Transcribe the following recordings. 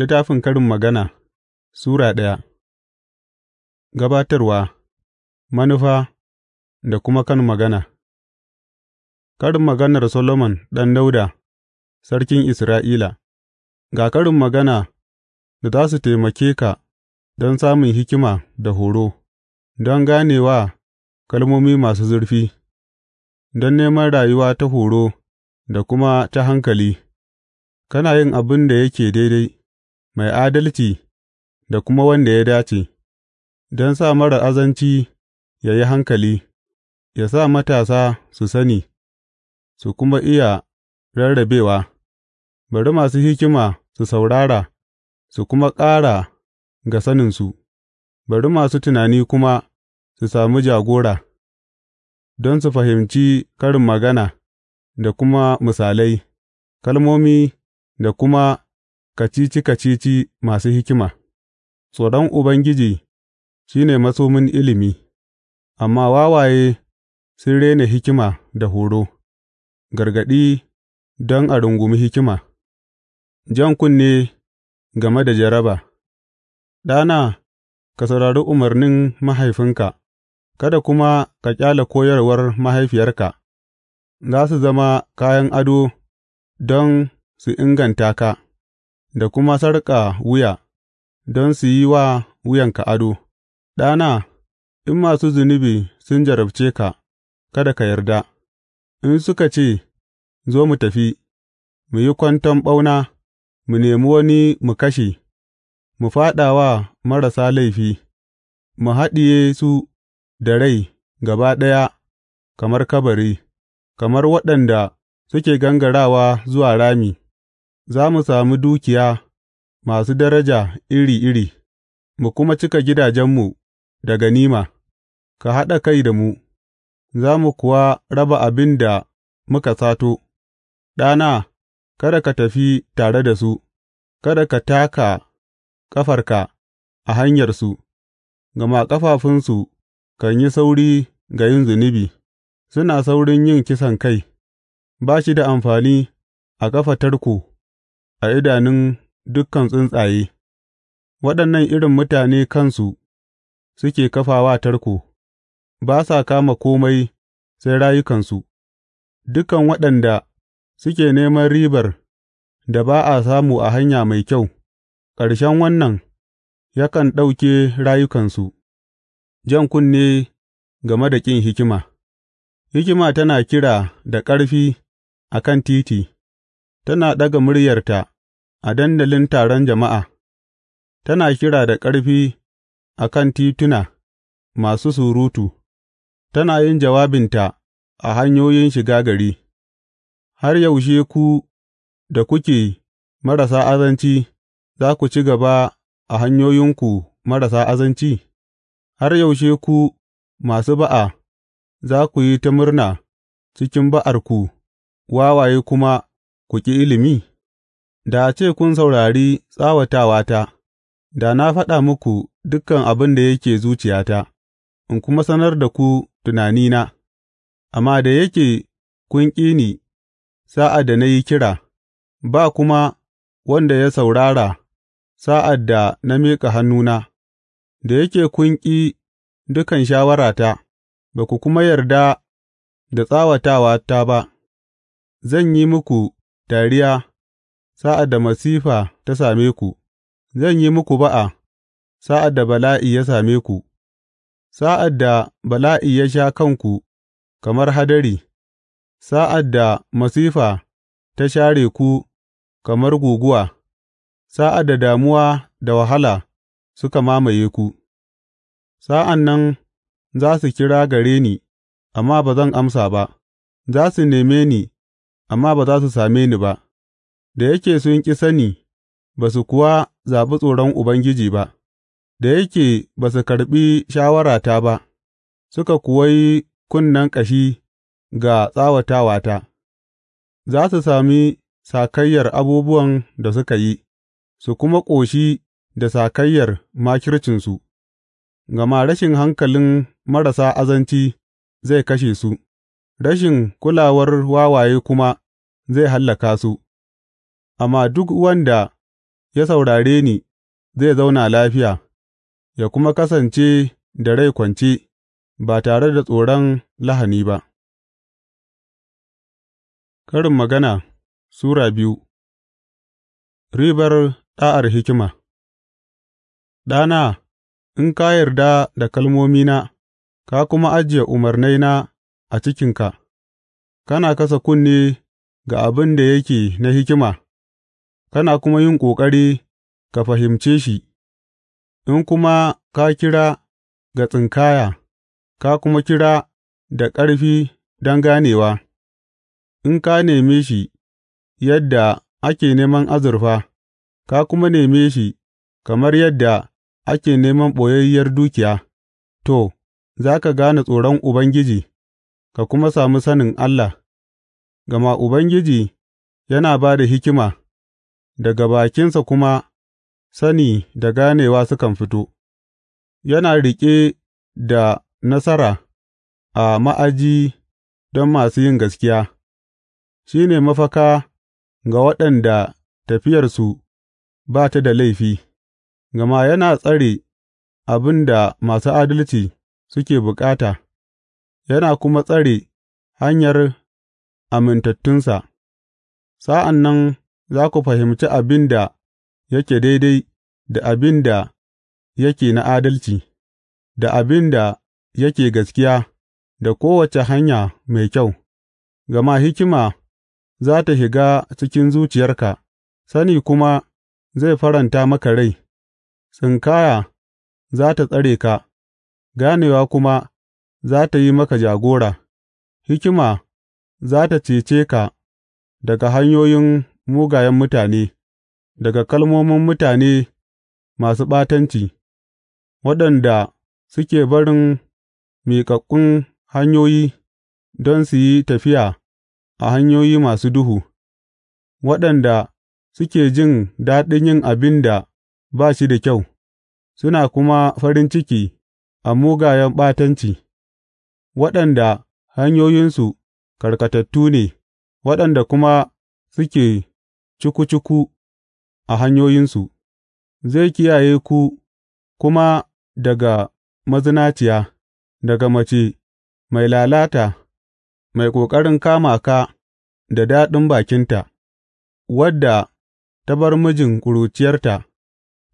Littafin Karin Magana Sura ɗaya Gabatarwa, manufa da kuma kan magana Karin maganar Solomon ɗan Dauda, sarkin Isra'ila Ga karin magana da za su taimake ka don samun hikima da horo, don ganewa kalmomi masu zurfi, don neman rayuwa ta horo da kuma ta hankali, kana yin abin da yake daidai. mai adalci da kuma wanda ya dace, don sa marar azanci ya yi hankali, ya sa matasa su sani, su kuma iya rarrabewa, bari masu hikima su saurara, su kuma ƙara ga saninsu, bari masu tunani kuma su sami jagora, don su fahimci karin magana da kuma misalai, kalmomi da kuma kacici kacici masu hikima Tsoron Ubangiji shi ne masomin ilimi, amma wawaye sun rene hikima da horo, gargaɗi don a rungumi hikima, jan kunne game da jaraba. Ɗana, ka saurari umarnin mahaifinka, kada kuma ka ƙyale koyarwar mahaifiyarka, za su zama kayan ado don su inganta ka. da kuma sarƙa wuya, don su yi wa wuyanka ado. Ɗana, in masu zunubi sun jarabce ka, kada ka yarda, in suka ce, Zo mu tafi, mu yi kwanton ɓauna, mu nemi wani mu kashe, mu fāɗa wa marasa laifi, mu haɗiye su da rai gaba ɗaya kamar kabari, kamar waɗanda suke gangarawa zuwa rami. za mu sami dukiya masu daraja iri iri, mu kuma cika gidajenmu da ganima, ka haɗa kai da mu, za mu kuwa raba abin da muka sato, ɗana, kada ka tafi tare da su, kada ka taka ƙafarka a hanyarsu, gama ƙafafunsu kan yi sauri ga yin zunubi, suna saurin yin kisan kai. ba shi da amfani a kafa tarko. a idanun dukkan tsuntsaye, waɗannan irin mutane kansu suke kafa wa tarko, ba sa kama komai sai rayukansu, dukan waɗanda suke neman ribar da ba a samu a hanya mai kyau, ƙarshen wannan yakan ɗauke rayukansu, jan kunne game da ƙin hikima Hikima tana kira da ƙarfi a kan titi. tana ɗaga muryarta a dandalin taron jama'a, tana kira da ƙarfi a kan tituna masu surutu, tana yin jawabinta a hanyoyin shiga gari, Har yaushe ku da kuke marasa azanci za ku ci gaba a hanyoyinku marasa azanci? Har yaushe ku masu ba'a za ku yi ta murna cikin ba'arku, wawaye kuma ku ƙi ilimi? Da a ce kun saurari tsawatawata, da na faɗa muku dukan abin da yake zuciyata, in kuma sanar da ku tunanina, amma da yake kun ƙi ni sa'ad da na yi kira, ba kuma wanda ya saurara sa'ad da na miƙa hannuna, da yake kun ƙi dukan shawarata, ba ku kuma yarda da tsawatawata ba, zan yi muku dariya sa'ad da masifa ta same ku, zan yi muku ba'a sa'ad da bala'i ya same ku, sa'ad da bala'i ya sha kanku kamar hadari, sa'ad da masifa ta share ku kamar guguwa, sa'ad da damuwa da wahala suka mamaye ku, sa'an nan za su kira gare ni, amma ba zan amsa ba, za su neme ni, amma ba za su same ni ba, da yake sun ƙi sani ba su kuwa zaɓi tsoron Ubangiji ba, da yake ba su karɓi shawarata ba, suka kuwa yi kunnen ƙashi ga tsawatawata, za su sami sakayyar abubuwan da suka yi, su kuma ƙoshi da sakayyar makircinsu, gama rashin hankalin marasa azanci zai kashe su, rashin kulawar wawaye kuma zai hallaka su, amma duk wanda ya saurare ni zai zauna lafiya, ya kuma kasance da rai kwance ba tare da tsoron lahani ba. Karin magana Sura biyu Ribar ɗa'ar hikima Ɗana, in ka yarda da kalmomina, ka kuma ajiye umarnaina a cikinka, kana kasa kunne ga abin da yake na hikima, kana kuma yin ƙoƙari ka fahimce shi, in kuma ka kira ga tsinkaya, ka kuma kira da ƙarfi don ganewa, in ka neme shi yadda ake neman azurfa, ka kuma neme shi kamar yadda ake neman ɓoyayyiyar dukiya, to, za ka gane tsoron Ubangiji ka kuma sami sanin Allah. Gama Ubangiji yana ba da hikima, daga bakinsa kuma sani da ganewa sukan fito; yana riƙe da nasara a ma'aji don masu yin gaskiya, shi ne mafaka ga waɗanda tafiyarsu ba ta da laifi, gama yana tsare abin da masu adalci suke bukata yana kuma tsare hanyar amintattunsa, sa'an nan za ku fahimci abin da yake daidai da abin da yake na adalci, da abin da yake gaskiya, da kowace hanya mai kyau, gama hikima za ta shiga cikin zuciyarka, sani kuma zai faranta maka rai, tsinkaya za ta tsare ka, ganewa kuma za ta yi maka jagora, hikima. za tă cece ka daga hanyoyin mugayen mutane, daga kalmomin mutane masu ɓatanci, waɗanda suke barin miƙaƙƙun hanyoyi don su yi tafiya a hanyoyi masu duhu, waɗanda suke jin daɗin yin abin da ba shi da kyau, suna kuma farin ciki a mugayen ɓatanci, waɗanda hanyoyinsu karkatattu ne, waɗanda kuma suke cuku cuku a hanyoyinsu, zai kiyaye ku kuma daga mazinaciya, daga mace mai lalata, mai ƙoƙarin kama ka da daɗin bakinta, wadda ta bar mijin ƙuruciyarta,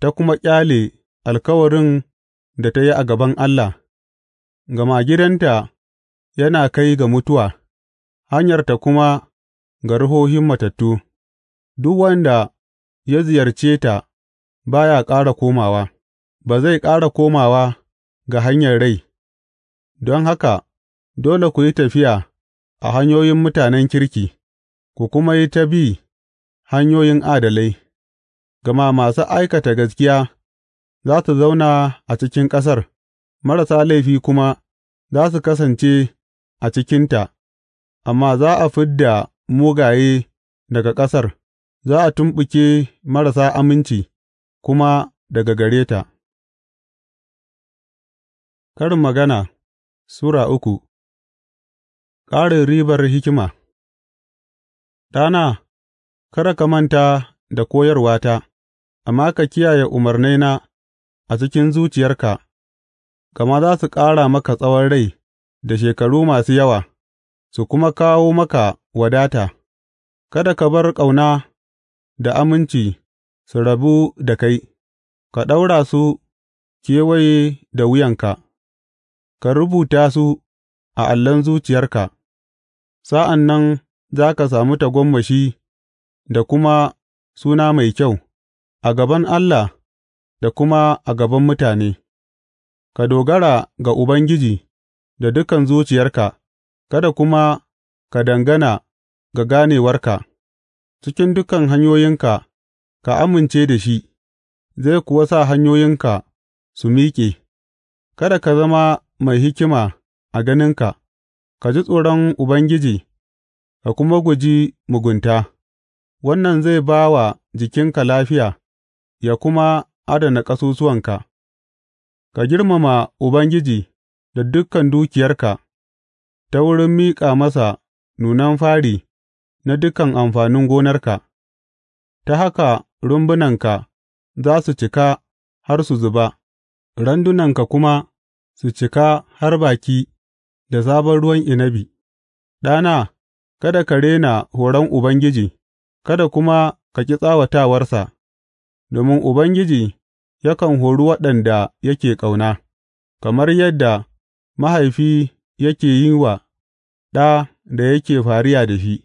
ta kuma ƙyale alkawarin da ta yi a gaban Allah, gama gidanta yana kai ga mutuwa. hanyarta kuma ga ruhohin matattu, duk wanda ya ziyarce ta ba ya ƙara komawa, ba zai ƙara komawa ga hanyar rai, don haka dole ku yi tafiya a hanyoyin mutanen kirki, ku kuma yi ta bi hanyoyin adalai, gama masu aikata gaskiya za su zauna a cikin ƙasar, marasa laifi kuma za su kasance a cikinta. amma za a fid da mugaye daga ƙasar, za a tumɓuke marasa aminci kuma daga gare ta. Karin magana Sura uku Ƙarin ribar hikima Ɗana, kada ka manta da koyarwata, amma ka kiyaye umarnaina a cikin zuciyarka, gama za su ƙara maka tsawon rai da shekaru masu yawa. su kuma kawo maka wadata; kada ka bar ƙauna da aminci su rabu da kai, ka ɗaura su kewaye da wuyanka, ka rubuta su a allon zuciyarka, sa'an nan za ka sami tagomashi da kuma suna mai kyau a gaban Allah da kuma a gaban mutane; ka dogara ga Ubangiji da dukan zuciyarka. Kada kuma ka dangana ga ganewarka; cikin dukan hanyoyinka ka amince da shi, zai kuwa sa hanyoyinka su miƙe; kada ka zama mai hikima a ganinka, ka ji tsoron Ubangiji ka kuma guji mugunta, wannan zai ba wa jikinka lafiya ya kuma adana ƙasusuwanka; ka girmama Ubangiji da dukan dukiyarka. ta wurin miƙa masa nunan fari na dukan amfanin gonarka, ta haka rumbunanka za su cika har su zuba, randunanka kuma su cika har baki da sabon ruwan inabi, ɗana, kada ka rena horon Ubangiji, kada kuma ka ƙi tsawatawarsa, domin Ubangiji yakan hori waɗanda yake ƙauna, kamar yadda mahaifi yake yi wa ɗa da yake fariya da shi,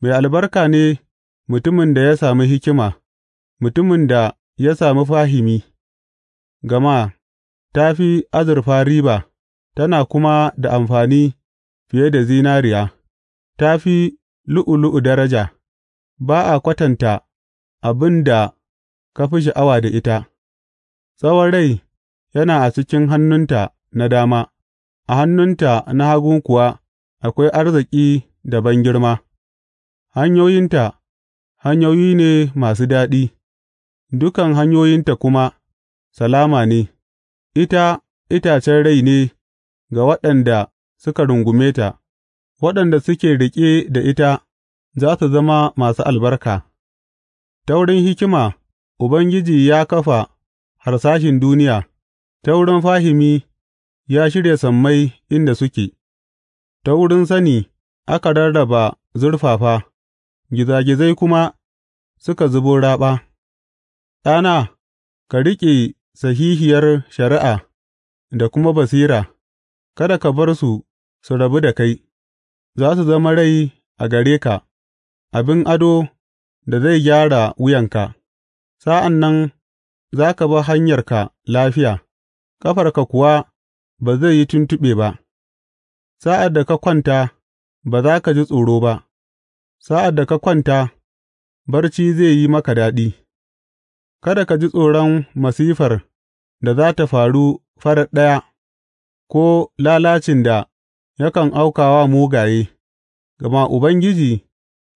mai albarka ne mutumin da ya sami hikima, mutumin da ya sami fahimi, gama ta fi azurfa riba, tana kuma da amfani fiye da zinariya, ta fi lu'ulu'u daraja, ba a kwatanta abin da ka fi sha'awa da ita, tsawon rai yana a cikin hannunta na dama, a hannunta na hagu kuwa. akwai arziki da bangirma; hanyoyinta hanyoyi ne masu daɗi, dukan hanyoyinta kuma salama ne; ita itacen rai ne ga waɗanda suka rungume ta, waɗanda suke riƙe da ita za su zama masu albarka; ta wurin hikima Ubangiji ya kafa harsashin duniya, ta wurin fahimi ya shirya sammai inda suke. Ta wurin sani aka rarraba zurfafa, gizagizai kuma suka zubo raɓa; ɗana, ka riƙe sahihiyar shari'a da kuma basira, kada ka bar su su rabu da kai, za su zama rai a gare ka, abin ado da zai gyara wuyanka, sa'an nan za ka bi hanyarka lafiya, ƙafarka kuwa ba zai yi tuntuɓe ba. Sa'ad da ka kwanta, ba za ka ji tsoro ba; sa'ad da ka kwanta, barci zai yi maka daɗi; kada ka ji tsoron masifar da za ta faru farat ɗaya ko lalacin da yakan auka wa mugaye, gama Ubangiji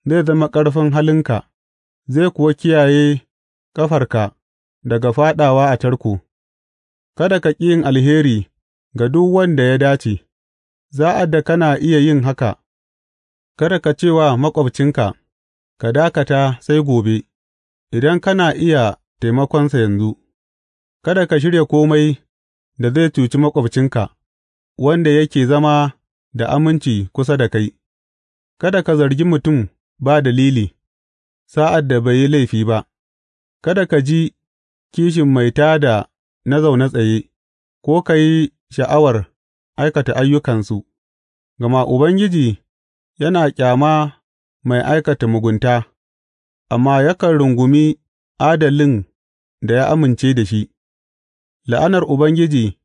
zai zama ƙarfin halinka zai kuwa kiyaye ƙafarka daga fāɗawa a tarko; kada ka ƙi yin alheri ga duk wanda ya dace. Sa'ad da kana iya yin haka, kada ka ce wa maƙwabcinka, Ka dakata sai gobe, idan kana iya taimakonsa yanzu, kada ka shirya kome da zai cuci maƙwabcinka, wanda yake zama da aminci kusa da kai, kada ka zargi mutum ba dalili sa'ad da bai yi laifi ba, kada ka ji kishin mai tā da na zaune tsaye, ko ka yi sha'awar aikata ayyukansu, gama Ubangiji yana ƙyama mai aikata mugunta, amma yakan rungumi adalin da ya amince da shi; la'anar Ubangiji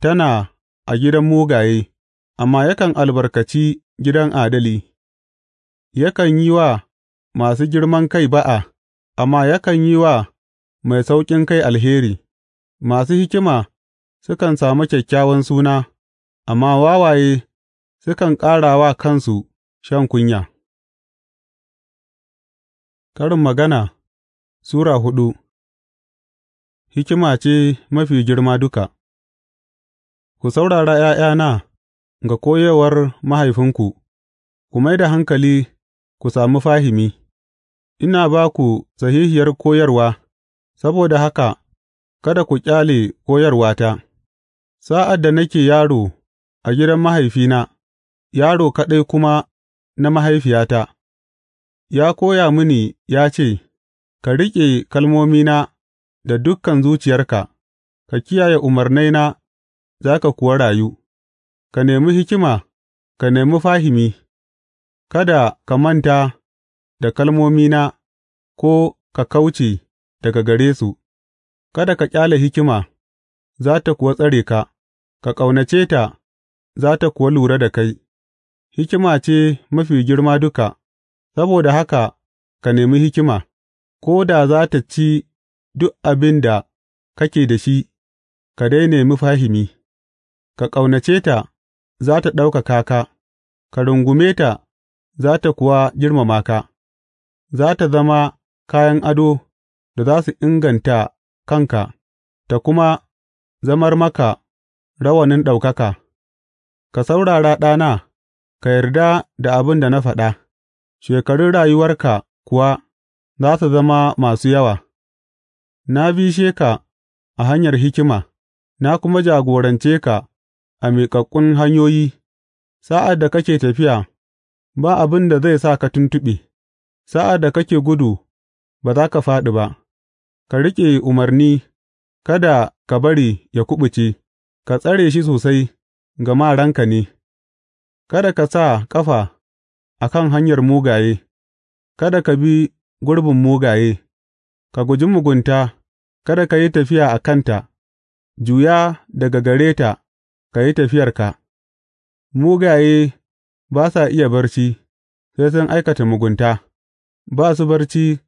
tana a gidan mugaye, amma yakan albarkaci gidan adali; yakan yi wa masu girman kai ba'a, amma yakan yi wa mai sauƙin kai alheri; masu hikima sukan sami kyakkyawan suna. amma wawaye sukan ƙara wa kansu shan kunya. Karin Magana Sura hudu Hikima ce mafi girma duka Ku saurara ’ya'yana ga koyewar mahaifinku, ku mai da hankali ku sami fahimi, ina ba ku sahihiyar koyarwa, saboda haka kada ku ƙyale koyarwata, sa'ad da nake yaro a gidan mahaifina, yaro kaɗai kuma na mahaifiyata, ya koya mini ya ce, Ka riƙe kalmomina da dukan zuciyarka, ka kiyaye umarnaina za ka kuwa rayu, ka nemi hikima, ka nemi fahimi, kada ka manta da kalmomina ko ka kauce daga gare su, kada ka ƙyale hikima, za ta kuwa tsare ka, ka ƙaunace ta. za tă kuwa lura da kai, hikima ce mafi girma duka, saboda haka ka nemi hikima, ko da za ta ci duk abin da kake da shi, ka dai nemi fahimi, ka ƙaunace ta za tă ɗaukaka ka, ka rungume ta za tă kuwa girmama ka, za tă zama kayan ado da za su inganta kanka, ta kuma zamar maka rawanin ɗaukaka. Ka saurara ɗana, ka yarda da abin da na faɗa, shekarun rayuwarka kuwa za su zama masu yawa; na bishe ka a hanyar hikima na kuma jagorance ka a miƙaƙƙun hanyoyi; sa'ad da kake tafiya, ba abin da zai sa ka tuntuɓe, sa'ad da kake gudu, ba za ka faɗi ba; ka riƙe umarni kada ka bari yă kuɓuce, ka tsare shi sosai. gama ranka ne, kada ka sa ƙafa a kan hanyar mugaye, kada ka bi gurbin mugaye, ka guji mugunta, kada ka yi tafiya a kanta, juya daga gare ta ka yi tafiyarka, mugaye ba sa iya barci, sai sun aikata mugunta, ba su barci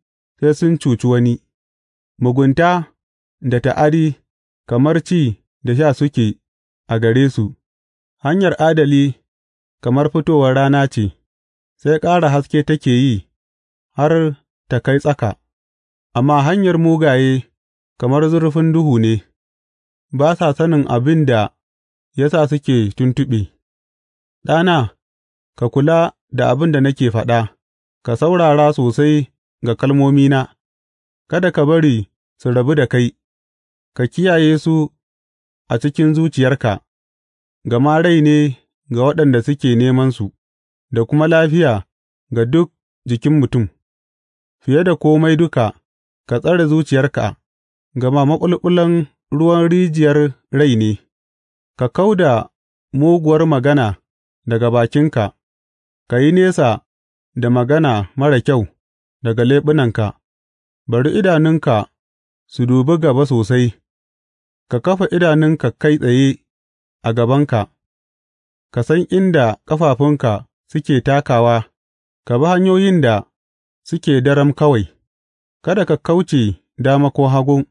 sai sun cuci wani, mugunta da ta'adi kamar ci da sha suke a gare su. Hanyar adali kamar fitowar rana ce, sai ƙara haske take yi har ta kai tsaka, amma hanyar mugaye kamar zurfin duhu ne, ba sa sanin abin da ya sa suke tuntuɓe, ɗana, ka kula da abin da nake faɗa, ka saurara sosai ga kalmomina, kada ka bari su rabu da kai, ka kiyaye su a cikin zuciyarka. gama rai ne ga waɗanda suke nemansu, da kuma lafiya ga duk jikin mutum; fiye da komai duka, ka tsare zuciyarka, gama maɓulɓulan ruwan rijiyar rai ne; ka kau da muguwar magana daga bakinka, ka yi nesa da magana mara kyau daga leɓunanka; bari idanunka su dubi gaba sosai, ka kafa idanunka kai tsaye. a gabanka, ka san inda ƙafafunka suke takawa, ka bi hanyoyin da suke daram kawai, kada ka kauce dama ko hagu,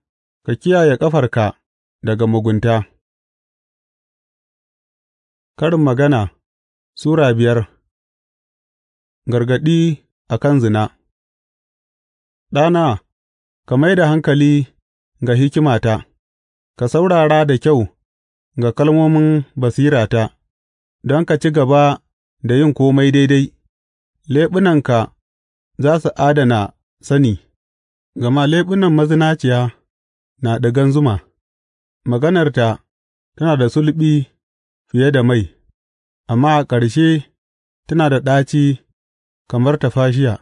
ka kiyaye ƙafarka daga mugunta. Karin magana Sura biyar Gargaɗi a kan zina Ɗana, ka mai da hankali ga hikimata, ka saurara da kyau. ga kalmomin basirata, don ka ci gaba da yin kome daidai, leɓunanka za su adana sani, gama leɓunan mazinaciya na ɗigan zuma, maganarta tana da sulɓi fiye da mai, amma a ƙarshe tana da ɗaci kamar tafashiya,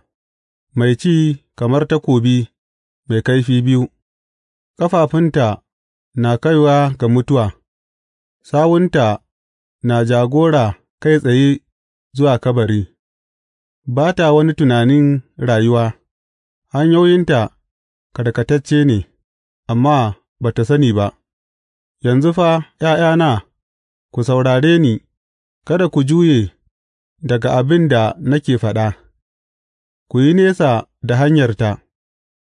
mai ci kamar takobi mai kaifi biyu, ƙafafunta na kaiwa ga mutuwa. sawunta na jagora kai tsaye zuwa kabari, ba ta wani tunanin rayuwa, hanyoyinta karkatacce ne, amma ba ta sani ba, yanzu fa, ’ya'yana, ku saurare ni, kada ku juye daga abin da nake faɗa, ku yi nesa da hanyarta,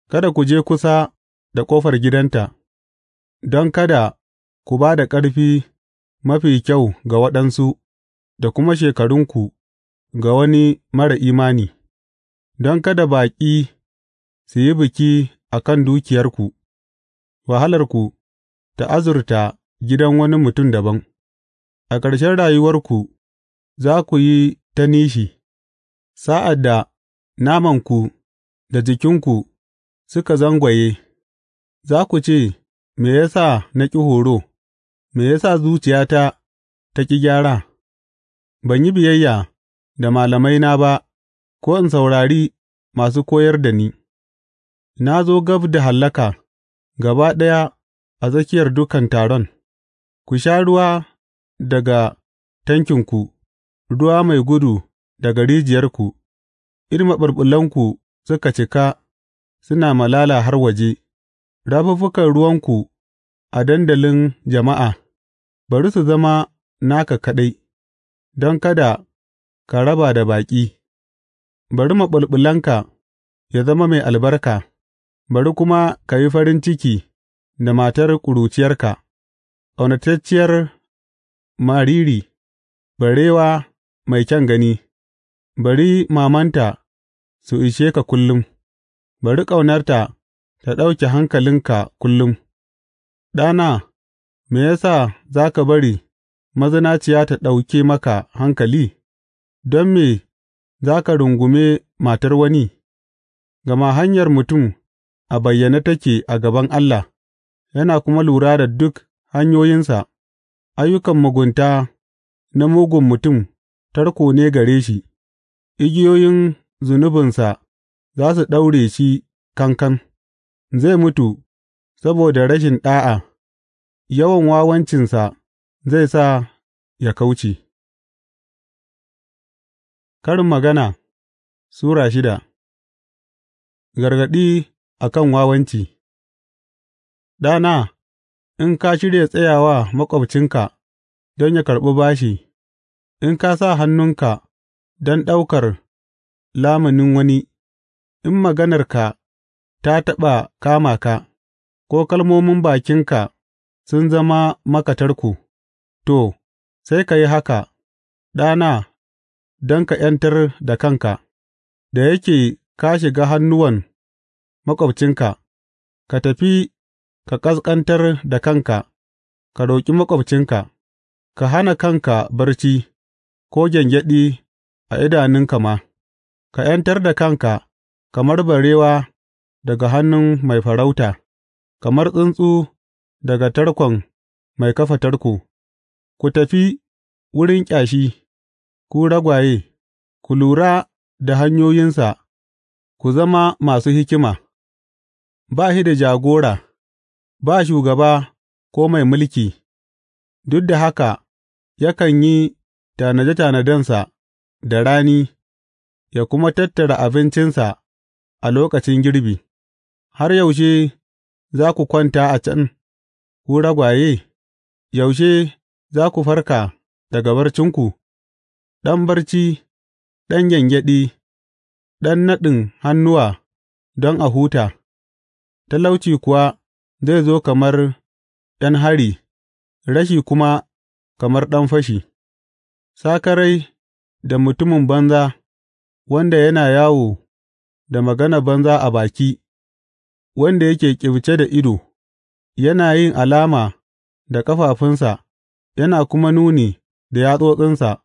kada ku je kusa da ƙofar gidanta, don kada ku ba da ƙarfi mafi kyau ga waɗansu da kuma shekarunku ga wani mara imani, don kada baƙi su yi biki a kan dukiyarku, wahalarku ta azurta gidan wani mutum dabam, a ƙarshen rayuwarku za ku yi ta nishi, sa'ad da namanku da jikinku suka zangwaye, za ku ce, Me ya sa na ƙi horo?’ Me ya sa zuciyata ta ƙi gyara, ban yi biyayya da malamaina ba ko in saurari masu koyar da ni, na zo gab da hallaka gaba ɗaya a tsakiyar dukan taron, ku sha ruwa daga tankinku, ruwa mai gudu daga rijiyarku, in maɓulɓulanku suka cika suna malala har waje, rafuffukan ruwanku a dandalin jama'a. Bari su zama naka kaɗai, don kada ka raba da baƙi; bari maɓulɓulanka ya zama mai albarka bari kuma ka yi farin ciki da matar ƙuruciyarka, ƙaunatacciyar mariri, barewa mai kyan gani; bari mamanta su ishe ka kullum, bari ƙaunarta ta ɗauke hankalinka kullum, ɗana. Me ya sa za ka bari mazinaciya ta ɗauke maka hankali, don me za ka rungume matar wani, gama hanyar mutum a bayyane take a gaban Allah, yana kuma lura da duk hanyoyinsa, ayyukan mugunta na mugun mutum tarko ne gare shi, igiyoyin zunubinsa za su ɗaure shi kankan, zai mutu saboda rashin ɗa'a. yawan wawancinsa zai sa ya kauce. Karin Magana Sura shida Gargaɗi a kan wawanci Ɗana, in ka shirya tsayawa maƙwabcinka don ya karɓi bashi, in ka sa hannunka don ɗaukar lamunin wani, in maganarka ta taɓa kama ka, ko kalmomin bakinka sun zama maka tarko, to, sai ka yi haka, ɗana, don ka ’yantar da kanka, da yake ka shiga hannuwan maƙwabcinka, ka tafi ka ƙasƙantar da kanka, ka roƙi maƙwabcinka, ka hana kanka barci ko gyangyaɗi a idanunka ma, ka ’yantar da kanka kamar barewa daga hannun mai farauta, kamar tsuntsu daga tarkon mai kafa tarko, ku tafi wurin ƙyashi, ku ragwaye, ku lura da hanyoyinsa, ku zama masu hikima, ba shi da jagora, ba shugaba ko mai mulki, duk da haka yakan yi tanaje tanadensa da rani, ya kuma tattara abincinsa a lokacin girbi, har yaushe za ku kwanta a can? ku ragwaye, yaushe za ku farka daga barcinku, ɗan barci, ɗan gyangyaɗi, ɗan naɗin hannuwa don a huta, talauci kuwa zai zo kamar ɗan hari rashi kuma kamar ɗan fashi, sakarai da mutumin banza wanda yana yawo da magana banza a baki, wanda yake ƙyifce da ido. yana yin alama da ƙafafunsa yana kuma nuni da yatsotsinsa,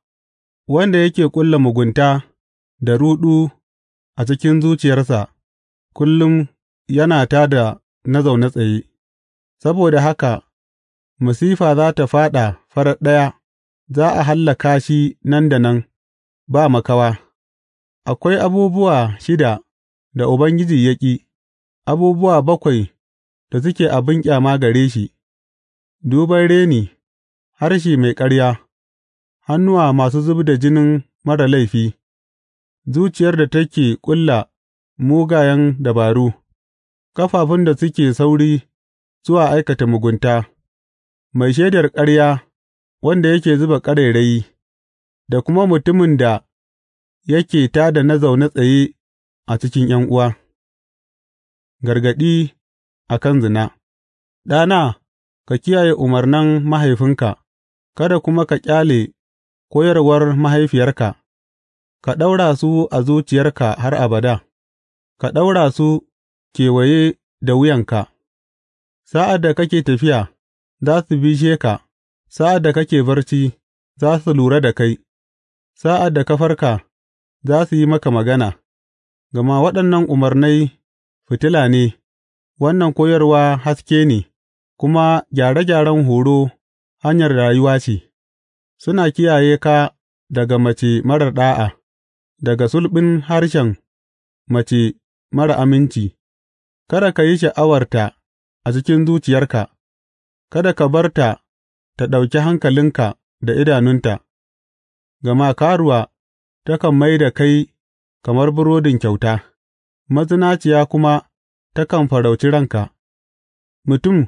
wanda yake ƙulla mugunta da ruɗu a cikin zuciyarsa, kullum yana tā da na zaune tsaye, saboda haka masifa za ta fāɗa farar ɗaya, za a hallaka shi nan da nan, ba makawa. Akwai abubuwa shida da Ubangiji ya ƙi, abubuwa bakwai da suke abin ƙyama gare shi, duban reni, harshe mai ƙarya, hannuwa masu zub da jinin mara laifi, zuciyar da take ƙulla mugayen dabaru, ƙafafun da suke sauri zuwa aikata mugunta, mai shaidar ƙarya wanda yake zuba ƙarairayi, da kuma mutumin da yake tā da na zaune tsaye a cikin ’yan'uwa. Gargaɗi a kan zina Ɗana, ka kiyaye umarnan mahaifinka, kada kuma ka ƙyale koyarwar mahaifiyarka, ka ɗaura su a zuciyarka har abada, ka ɗaura su kewaye da wuyanka, sa'ad da kake tafiya, za su bishe ka, sa'ad da kake barci, za su lura da kai, sa'ad da ka farka, za su yi maka magana, gama waɗannan umarnai fitila ne. Wannan koyarwa haske ne, kuma gyare gyaren horo hanyar rayuwa ce; suna kiyaye ka daga mace marar ɗa'a, daga sulɓin harshen mace mara aminci; kada ka yi sha'awarta a cikin zuciyarka, kada ka bar ta ta ɗauki hankalinka da idanunta, gama karuwa takan mai da kai kamar burodin kyauta, mazinaciya kuma. takan farauci ranka, mutum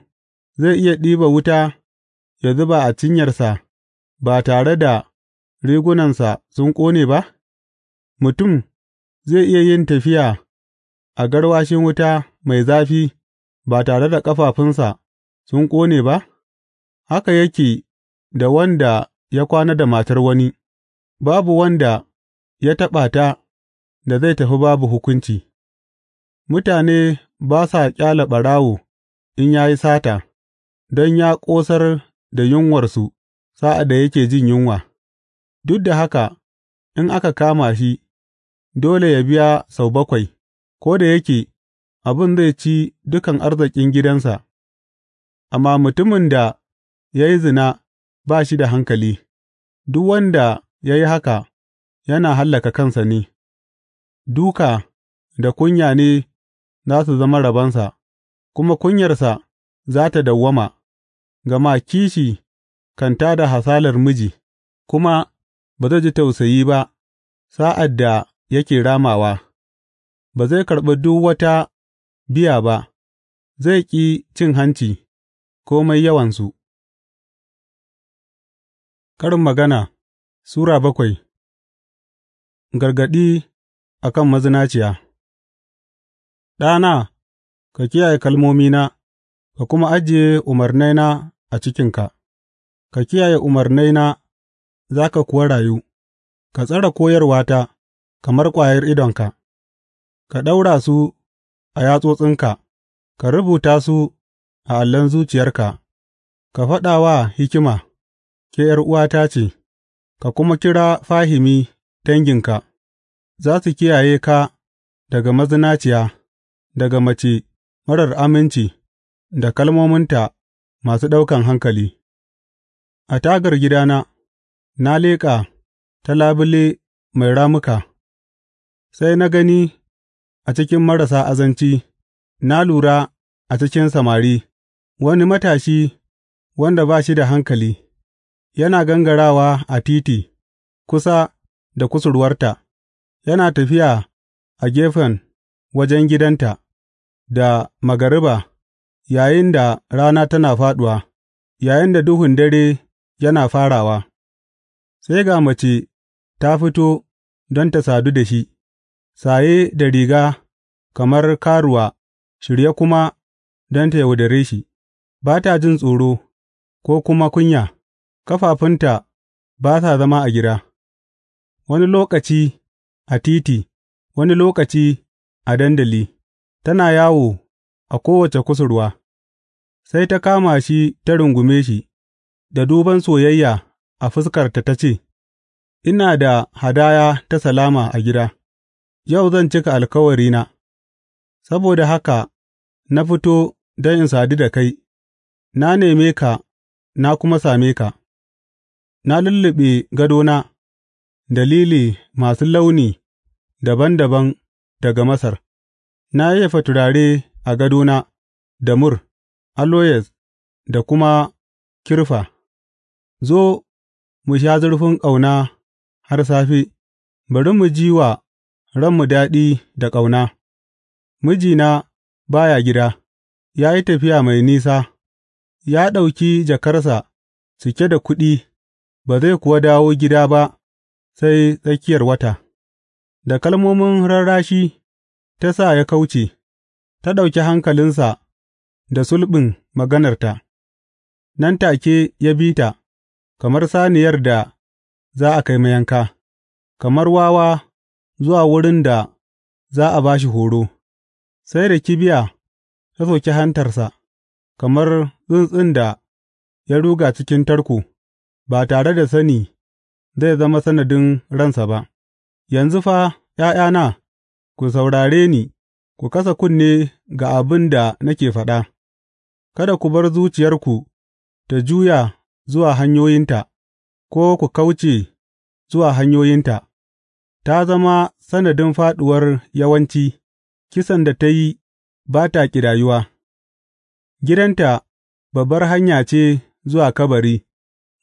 zai iya ɗiba wuta ya zuba a cinyarsa ba tare da rigunansa sun ƙone ba? Mutum zai iya yin tafiya a garwashin wuta mai zafi ba tare da ƙafafunsa sun ƙone ba? Haka yake da wanda ya kwana da matar wani, babu wanda ya taɓa ta da zai tafi babu hukunci. Mutane ba sa ƙyale ɓarawo in ya yi sata, don ya ƙosar da yunwarsu sa'ad da yake jin yunwa; duk da haka in aka kama shi, dole yă biya sau bakwai, ko da yake abin zai ci dukan arzikin gidansa, amma mutumin da ya yi zina ba shi da hankali, duk wanda ya yi haka yana hallaka kansa ne, Duka da kunya ne. za su zama rabonsa, kuma kunyarsa za tă dawwama, gama kishi kan ta da hasalar miji, kuma ba zai ji tausayi ba sa'ad da yake ramawa, ba zai karɓi duk wata biya ba, zai ƙi cin hanci, mai yawansu. Karin magana Sura bakwai Gargaɗi a kan mazinaciya Ɗana, ka kiyaye kalmomina ka kuma ajiye umarnaina a cikinka; ka kiyaye umarnaina za ka kuwa rayu, ka tsare koyarwata kamar ƙwayar idonka, ka ɗaura su a yatsotsinka, ka rubuta su a allon zuciyarka, ka faɗa wa hikima, Ke ’yar'uwata ce, ka kuma kira fahimi danginka; za su kiyaye ka daga mazinaciya. daga mace marar aminci da kalmominta masu ɗaukan hankali; a tagar gidana na leƙa ta labule mai ramuka. sai na gani a cikin marasa azanci, na lura a cikin samari, wani matashi wanda ba shi da hankali, yana gangarawa a titi kusa da kusurwarta, yana tafiya a gefen wajen gidanta. da magariba yayinda rana tana fāɗuwa, yayinda duhun dare yana farawa, sai ga mace ta fito don ta sadu da shi, saye da riga kamar karuwa, shirye kuma don ta yaudare shi, ba ta jin tsoro ko kuma kunya, Kafafunta ba sa zama a gida, wani lokaci a titi, wani lokaci a dandali. tana yawo a kowace kusurwa, sai ta kama shi ta rungume shi, da duban soyayya a fuskarta ta ce, Ina da hadaya ta salama a gida, yau zan cika alkawarina, saboda haka na fito don in sadu da kai, na neme ka na kuma same ka, na lulluɓe gadona Dalili masu launi daban daban daga Masar. Na yayyafa turare a gadona da mur, aloyes da kuma kirfa; zo, mu sha zurfin ƙauna har safe, bari mu ji wa ranmu daɗi da ƙauna; mijina ba ya gida, ya yi tafiya mai nisa, ya ɗauki jakarsa cike da kuɗi ba zai kuwa dawo gida ba sai tsakiyar wata. Da kalmomin rarrashi. ta sa ya kauce, ta ɗauki hankalinsa da sulɓin maganarta, nan take ya bi ta, kamar saniyar da za a kai mayanka, kamar wawa zuwa wurin da za a ba shi horo, sai da kibiya ta soki hantarsa, kamar tsuntsun da ya ruga cikin tarko, ba tare da sani zai zama sanadin ransa ba, yanzu fa, ’ya'yana. ku saurare ni, ku kasa kunne ga abin da nake faɗa, kada ku bar zuciyarku ta juya zuwa hanyoyinta, ko ku kauce zuwa hanyoyinta, ta zama sanadin fāɗuwar yawanci, kisan da ta yi ba ta ƙidayuwa, gidanta babbar hanya ce zuwa kabari,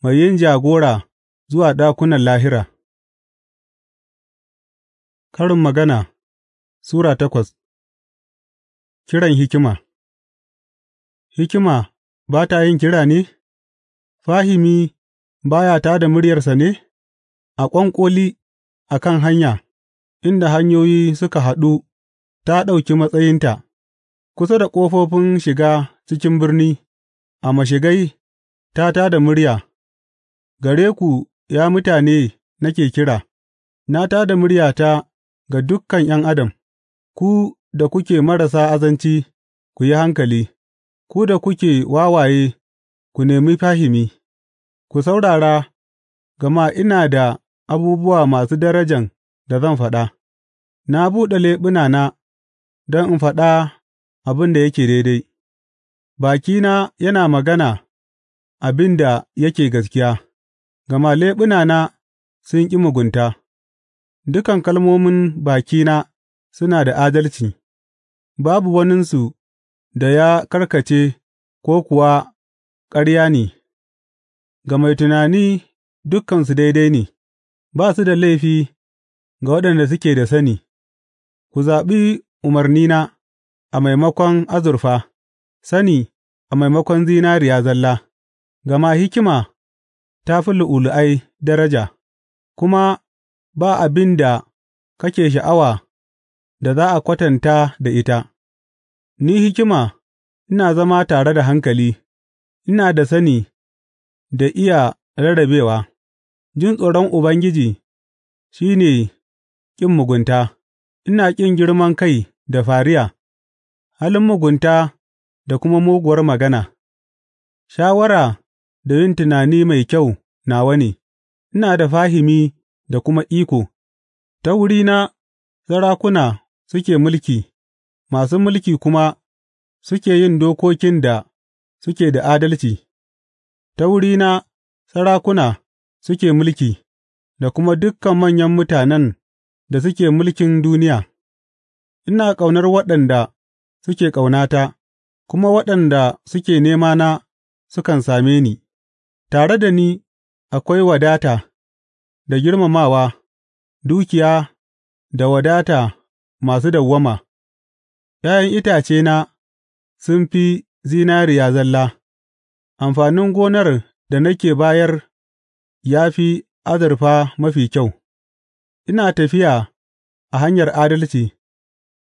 mai yin jagora zuwa ɗakunan lahira. Karin magana Sura takwas Kiran hikima Hikima ba ta yin kira ne, fahimi ba ya tā da muryarsa ne, a ƙwanƙoli a kan hanya, inda hanyoyi suka haɗu ta ɗauki matsayinta, kusa da ƙofofin shiga cikin birni, a mashigai ta tā da murya, gare ku, ya mutane, nake kira, na tā da muryata ga dukkan ’yan adam. Ku da kuke marasa azanci, ku yi hankali; ku da kuke wawaye, ku nemi fahimi; ku saurara, gama ina da abubuwa masu darajan da zan faɗa; na buɗe leɓunana don in faɗa abin da yake daidai, bakina yana magana abin da yake gaskiya, gama leɓunana sun ƙi mugunta, dukan kalmomin bakina. suna da adalci, babu waninsu da ya karkace ko kuwa ƙarya ne, ga mai tunani dukansu daidai ne, ba su da laifi ga waɗanda suke da sani, ku zaɓi umarnina a maimakon azurfa, sani a maimakon zinariya zalla, gama hikima ta fi lu'ulu'ai daraja, kuma ba abin da kake sha'awa. da za a kwatanta da ita, ni hikima ina zama tare da hankali, ina da sani da iya rarrabewa, jin tsoron Ubangiji shi ne ƙin mugunta, ina ƙin girman kai da fariya, halin mugunta da kuma muguwar magana, shawara da yin tunani mai kyau nawa ne, ina da fahimi da kuma iko, ta wurina sarakuna suke mulki, masu mulki kuma suke yin dokokin da suke da adalci, ta wurina sarakuna suke mulki, da kuma dukan manyan mutanen da suke mulkin duniya, ina ƙaunar waɗanda suke ƙaunata, kuma waɗanda suke nemana sukan same ni, tare da ni akwai wadata da girmamawa, dukiya da wadata masu dawwama, ’ya'yan itacena sun fi zinariya zalla, amfanin gonar da nake bayar ya fi azurfa mafi kyau; ina tafiya a hanyar adalci,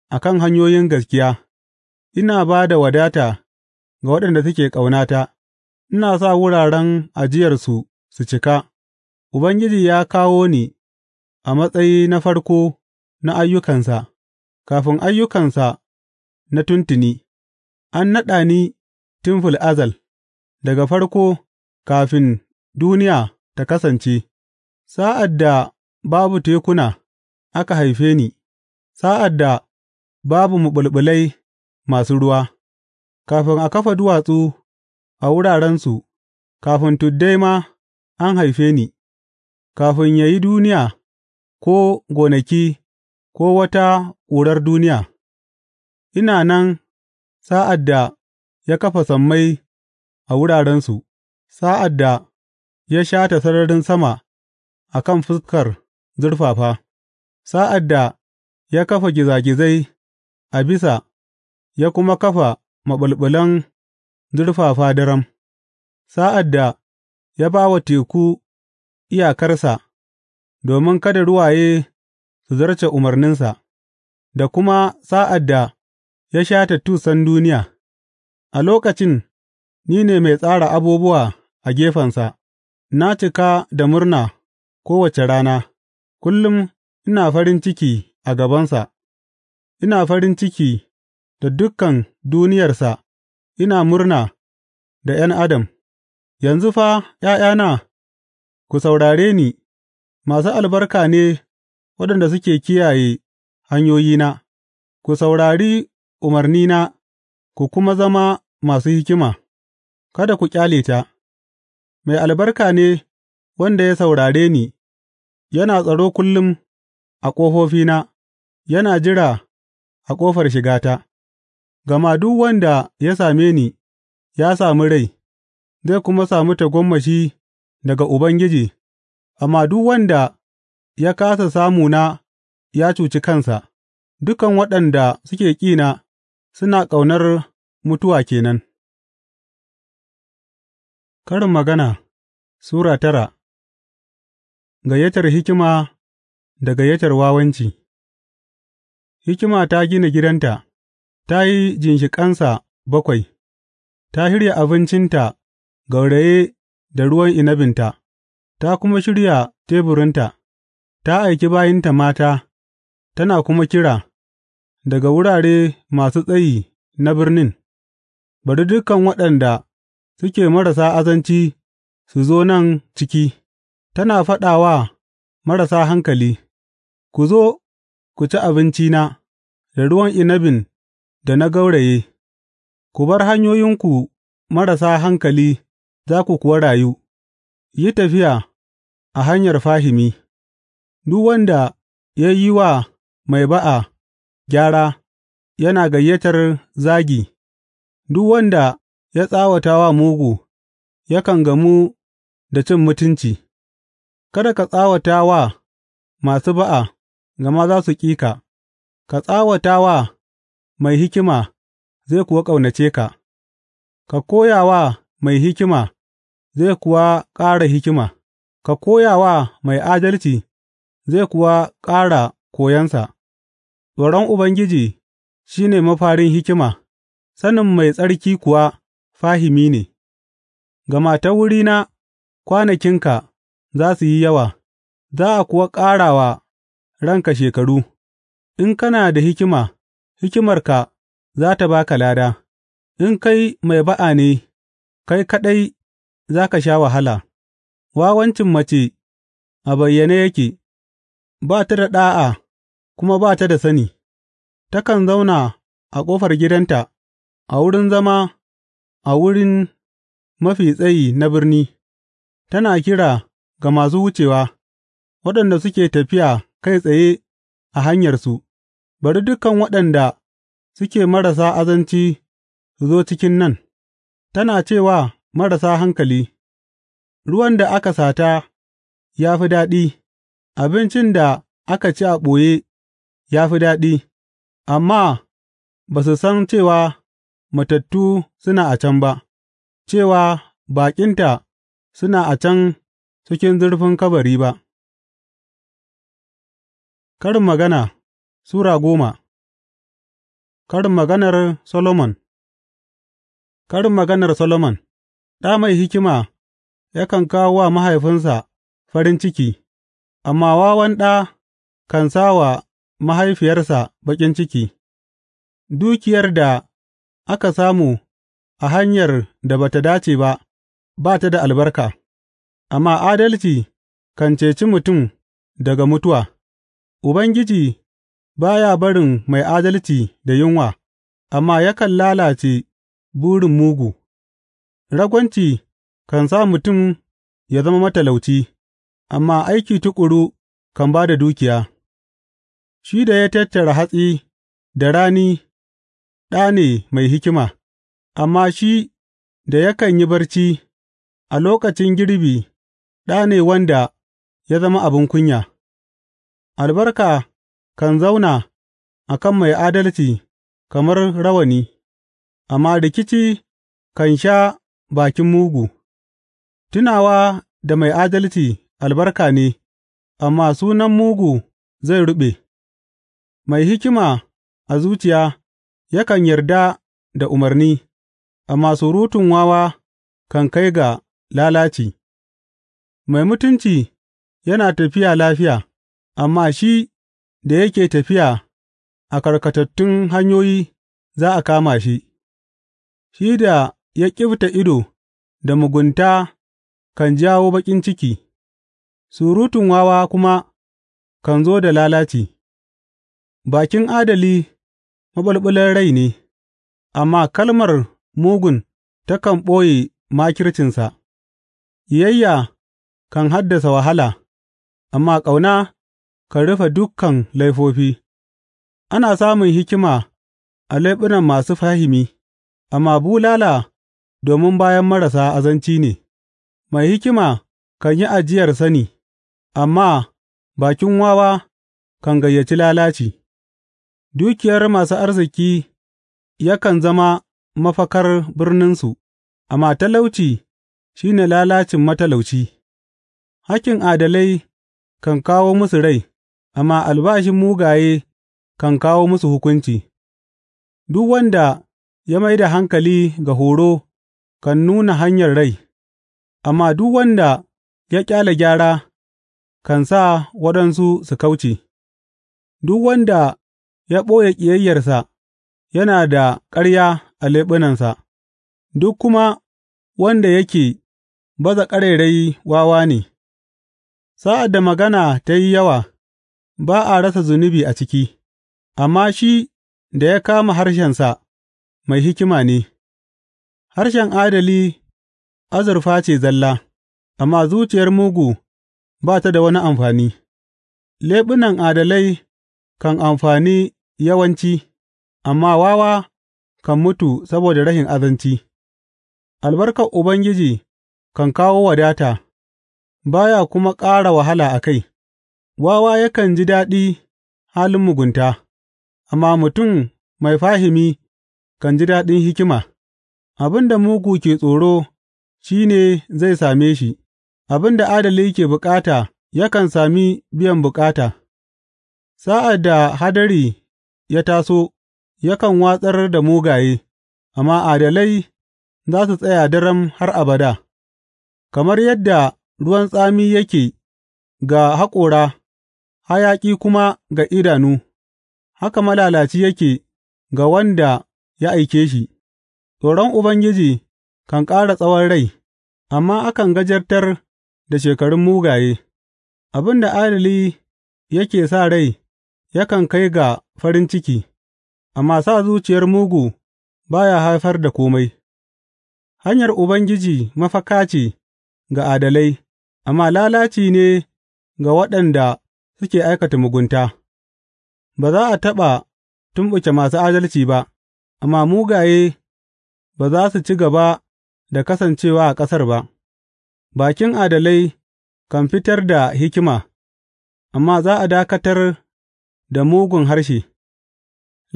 a kan hanyoyin gaskiya, ina ba da wadata ga waɗanda suke ƙaunata, ina sa wuraren ajiyarsu su cika; Ubangiji ya kawo ni a matsayi na farko na ayyukansa. Kafin ayyukansa na tuntuni, an naɗa ni tun azal, daga farko, kafin duniya ta kasance, sa'ad da babu tekuna, aka haife ni, sa'ad da babu maɓulɓulai masu ruwa, kafin a kafa duwatsu a wurarensu, kafin tuddai ma an haife ni, kafin yă yi duniya ko gonaki. ko wata ƙurar duniya, ina nan sa'ad da ya kafa sammai a wurarensu, sa'ad da ya shata sararin sama a kan fuskar zurfafa, sa'ad da ya kafa gizagizai a bisa ya kuma kafa maɓulɓulan zurfafa daram, sa'ad da ya ba wa teku iyakarsa domin kada ruwaye su zarce umarninsa, da kuma sa'ad da ya shata tusan duniya, a lokacin ni ne mai tsara abubuwa a gefensa, na cika da murna kowace rana, kullum ina farin ciki a gabansa, ina farin ciki da dukan duniyarsa, ina murna da ’yan adam, yanzu fa, ’ya'yana, ku saurare ni, masu albarka ne. waɗanda suke kiyaye hanyoyina, ku saurari umarnina ku kuma zama masu hikima, kada ku ƙyale ta, mai albarka ne wanda ya saurare ni, yana tsaro kullum a ƙofofina, yana jira a ƙofar shigata, gama duk wanda ya same ni ya sami rai, zai kuma sami tagomashi daga Ubangiji, amma duk wanda ya kāsa samuna ya cuci kansa; dukan waɗanda suke ƙina suna ƙaunar mutuwa ke nan. Karin Magana Sura tara Gayyatar hikima da gayyatar wawanci Hikima ta gina gidanta, ta yi jinshiƙansa bakwai, ta shirya abincinta gauraye da ruwan inabinta, ta kuma shirya teburinta. Ta aiki bayinta mata tana kuma kira daga wurare masu tsayi na birnin, Bari dukan waɗanda suke marasa azanci su zo nan ciki, tana faɗa wa marasa hankali, Ku zo ku ci abincina da ruwan inabin da na gauraye, ku bar hanyoyinku marasa hankali za ku kuwa rayu, yi tafiya a hanyar fahimi. Duk wanda ya yi wa mai ba'a gyara yana gayyatar zagi; duk wanda ya tsawata wa mugu yakan gamu da cin mutunci; kada ka tsawata wa masu ba'a, gama za su ƙi ka, ka tsawata wa mai hikima zai kuwa ƙaunace ka; ka koya wa mai hikima zai kuwa ƙara hikima, ka koya wa mai adalci. zai kuwa ƙara koyonsa; tsoron Ubangiji shi ne mafarin hikima, sanin Mai Tsarki kuwa fahimi ne, gama ta wurina kwanakinka za su yi yawa, za a kuwa ƙara wa ranka shekaru; in kana da hikima, hikimarka za tă ba ka lada, in kai mai ba'a ne, kai kaɗai za ka sha wahala; wawancin mace a bayyane yake. ba ta da ɗa'a kuma ba ta da sani, takan zauna a ƙofar gidanta, a wurin zama a wurin mafi tsayi na birni, tana kira ga masu wucewa, waɗanda suke tafiya kai tsaye a hanyarsu, bari dukan waɗanda suke marasa azanci su zo cikin nan, tana cewa marasa hankali, Ruwan da aka sata ya fi daɗi. Abincin da aka ci a ɓoye ya fi daɗi, amma ba su san cewa matattu suna a can ba, cewa baƙinta suna a can cikin zurfin kabari ba. Karin Magana Sura goma Karin maganar Solomon Karin maganar Solomon Ɗa mai hikima yakan kawo wa mahaifinsa farin ciki. amma wawan ɗa kan sa wa mahaifiyarsa baƙin ciki, dukiyar da aka samu a hanyar da ba tă dace ba, ba ta da albarka, amma adalci kan ceci mutum daga mutuwa, Ubangiji ba ya barin mai adalci da yunwa, amma yakan lalace burin mugu, ragwanci kan sa mutum ya zama matalauci. amma aiki tuƙuru kan ba da dukiya, shi da ya tattara hatsi da rani ɗa ne mai hikima, amma shi da yakan yi barci a lokacin girbi ɗa ne wanda ya zama abin kunya, albarka kan zauna a kan mai adalci kamar rawani, amma rikici kan sha bakin mugu, tunawa da mai adalci. albarka ne, amma sunan mugu zai ruɓe; mai hikima a zuciya yakan yarda da umarni, amma surutun wawa kan kai ga lalaci; mai mutunci yana tafiya lafiya, amma shi da yake tafiya a karkatattun hanyoyi za a kama shi; shi da ya ƙyifta ido da mugunta kan jawo baƙin ciki. Surutun wawa kuma kan zo da lalaci; bakin adali maɓulɓular rai ne, amma kalmar mugun takan ɓoye makircinsa; yayya kan haddasa wahala, amma ƙauna kan rufe dukkan laifofi; ana samun hikima a leɓunan masu fahimi, amma bulala domin bayan marasa azanci ne, mai hikima kan yi ajiyar sani. Amma bakin wawa kan gayyaci lalaci; dukiyar masu arziki yakan zama mafakar birninsu, amma talauci shi ne lalacin matalauci; hakkin adalai kan kawo musu rai, amma albashin mugaye kan kawo musu hukunci; duk wanda ya mai da hankali ga horo kan nuna hanyar rai, amma duk wanda ya ƙyale gyara. kan sa waɗansu su kauce, duk wanda ya ɓoye ƙiyayyarsa yana da ƙarya a leɓunansa, duk kuma wanda yake baza ƙarairayi wawa ne, sa'ad da magana ta yi yawa ba a rasa zunubi a ciki, amma shi da ya kama harshensa mai hikima ne, harshen adali azurfa ce zalla, amma zuciyar mugu ba ta da wani amfani, leɓunan adalai kan amfani yawanci, amma wawa kan mutu saboda rashin azanci. Albarkar Ubangiji kan kawo wadata, baya kuma ƙara wahala a kai, wawa yakan ji daɗi halin mugunta, amma mutum mai fahimi kan ji daɗin hikima, abin da mugu ke tsoro shi ne zai same shi. Abin da adali ke bukata yakan sami biyan bukata; sa'ad da hadari ya taso, yakan watsar da mugaye, amma adalai za su tsaya daram har abada, kamar yadda ruwan tsami yake ga haƙora hayaƙi kuma ga idanu, haka malalaci yake ga wanda ya aike shi. Tsoron Ubangiji kan ƙara tsawon rai, amma akan gajartar da shekarun mugaye, abin da adali yake sa rai yakan kai ga farin ciki, amma sa zuciyar mugu ba ya haifar da komai. Hanyar Ubangiji mafaka ce ga adalai, amma lalaci ne ga waɗanda suke aikata mugunta, ba za a taɓa tumɓuke masu adalci ba, amma mugaye ba za su ci gaba da kasancewa a ƙasar ba. Bakin adalai kan fitar da hikima, amma za a dakatar da mugun harshe;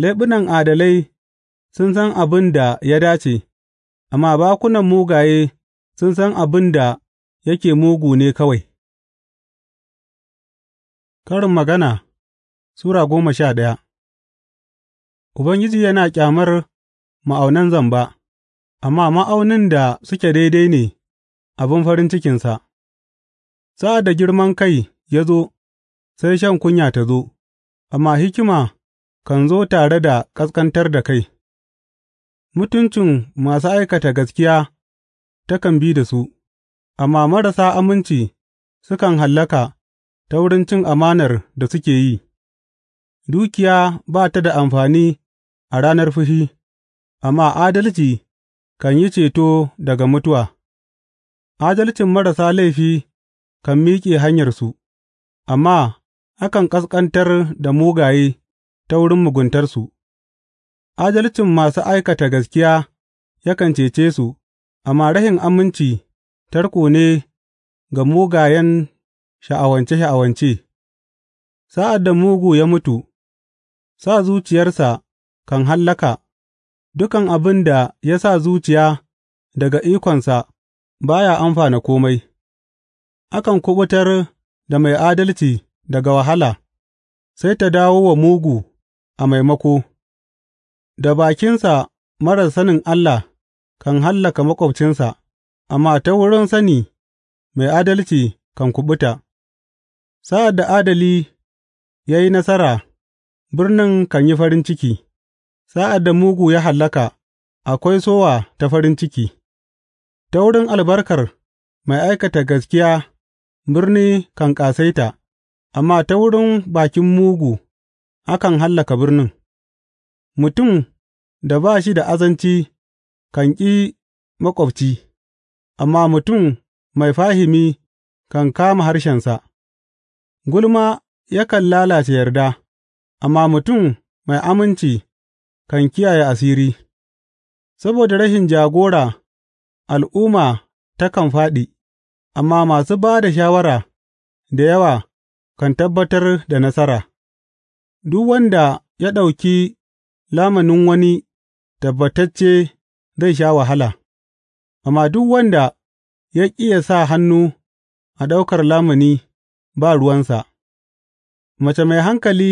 leɓunan adalai sun san abin da ya dace, amma bakunan mugaye sun san abin da yake mugu ne kawai. Karin Magana Sura goma sha daya Ubangiji yana ƙyamar ma'aunan zamba, amma ma'aunin da suke daidai ne. abin farin cikinsa, sa'ad da girman kai ya zo, sai shan kunya ta zo, amma hikima kan zo tare da ƙasƙantar da kai, mutuncin masu aikata gaskiya takan bi da su, amma marasa aminci sukan hallaka ta wurin cin amanar da suke yi, dukiya ba ta da amfani a ranar fushi, amma adalci kan yi ceto daga mutuwa. Adalcin marasa laifi kan miƙe hanyarsu, amma akan ƙasƙantar da mugaye ta wurin muguntarsu; adalcin masu aikata gaskiya yakan cece su, amma rahin aminci tarko ne ga mugayen sha'awance-sha'awance. Sa'ad da mugu ya mutu, sa zuciyarsa kan hallaka; dukan abin da ya sa zuciya daga ikonsa. ba ya amfana kome, akan kuɓutar da mai adalci daga wahala, sai ta dawo wa mugu a maimako, da bakinsa marar sanin Allah kan hallaka maƙwabcinsa, amma ta wurin sani mai adalci kan kuɓuta. Sa'ad da adali ya yi nasara, birnin kan yi farin ciki, sa'ad da mugu ya hallaka, akwai sowa ta farin ciki. Ta wurin albarkar mai aikata gaskiya birni kan ƙasaita, amma ta wurin bakin mugu akan hallaka birnin; mutum da ba shi da azanci kan ƙi maƙwabci, amma mutum mai fahimi kan kama harshensa; gulma yakan lalace yarda, amma mutum mai aminci kan kiyaye asiri; saboda rashin jagora. Al'umma takan fāɗi, amma masu ba da shawara da yawa kan tabbatar da nasara; duk wanda ya ɗauki lamunin wani tabbatacce zai sha wahala, amma duk wanda ya ƙi sa hannu a ɗaukar lamuni ba ruwansa Mace mai hankali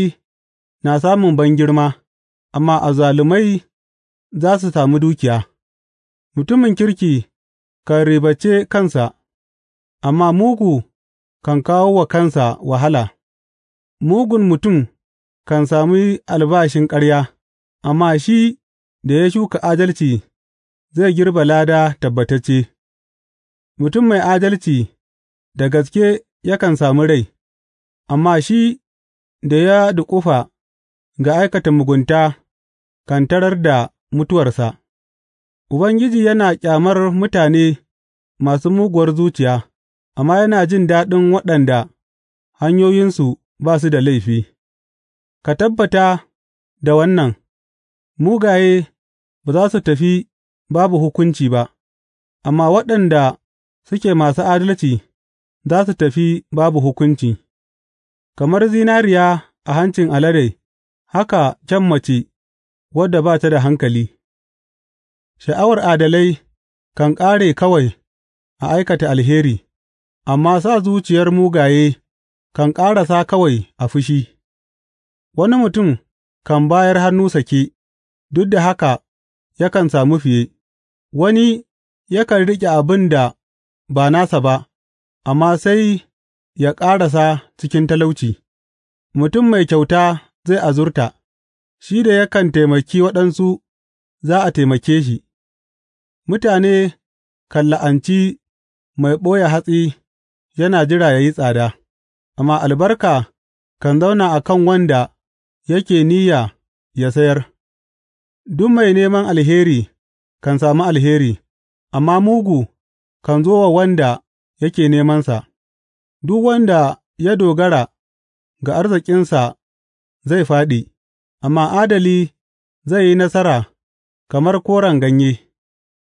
na samun bangirma, amma azzalumai za su sami dukiya. Mutumin kirki kan ribace kansa, amma mugu kan kawo wa kansa wahala; mugun mutum kan sami albashin ƙarya, amma shi da ya shuka adalci zai girbe lada tabbatacce; mutum mai adalci da gaske yakan sami rai, amma shi da ya duƙufa ga aikata mugunta kan tarar da mutuwarsa. Ubangiji yana ƙyamar mutane masu muguwar zuciya amma yana jin daɗin waɗanda hanyoyinsu ba su da laifi; ka tabbata da wannan, mugaye ba za su tafi babu hukunci ba, amma waɗanda suke masu adalci za su tafi babu hukunci; kamar zinariya a hancin alade haka kyan mace wadda ba ta da hankali. Sha'awar adalai kan ƙare kawai a aikata alheri, amma sa zuciyar mugaye kan ƙarasa kawai a fushi; wani mutum kan bayar hannu sake, duk da haka yakan sami fiye, wani yakan riƙe abin da ba nasa ba, amma sai ya ƙarasa cikin talauci; mutum mai kyauta zai azurta, shi da yakan taimaki waɗansu za a taimake shi. Mutane kan la'anci mai ɓoye hatsi yana jira ya yi tsada, amma albarka kan zauna a kan wanda yake niyya ya sayar; duk mai neman alheri kan sami alheri, amma mugu kan zo wa wanda yake nemansa; duk wanda ya dogara ga arzikinsa zai fāɗi, amma adali zai yi nasara kamar koren ganye.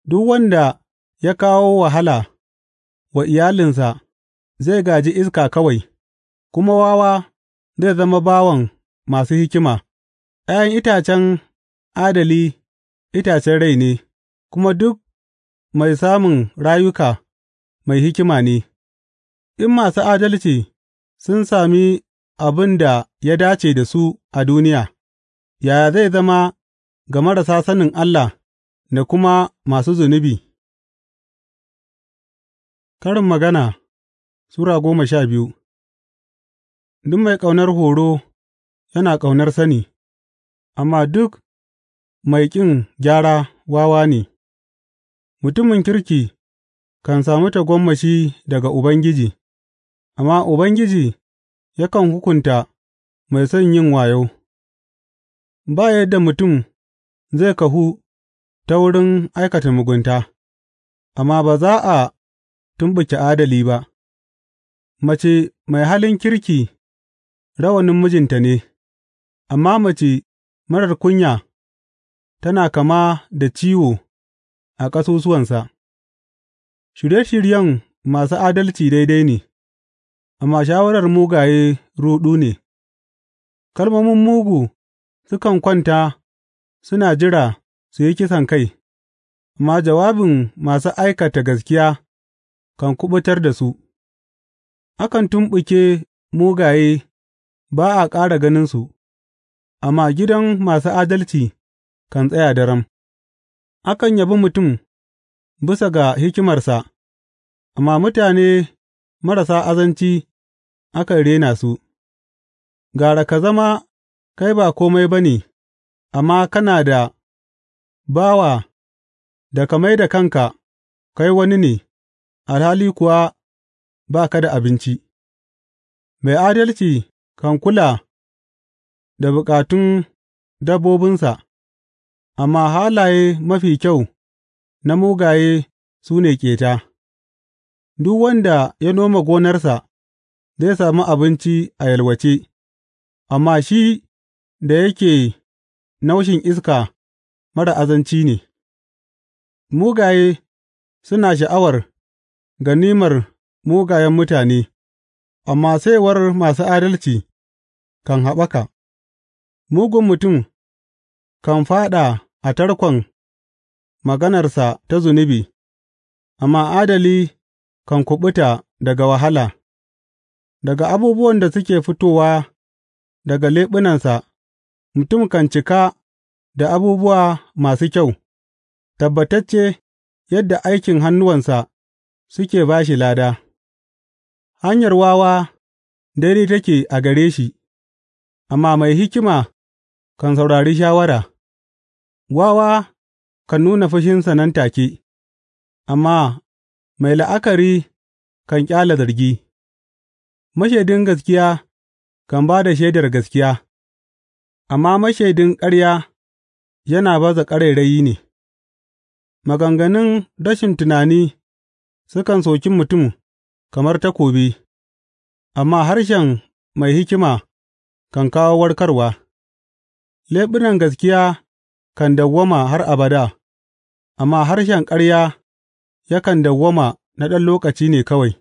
Duk wanda ya kawo wahala wa iyalinsa zai gāji iska kawai, kuma wawa zai zama bawan masu hikima; ’ya'yan itacen adali itacen rai ne, kuma duk mai samun rayuka mai hikima ne; in masu adalci sun sami abin da ya dace da su a duniya, yaya zai zama ga marasa sanin Allah! da kuma masu zunubi Karin Magana Sura goma sha biyu Duk mai ƙaunar horo yana ƙaunar sani, amma duk mai ƙin gyara wawa ne, mutumin kirki kan sami tagomashi daga Ubangiji, amma Ubangiji yakan hukunta mai son yin wayo, ba yadda mutum zai kahu ta wurin aikata mugunta, amma ba za a tumɓuke adali ba; mace mai halin kirki rawanin mijinta ne, amma mace marar kunya tana kama da ciwo a ƙasusuwansa. Shirye shiryen masu adalci daidai ne, amma shawarar mugaye ruɗu ne; kalmomin mugu sukan kwanta suna jira su yi kisankai, amma jawabin masu aikata gaskiya kan kubutar da su; akan tumɓuke mugaye ba a ƙara ganinsu, amma gidan masu adalci kan tsaya daram; akan yabi mutum bisa ga hikimarsa, amma mutane marasa azanci akan rena su. Gara ka zama kai ba komai ba ne, amma kana da Bawa da ka mai da kanka kai wani ne alhali kuwa ba ka da abinci, mai adalci kan kula da bukatun dabbobinsa, amma halaye mafi kyau na mugaye su ne ƙeta; duk wanda ya noma gonarsa zai sami abinci a yalwace, amma shi da yake naushin iska. marar azanci ne Mugaye suna sha'awar ganimar mugayen mutane, amma saiwar masu adalci kan haɓaka; mugun mutum kan fāɗa a tarkon maganarsa ta zunubi, amma adali kan kuɓuta daga wahala; daga abubuwan da suke fitowa daga leɓunansa mutum kan cika da abubuwa masu kyau, tabbatacce yadda aikin hannuwansa suke ba shi lada; hanyar wawa daidai take a gare shi, amma mai hikima kan saurari shawara; wawa kan nuna fushinsa nan take, amma mai la'akari kan ƙyale zargi; mashaidin gaskiya kan ba da shaidar gaskiya, amma mashaidin ƙarya. yana baza ƙarairayi ne, maganganun rashin tunani sukan soki mutum kamar takobi, amma harshen mai hikima kan kawo warkarwa, leɓunan gaskiya kan dawwama har abada, amma harshen ƙarya yakan dawwama na ɗan lokaci ne kawai.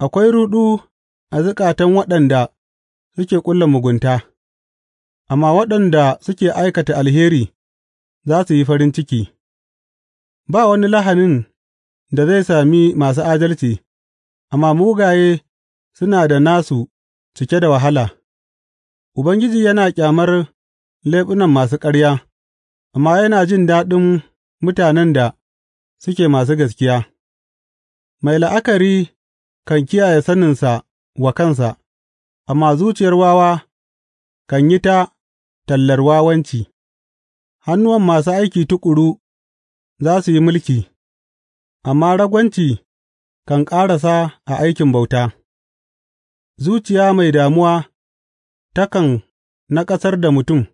Akwai ruɗu a zukatan waɗanda suke ƙulla mugunta. Amma waɗanda suke aikata alheri za su yi farin ciki; ba wani lahanin da zai sami masu adalci, amma mugaye suna da nasu cike da wahala; Ubangiji yana ƙyamar leɓunan masu ƙarya amma yana jin daɗin mutanen da suke masu gaskiya; mai la'akari kan kiyaye saninsa wa kansa, amma zuciyar wawa kan yi ta. tallar wawanci, hannuwan masu aiki tuƙuru za su yi mulki, amma ragwanci kan ƙarasa a aikin bauta, zuciya mai damuwa takan na ƙasar da mutum,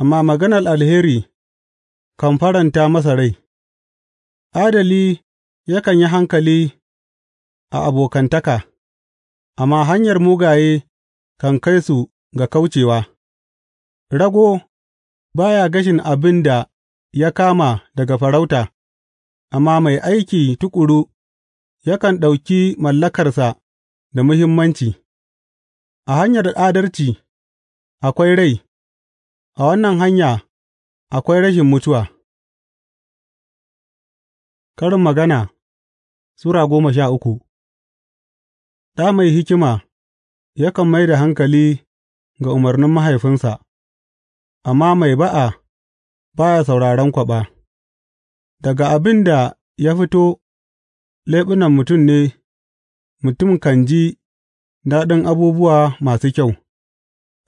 amma maganar alheri kan faranta masa rai, adali yakan yi hankali a abokantaka, amma hanyar mugaye kan kai su ga kaucewa. Rago ba ya gashin abin da ya kama daga farauta, amma mai aiki tuƙuru yakan ɗauki mallakarsa da muhimmanci; a hanyar adalci akwai rai, a wannan hanya akwai rashin mutuwa. Karin Magana Sura goma sha uku Ɗa mai hikima yakan mai da hankali ga umarnin mahaifinsa. amma mai ba'a ba ya sauraron kwaɓa; daga abin da ya fito leɓunan mutum ne mutum kan ji daɗin abubuwa masu kyau,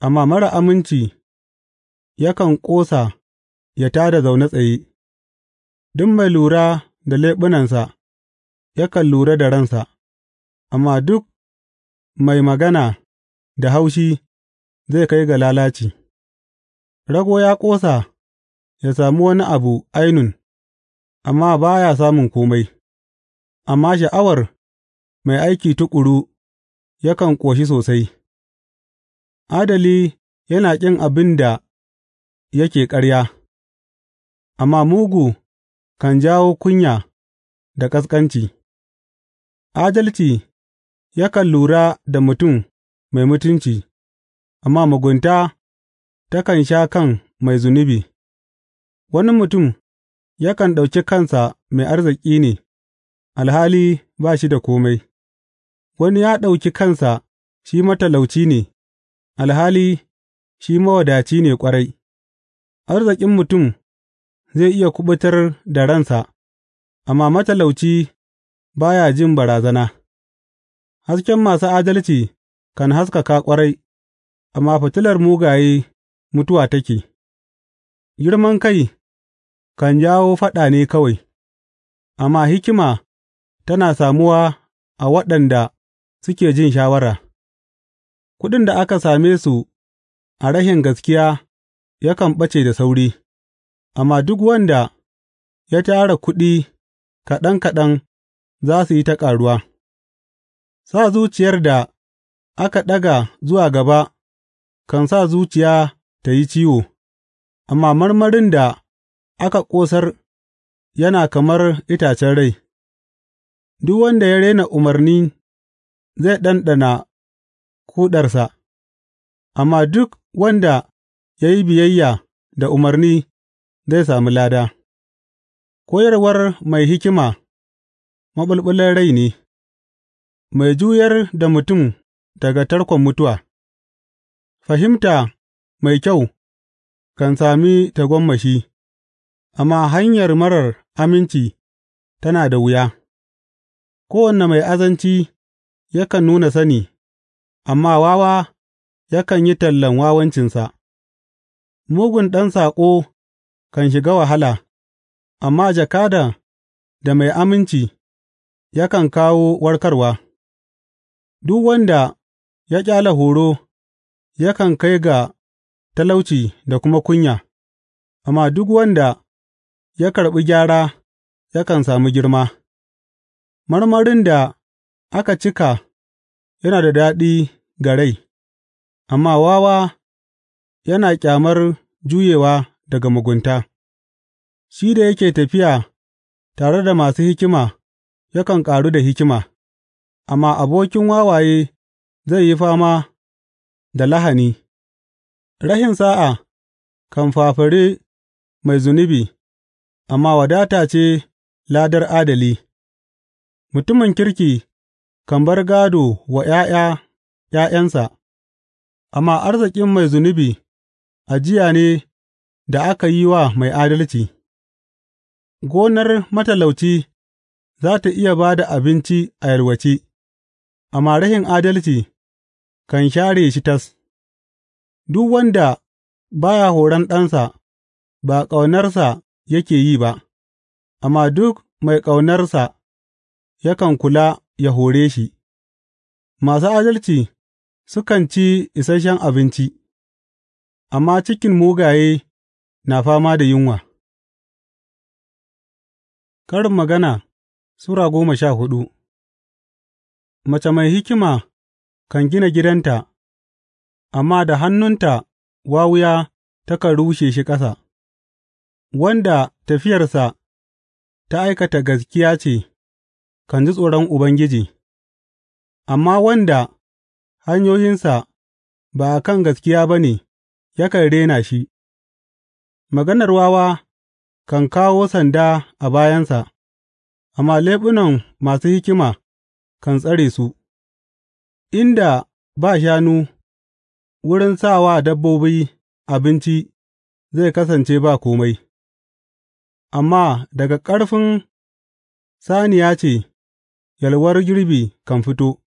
amma mara aminci yakan ƙosa ya tā da zaune tsaye; duk mai lura da leɓunansa yakan lura da ransa, amma duk mai magana da haushi zai kai ga lalaci. Rago ya ƙosa ya sami wani abu ainun, amma ba ya samun kome, amma sha'awar mai aiki tuƙuru yakan ƙoshi sosai; adali yana ƙin abin da yake ƙarya, amma mugu kan jawo kunya da ƙasƙanci; adalci yakan lura da mutum mai mutunci, amma mugunta. takan sha kan mai zunubi Wani mutum yakan ɗauki kansa mai arziki ne, alhali ba shi da kome, wani ya ɗauki kansa shi matalauci ne, alhali shi mawadaci ne ƙwarai, arzikin mutum zai iya kuɓutar da ransa, amma matalauci ba ya jin barazana, hasken masu adalci kan haskaka ƙwarai, amma fitilar mugaye mutuwa take, girman kai kan jawo faɗa ne kawai, amma hikima tana samuwa a waɗanda suke jin shawara, kuɗin da aka same su a rashin gaskiya yakan ɓace da sauri, amma duk wanda ya tara kuɗi kaɗan kaɗan za su yi ta ƙaruwa. Sa zuciyar da aka ɗaga zuwa gaba kan sa zuciya ta yi ciwo, amma marmarin da aka ƙosar yana kamar itacen rai, duk wanda ya rena umarni zai ɗanɗana kuɗarsa, amma duk wanda ya yi biyayya da umarni zai sami lada. Koyarwar mai hikima maɓulɓular rai ne, mai juyar da mutum daga tarkon mutuwa, fahimta mai kyau kan sami tagomashi, amma hanyar marar aminci tana da wuya; kowane mai azanci yakan nuna sani, amma wawa yakan yi tallan wawancinsa; mugun ɗan saƙo kan shiga wahala, amma jakada da mai aminci yakan kawo warkarwa; duk wanda ya ƙyale horo yakan kai ga talauci da kuma kunya, amma duk wanda ya karɓi gyara yakan sami girma; marmarin da aka cika yana da daɗi ga rai, amma wawa yana ƙyamar juyewa daga mugunta; shi da yake tafiya tare da masu hikima yakan ƙaru da hikima, amma abokin wawaye zai yi fama da lahani. Rashin sa'a kan fafare mai zunubi, amma wadata ce ladar adali; mutumin kirki kan bar gādo wa ’ya'ya ’ya'yansa, amma arzikin mai zunubi ajiya ne da aka yi wa mai adalci; gonar matalauci za ta iya ba da abinci a yalwace, amma rashin adalci kan share shi tas. Duk wanda ba ya horon ɗansa, ba ƙaunarsa yake yi ba, amma duk mai ƙaunarsa yakan kula ya hore shi; masu adalci sukan ci isasshen abinci, amma cikin mugaye na fama da yunwa. Karin Magana Sura goma sha hudu Mace mai hikima kan gina gidanta. amma da hannunta wawiya takan rushe shi ƙasa; wanda tafiyarsa ta aikata gaskiya ce kan ji tsoron Ubangiji, amma wanda hanyoyinsa ba a kan gaskiya ba ne yakan rena shi; maganar wawa kan kawo sanda a bayansa, amma leɓunan masu hikima kan tsare su. Inda ba shanu. Wurin sa wa dabbobi abinci zai kasance ba kome, amma daga ƙarfin saniya ce yalwar girbi kan fito;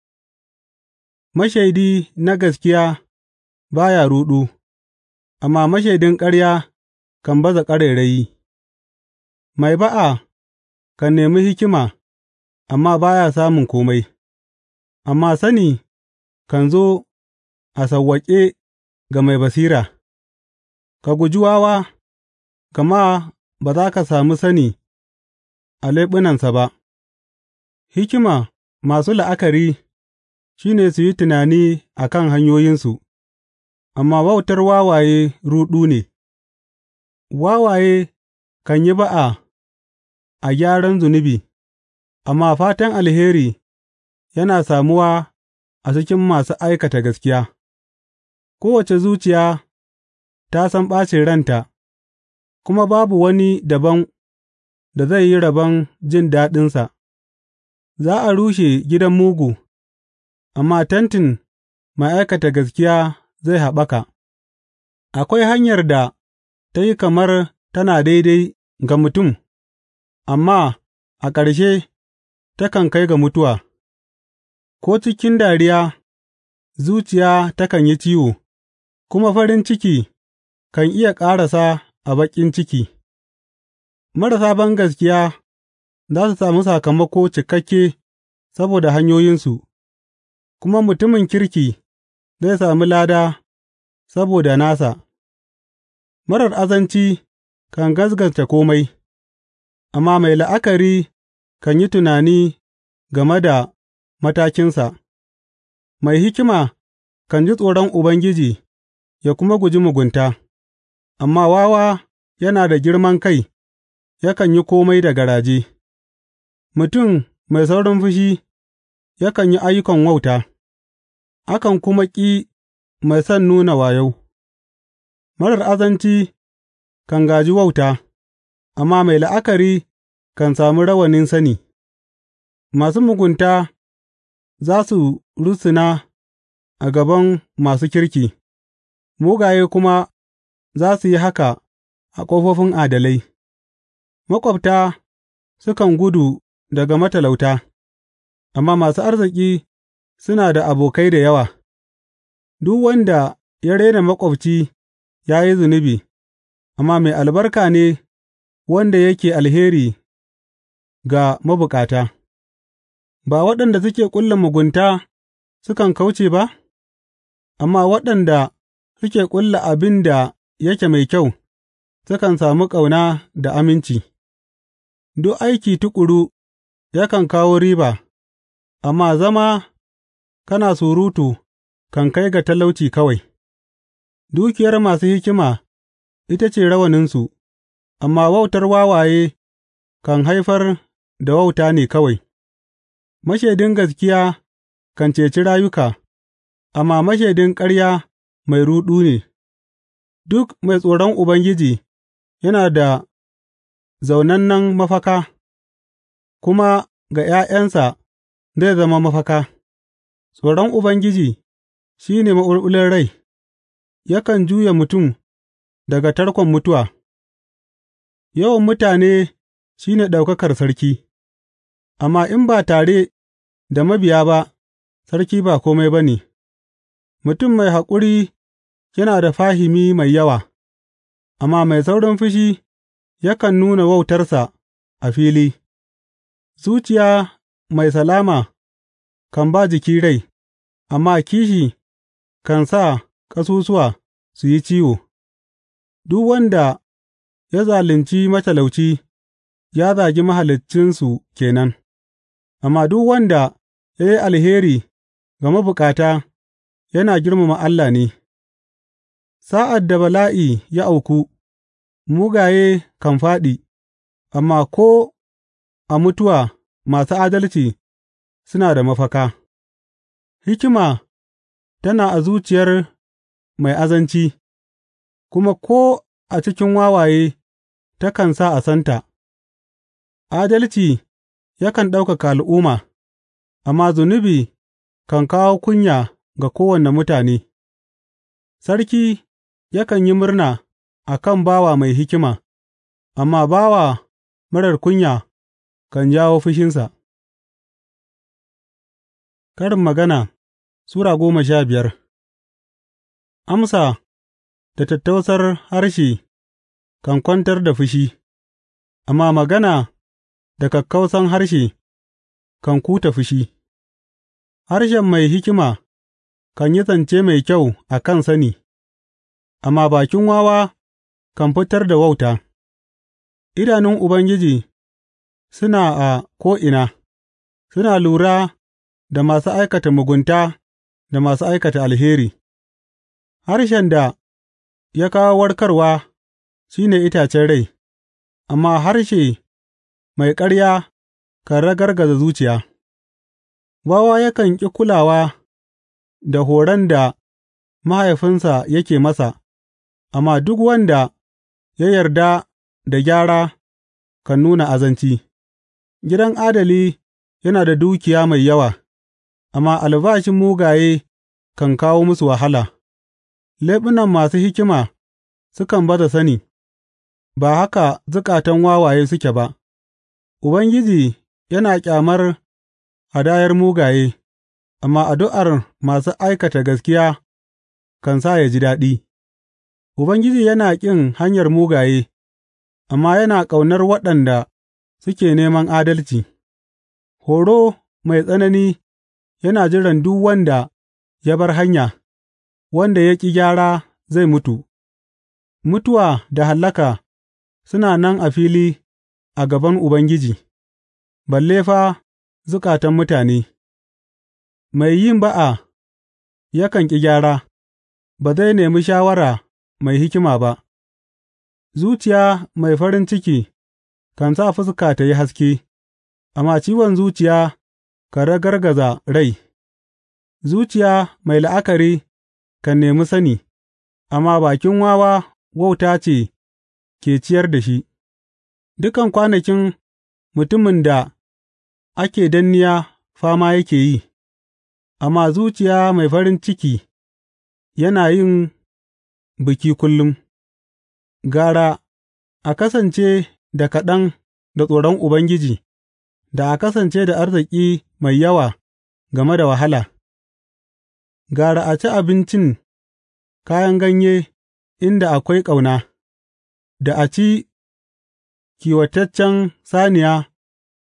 mashaidi na gaskiya ba ya ruɗu, amma mashaidin ƙarya kan baza ƙarairayi; mai ba'a kan nemi hikima amma ba ya samun kome, amma sani kan zo a sawwaƙe ga mai basira, ka guji wawa, gama ba za ka sami sani a leɓunansa ba; hikima masu la'akari shi ne su yi tunani a kan hanyoyinsu, amma wautar wawaye ruɗu ne, wawaye kan yi ba'a a gyaran zunubi, amma fatan alheri yana samuwa a cikin masu aikata gaskiya. Kowace zuciya ta san ɓacin ranta, kuma babu wani dabam da zai yi rabon jin daɗinsa; za a rushe gidan mugu, amma tentin mai aikata gaskiya zai haɓaka; akwai hanyar da ta yi kamar tana daidai ga mutum, amma a ƙarshe takan kai ga mutuwa; ko cikin dariya zuciya takan yi ciwo. kuma farin ciki kan iya ƙarasa a baƙin ciki, marasa bangaskiya za su sami sakamako cikakke saboda hanyoyinsu, kuma mutumin kirki zai sami lada saboda nasa, marar azanci kan gaskata komai, amma mai la'akari kan yi tunani game da matakinsa, mai hikima kan ji tsoron Ubangiji. ya kuma guji mugunta, amma wawa yana da girman kai yakan yi komai da garaje, mutum mai saurin fushi yakan yi ayyukan wauta, akan kuma ƙi mai son nuna wayo, marar azanci kan gaji wauta, amma mai la'akari kan sami rawanin sani, masu mugunta za su rusuna a gaban masu kirki. mugaye kuma za su yi haka a ƙofofin adalai; maƙwabta sukan gudu daga matalauta, amma masu arziki suna da abokai da yawa; duk wanda ya rena maƙwabci ya yi zunubi, amma mai albarka ne wanda yake alheri ga mabukata. Ba waɗanda suke ƙulla mugunta sukan kauce ba, amma waɗanda suke ƙulla abin da yake mai kyau, sukan sami ƙauna da aminci; duk aiki tuƙuru yakan kawo riba, amma zama kana surutu kan kai ga talauci kawai. Dukiyar masu hikima ita ce rawaninsu, amma wautar wawaye kan haifar da wauta ne kawai. Mashaidin gaskiya kan ceci rayuka, amma mashaidin ƙarya mai ruɗu ne, duk mai tsoron Ubangiji yana da zaunannen mafaka, kuma ga ’ya'yansa zai zama mafaka; tsoron Ubangiji shi ne maɓulɓular rai, yakan juya mutum daga tarkon mutuwa, yawan mutane shi ne ɗaukakar sarki, amma in ba tare da mabiya ba, sarki ba kome ba ne. Mutum mai haƙuri yana da fahimi mai yawa, amma mai saurin fushi yakan nuna wautarsa a fili; zuciya mai salama kan ba jiki rai, amma kishi kan sa ƙasusuwa su yi ciwo; duk wanda ya zalunci matalauci ya zagi Mahaliccinsu ke nan, amma duk wanda ya yi alheri ga mabukata. yana girmama Allah ne Sa'ad da bala'i ya auku, mugaye kan fāɗi, amma ko a mutuwa masu adalci suna da mafaka; hikima tana a zuciyar mai azanci, kuma ko a cikin wawaye takan sa a santa; adalci yakan ɗaukaka al'umma, amma zunubi kan kawo kunya ga kowane mutane Sarki yakan yi murna a kan bawa mai hikima, amma bawa marar kunya kan jawo fushinsa. Karin Magana Sura goma sha biyar Amsa da tattausar harshe kan kwantar da fushi, amma magana da kakkausan harshe kan kuta fushi. Harshen mai hikima kan yi zance mai kyau a kan sani, amma bakin wawa kan fitar da wauta; idanun Ubangiji suna a ko'ina, suna lura da masu aikata mugunta da masu aikata alheri, harshen da ya kawo warkarwa shi ne itacen rai, amma harshe mai ƙarya kan ragargaza zuciya; wawa yakan ƙi kulawa. da horon da mahaifinsa yake masa, amma duk wanda ya yarda da gyara kan nuna azanci; gidan adali yana da dukiya mai yawa, amma albashin mugaye kan kawo musu wahala; leɓunan masu hikima sukan baza sani, ba haka zukatan wawaye suke ba, Ubangiji yana ƙyamar hadayar mugaye. amma addu'ar masu aikata gaskiya kan sa ya ji daɗi; Ubangiji yana ƙin hanyar mugaye amma yana ƙaunar waɗanda suke neman adalci; horo mai tsanani yana jiran duk wanda ya bar hanya, wanda ya ƙi gyara zai mutu; mutuwa da hallaka suna nan a fili a gaban Ubangiji, balle fa zukatan mutane. Mai yin ba'a yakan ƙi gyara; ba zai nemi shawara mai hikima ba, Zuciya mai farin ciki kan sa fuska ta yi haske, amma ciwon zuciya kan ragargaza rai; zuciya mai la'akari kan nemi sani, amma bakin wawa wauta ce ke ciyar da shi; dukan kwanakin mutumin da ake danniya fama yake yi. amma zuciya mai farin ciki yana yin biki kullum; gara a kasance da kaɗan da tsoron Ubangiji da a kasance da arziki mai yawa game da wahala; gara a ci abincin kayan ganye inda akwai ƙauna, da a ci kiwataccen saniya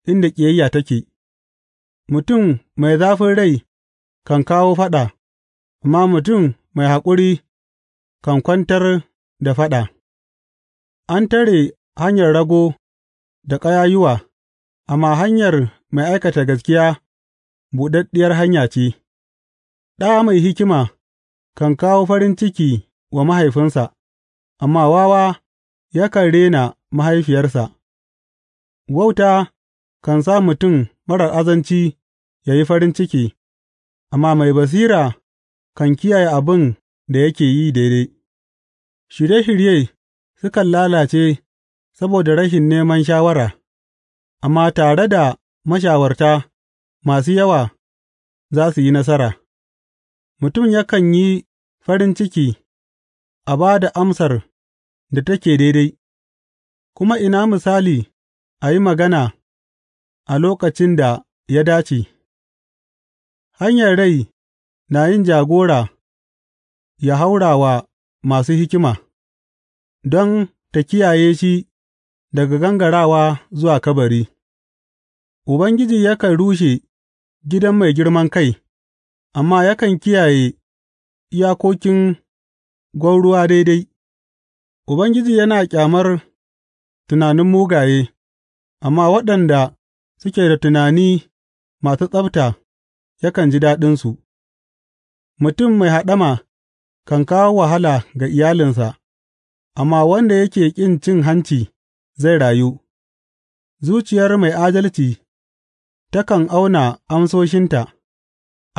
inda ƙiyayya take, mutum mai zafin rai. kan kawo faɗa, amma mutum mai haƙuri kan kwantar da faɗa; an tare hanyar rago da ƙayayyuwa, amma hanyar mai aikata gaskiya buɗaɗɗiyar hanya ce; ɗa mai hikima kan kawo farin ciki wa mahaifinsa, amma wawa yakan rena mahaifiyarsa; wauta kan sa mutum marar azanci ya yi farin ciki. amma mai basira kan kiyaye abin da yake yi daidai; shirye shirye sukan lalace saboda rashin neman shawara, amma tare da mashawarta masu yawa za su yi nasara; mutum yakan yi farin ciki a ba da amsar da take daidai, kuma ina misali a yi magana a lokacin da ya dace. Hanyar rai na yin jagora ya haura wa masu hikima, don ta kiyaye shi daga gangarawa zuwa kabari; Ubangiji yakan rushe gidan mai girman kai amma yakan kiyaye iyakokin gwauruwa daidai; Ubangiji yana ƙyamar tunanin mugaye, amma waɗanda suke da tunani masu tsabta. yakan ji daɗinsu, mutum mai haɗama kan kawo wahala ga iyalinsa, amma wanda yake ƙin cin hanci zai rayu; zuciyar mai adalci takan auna amsoshinta,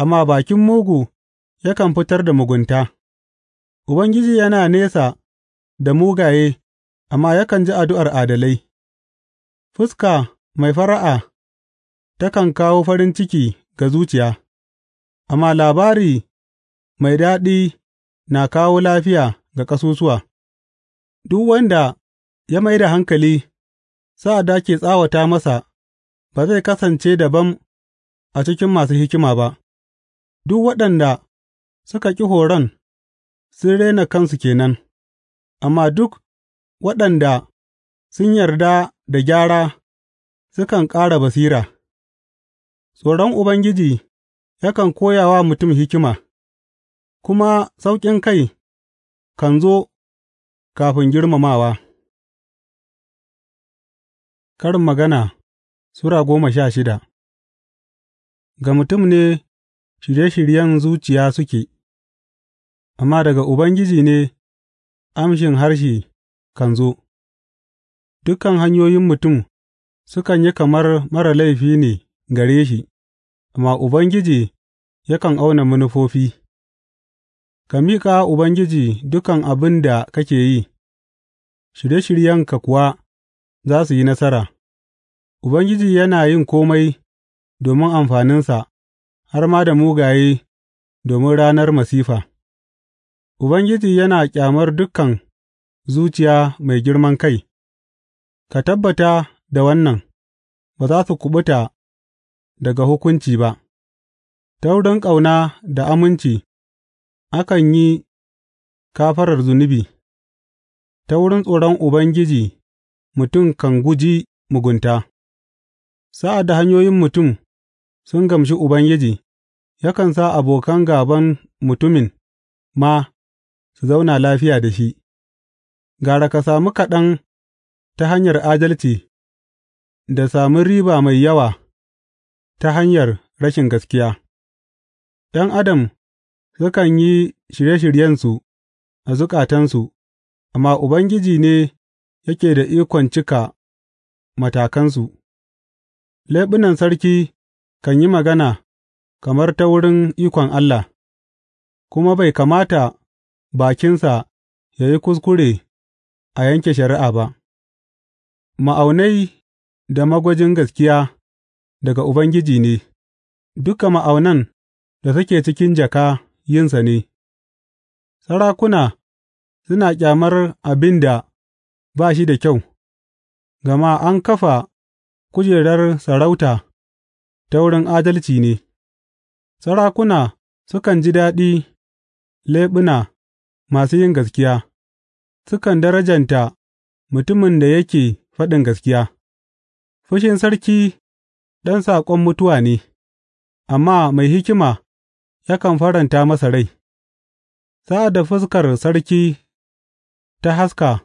amma bakin mugu yakan fitar da mugunta; Ubangiji yana nesa da mugaye, amma yakan ji addu'ar adalai, fuska mai fara'a takan kawo farin ciki ga zuciya, amma labari mai daɗi na kawo lafiya ga ƙasusuwa; duk wanda ya mai da hankali sa'ad da ke tsawata masa ba zai kasance dabam a cikin masu hikima ba, duk waɗanda suka ƙi horon sun rena kansu kenan. amma duk waɗanda sun yarda da gyara sukan ƙara basira. Tsoron Ubangiji yakan koya wa mutum hikima, kuma sauƙinkai kan zo kafin girmamawa. Karin Magana Sura goma sha shida Ga mutum ne shirye-shiryen zuciya suke, amma daga Ubangiji ne amshin harshe kan zo, dukan hanyoyin mutum sukan yi kamar mara laifi ne. gare shi, amma Ubangiji yakan auna manufofi; ka miƙa Ubangiji dukan abin da kake yi, shirye shiryenka kuwa za su yi nasara; Ubangiji yana yin komai domin amfaninsa, har ma da mugaye domin ranar masifa; Ubangiji yana ƙyamar dukan zuciya mai girman kai, ka tabbata da wannan, ba za su kuɓuta. daga hukunci ba, ta wurin ƙauna da aminci akan yi kafarar zunubi; ta wurin tsoron Ubangiji mutum kan guji mugunta Sa'ad da hanyoyin mutum sun gamshi Ubangiji, yakan sa abokan gaban mutumin ma su zauna lafiya da shi, gara ka sami kaɗan ta hanyar adalci da sami riba mai yawa. ta hanyar rashin gaskiya ’Yan adam sukan yi shirye shiryensu a zukatansu, amma Ubangiji ne yake da ikon cika matakansu; leɓunan sarki kan yi magana kamar ta wurin ikon Allah, kuma bai kamata bakinsa ya yi kuskure a yanke shari'a ba; ma'aunai da magwajin gaskiya. daga Ubangiji ne, duka ma'aunan da suke cikin jaka yinsa ne, sarakuna suna ƙyamar abin da ba shi da kyau, gama an kafa kujerar sarauta ta wurin adalci ne, sarakuna sukan ji daɗi leɓuna masu yin gaskiya, sukan darajanta mutumin da yake faɗin gaskiya, fushin sarki ɗan saƙon mutuwa ne, amma mai hikima yakan faranta masa rai; sa'ad da fuskar sarki ta haska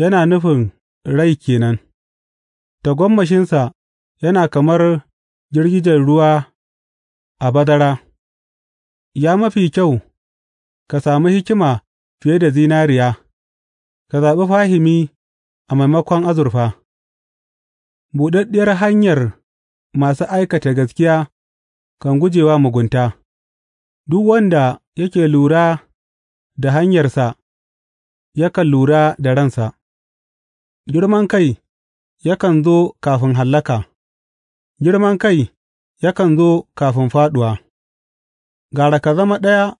yana nufin rai kenan. nan, tagomashinsa yana kamar girgijen ruwa a badara. ya mafi kyau ka sami hikima fiye da zinariya, ka zaɓi fahimi a maimakon azurfa. Buɗaɗɗiyar hanyar masu aikata gaskiya kan guje wa mugunta, duk wanda yake lura da hanyarsa yakan lura da ransa, girman kai yakan zo kafin hallaka, girman kai yakan zo kafin fāɗuwa, gara ka zama ɗaya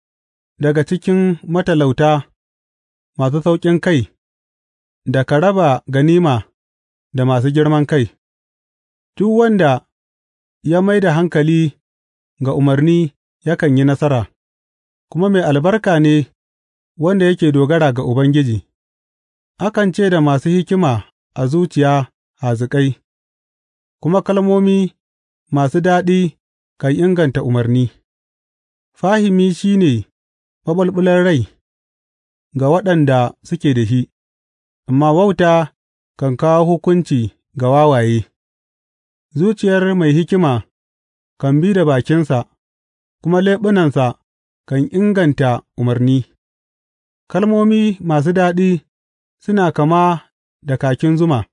daga cikin matalauta masu sauƙin kai, da ka raba ganima da masu girman kai, duk wanda ya mai da hankali ga umarni yakan yi nasara, kuma mai albarka ne wanda yake dogara ga Ubangiji; akan ce da masu hikima a zuciya hazikai, kuma kalmomi masu daɗi kan inganta umarni; fahimi shi ne maɓulɓular rai ga waɗanda suke da shi, amma wauta kan kawo hukunci ga wawaye. Zuciyar mai hikima kan bi da bakinsa, kuma leɓunansa kan inganta umarni; kalmomi masu daɗi suna kama da kakin zuma,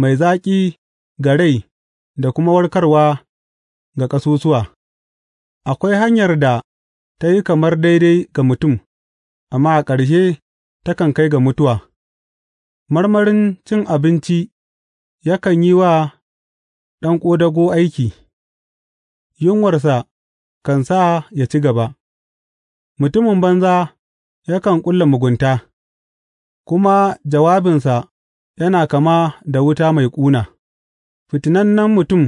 mai zaƙi ga rai da kuma warkarwa ga ƙasusuwa; akwai hanyar da ta yi kamar daidai ga mutum, amma a ƙarshe takan kai ga mutuwa; marmarin cin abinci yakan yi wa ɗan ƙodago aiki, yunwarsa kan sa ya ci gaba, mutumin banza yakan ƙulla mugunta, kuma jawabinsa yana kama da wuta mai ƙuna, fitinannen mutum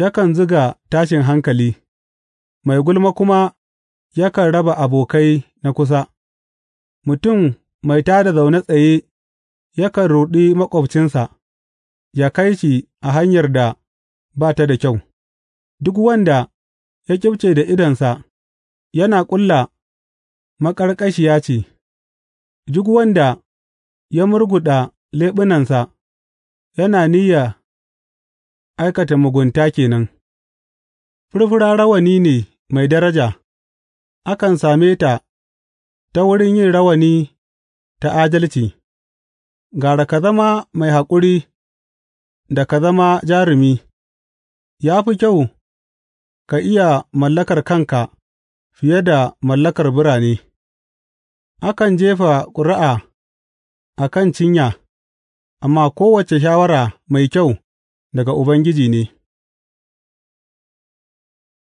yakan zuga tashin hankali, mai gulma kuma yakan raba abokai na kusa, mutum mai tā da zaune tsaye yakan ruɗi maƙwabcinsa. ya kai shi a hanyar da ba ta da kyau, duk wanda ya ƙyifce da idonsa yana ƙulla maƙarƙashiya ce, duk wanda ya murguɗa leɓunansa yana niyya aikata mugunta ke nan, furfura rawani ne mai daraja, akan same ta ta wurin yin rawani ta adalci, gara ka zama mai haƙuri. da ka zama jarumi, ya fi kyau ka iya mallakar kanka fiye da mallakar birane, akan jefa ƙuri'a a kan cinya, amma kowace shawara mai kyau daga Ubangiji ne.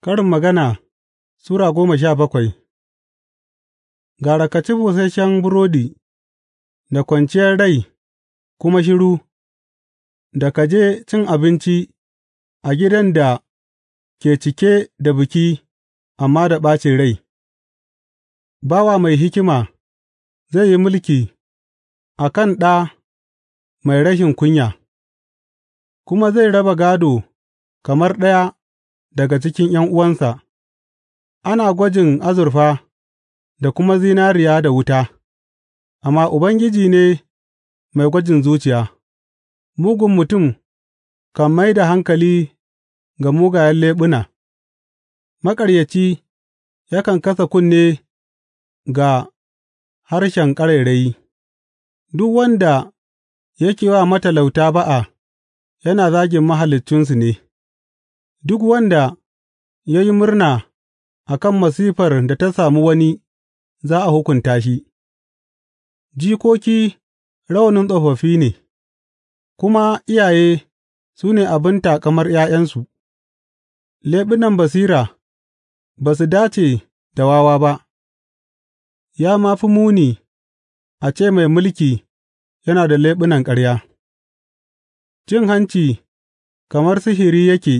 Karin magana Sura goma sha bakwai Gara ka ci busasshen burodi da kwanciyar rai kuma shiru. da ka je cin abinci a gidan da ke cike da biki amma da ɓacin rai, bawa mai hikima zai yi mulki a kan ɗa mai rashin kunya, kuma zai raba gado kamar ɗaya daga cikin ’yan'uwansa, ana gwajin azurfa da kuma zinariya da wuta, amma Ubangiji ne mai gwajin zuciya. Mugun mutum kan mai da hankali ga mugayen leɓuna, maƙaryaci yakan kasa kunne ga harshen ƙarairayi; duk wanda yake wa matalauta ba'a yana zagin Mahaliccinsu ne, duk wanda ya yi murna a kan masifar da ta sami wani za a hukunta shi; jikoki rawanin tsofaffi ne. Kuma iyaye su ne abin taƙamar ’ya'yansu; leɓunan basira ba su dace da wawa ba, ya ma fi muni a ce mai mulki yana da leɓunan ƙarya Cin hanci kamar sihiri yake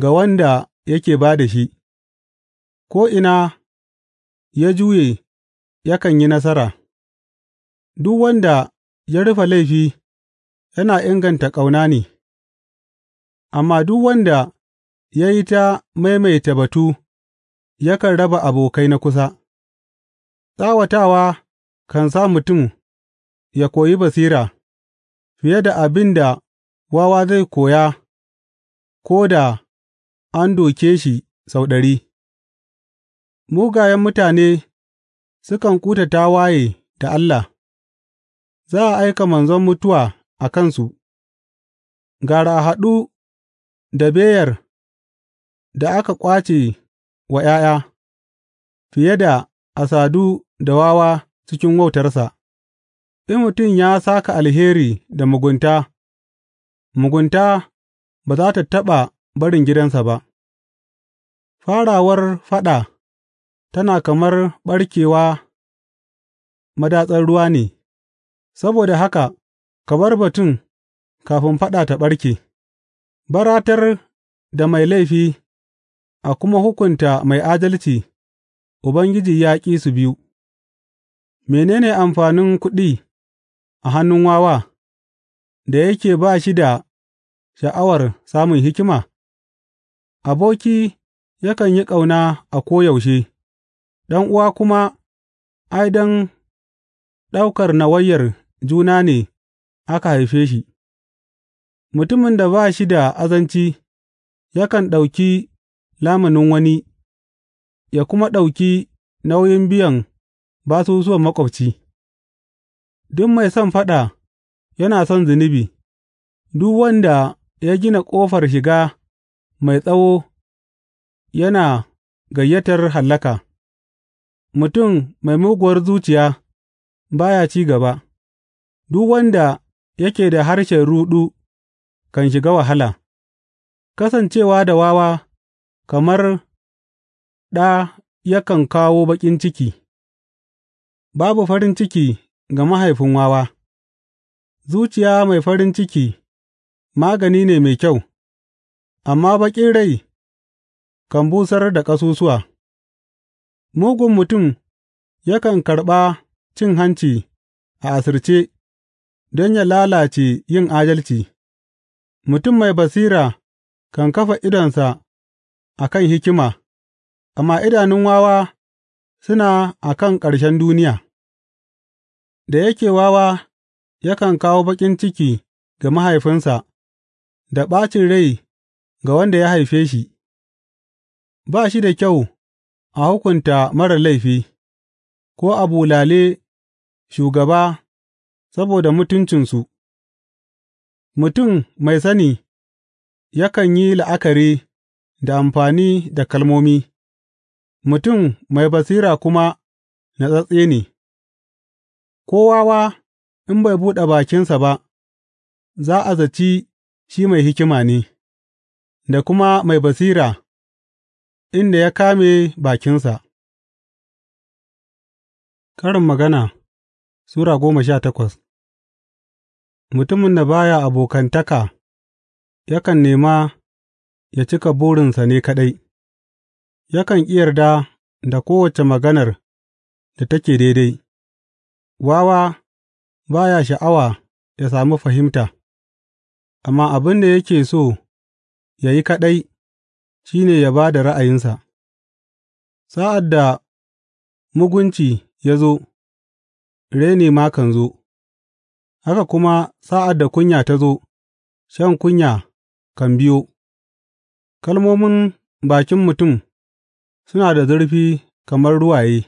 ga wanda yake ba da shi; ko'ina ya juye yakan yi nasara, duk wanda ya rufe laifi. yana inganta ƙauna ne, amma duk wanda ya yi ta maimaita batu yakan raba abokai na kusa, tsawatawa kan sa mutum ya koyi basira fiye da abin da wawa zai koya ko da an doke shi sau ɗari. Mugayen mutane sukan kuta tawaye da Allah, za a aika manzon mutuwa a kansu, gara a haɗu da beyar da aka ƙwace wa ’ya'ya, fiye da a sadu da wawa cikin wautarsa, in mutum ya saka alheri da mugunta, mugunta ba za ta taɓa barin gidansa ba, farawar faɗa tana kamar ɓarkewa madatsar ruwa ne, saboda haka. Ka bar batun kafin faɗa ta ɓarke, baratar da mai laifi a kuma hukunta mai adalci Ubangiji ya ƙi su biyu Mene ne amfanin kuɗi a hannun wawa, da yake ba shi da sha'awar samun hikima? Aboki yakan yi ƙauna a koyaushe, uwa kuma ai, don ɗaukar nawayar juna ne. aka haife shi, mutumin da ba shi da azanci yakan ɗauki lamunin wani ya kuma ɗauki nauyin biyan basusuwan maƙwabci, duk mai son faɗa yana son zunubi, duk wanda ya gina ƙofar shiga mai tsawo yana gayyatar hallaka, mutum mai muguwar zuciya ba ya ci gaba, duk wanda yake da harshen ruɗu kan shiga wahala, kasancewa da wawa kamar ɗa yakan kawo baƙin ciki, babu farin ciki ga mahaifin wawa, zuciya mai farin ciki magani ne mai kyau, amma baƙin rai kan busar da ƙasusuwa, mugun mutum yakan karɓa cin hanci a asirce. don yă lalace yin adalci, mutum mai basira kan kafa idonsa a kan hikima, amma idanun wawa suna a kan ƙarshen duniya, da yake wawa yakan kawo baƙin ciki ga mahaifinsa da ɓacin rai ga wanda ya haife shi, ba shi da kyau a hukunta marar laifi, ko a bulale shugaba saboda mutuncinsu, mutum mai sani yakan yi la'akari da amfani da kalmomi, mutum mai basira kuma natsatse ne, Kowawa in bai buɗe bakinsa ba, za a zaci shi mai hikima ne, da kuma mai basira inda ya kame bakinsa. Karin magana Sura goma sha takwas Mutumin da ba ya abokantaka yakan nema ya cika burinsa ne kaɗai; yakan ƙi yarda da kowace maganar da take daidai, wawa ba ya sha'awa ya sami fahimta, amma abin da yake so ya yi kaɗai shi ne ya ba da ra'ayinsa; sa'ad da mugunci ya zo, reni ma kan zo. Haka kuma sa'ad da kunya ta zo, shan kunya kan biyo; kalmomin bakin mutum suna da zurfi kamar ruwaye,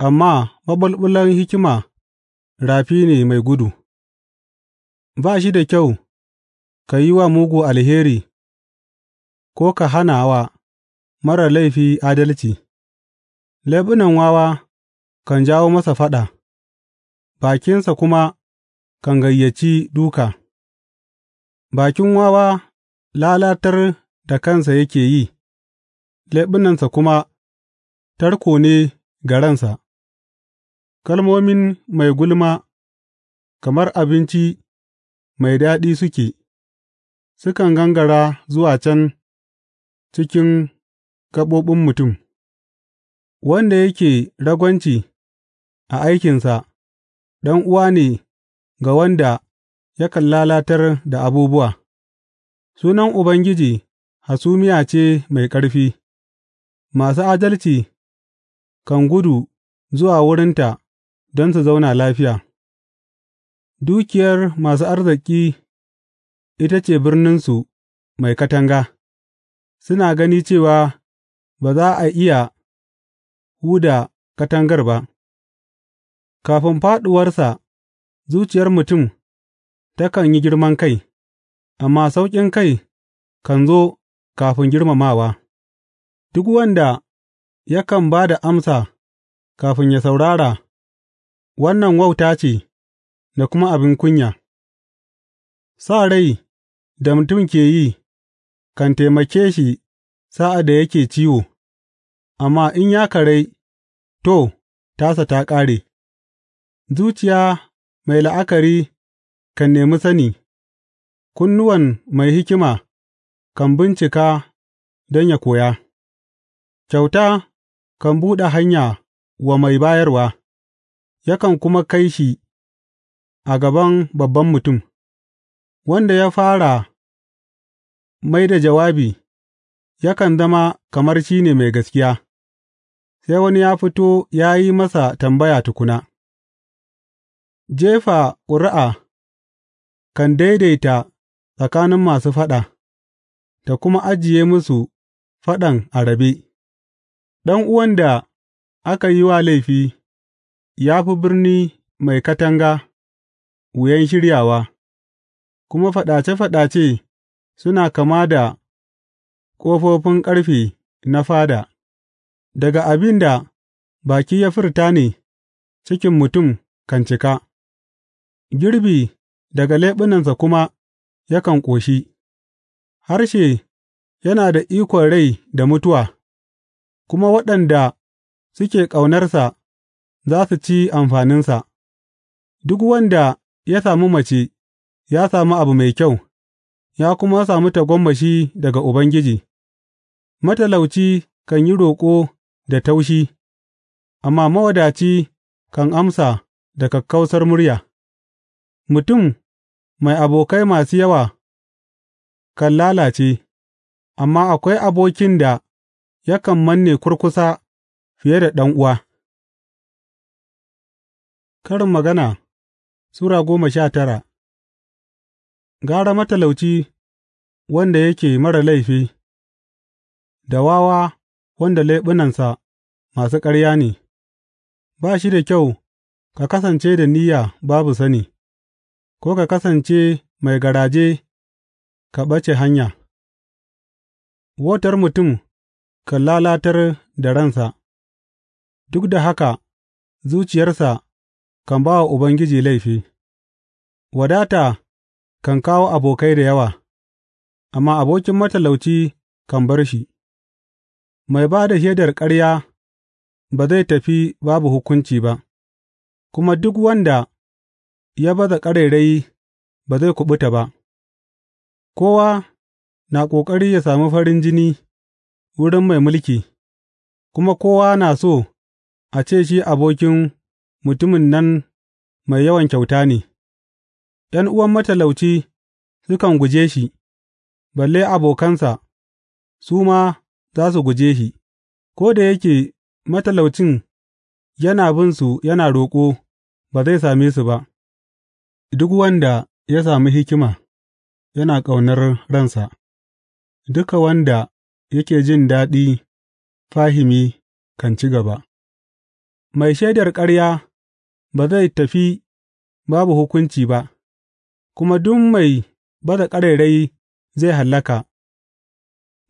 amma maɓulɓulan hikima rafi ne mai gudu Ba shi da kyau ka yi wa mugu alheri ko ka hana wa marar laifi adalci; leɓunan wawa kan jawo masa faɗa bakinsa kuma kan gayyaci duka. Bakin wawa lalatar da kansa yake yi, leɓunansa kuma tarko ne ga ransa, kalmomin mai gulma kamar abinci mai daɗi suke, sukan gangara zuwa can cikin gaɓoɓin mutum, wanda yake ragwanci a aikinsa, ɗan'uwa ne ga wanda yakan lalatar da abubuwa; sunan Ubangiji hasumiya ce mai ƙarfi, masu adalci kan gudu zuwa wurinta don su zauna lafiya; dukiyar masu arziki ita ce birninsu mai katanga, suna gani cewa ba za a iya huda katangar ba, kafin fāɗuwarsa. Zuciyar mutum takan yi girman kai, amma sauƙin kai kan zo kafin girmamawa; duk wanda yakan ba da amsa kafin ya saurara, wannan wauta ce da kuma abin kunya; sa rai da mutum ke yi kan taimake shi sa'ad da yake ciwo, amma in ya karai, to, tasa ta ƙare. Zuciya mai la'akari kan nemi sani, kunnuwan mai hikima kan bincika don ya koya, kyauta kan buɗe hanya wa mai bayarwa, yakan kuma kai shi a gaban babban mutum, wanda ya fara mai da jawabi yakan zama kamar shi ne mai gaskiya, sai wani ya fito ya yi masa tambaya tukuna. Jefa ƙuri'a kan daidaita tsakanin masu faɗa ta kuma ajiye musu faɗan a rabe; ɗan'uwan da aka yi wa laifi ya fi birni mai katanga wuyan shiryawa, kuma faɗace faɗace suna kama da ƙofofin ƙarfe na fada; daga abin da baki ya furta ne cikin mutum kan cika. Girbi daga leɓunansa kuma yakan ƙoshi; harshe yana da ikon rai da mutuwa, kuma waɗanda suke ƙaunarsa za su ci amfaninsa; duk wanda ya sami mace ya sami abu mai kyau ya kuma sami tagomashi daga Ubangiji, matalauci kan yi roƙo da taushi, amma mawadaci kan amsa da kakkausar murya. Mutum mai abokai masu yawa kan lalace, amma akwai abokin da yakan manne kurkusa fiye da ɗan'uwa. Karin Magana Sura goma sha tara Gara matalauci wanda yake marar laifi, da wawa wanda leɓunansa masu ƙarya ne; ba shi da kyau ka kasance da niyya babu sani. ko ka kasance mai garaje ka ɓace hanya; wotar mutum kan lalatar da ransa, duk da haka zuciyarsa kan ba wa Ubangiji laifi; wadata kan kawo abokai da yawa, amma abokin matalauci kan bar shi; mai ba da shaidar ƙarya ba zai tafi babu hukunci ba, kuma duk wanda ya baza ƙarairayi ba zai kuɓuta ba; kowa na ƙoƙari ya sami farin jini wurin mai mulki, kuma kowa na so a ce shi abokin mutumin nan mai yawan kyauta ne; ’yan'uwan matalauci sukan guje shi, balle abokansa, su ma za su guje shi, ko da yake matalaucin yana binsu yana roƙo, ba zai same su ba. Duk wanda ya sami hikima yana ƙaunar ransa, duka wanda yake jin daɗi fahimi kan ci gaba; mai shaidar ƙarya ba zai tafi babu hukunci ba, kuma duk mai baza ƙarairayi zai hallaka;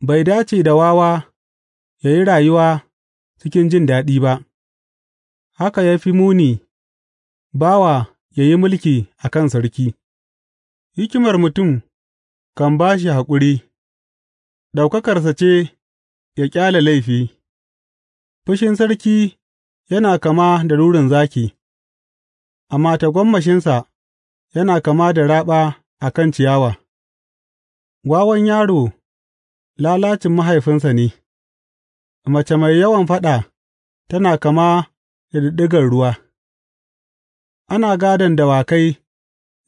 bai dace da wawa ya yi rayuwa cikin jin daɗi ba, haka ya fi muni bawa. Ya yi mulki a kan sarki, hikimar mutum kan ba shi haƙuri, ɗaukakarsa ce ya ƙyale laifi, fushin sarki yana kama da rurin zaki, amma tagwammashinsa yana kama da raɓa a kan ciyawa, wawan yaro lalacin mahaifinsa ne, mace mai yawan faɗa tana kama da ɗiɗɗigar ruwa. Ana gādon dawakai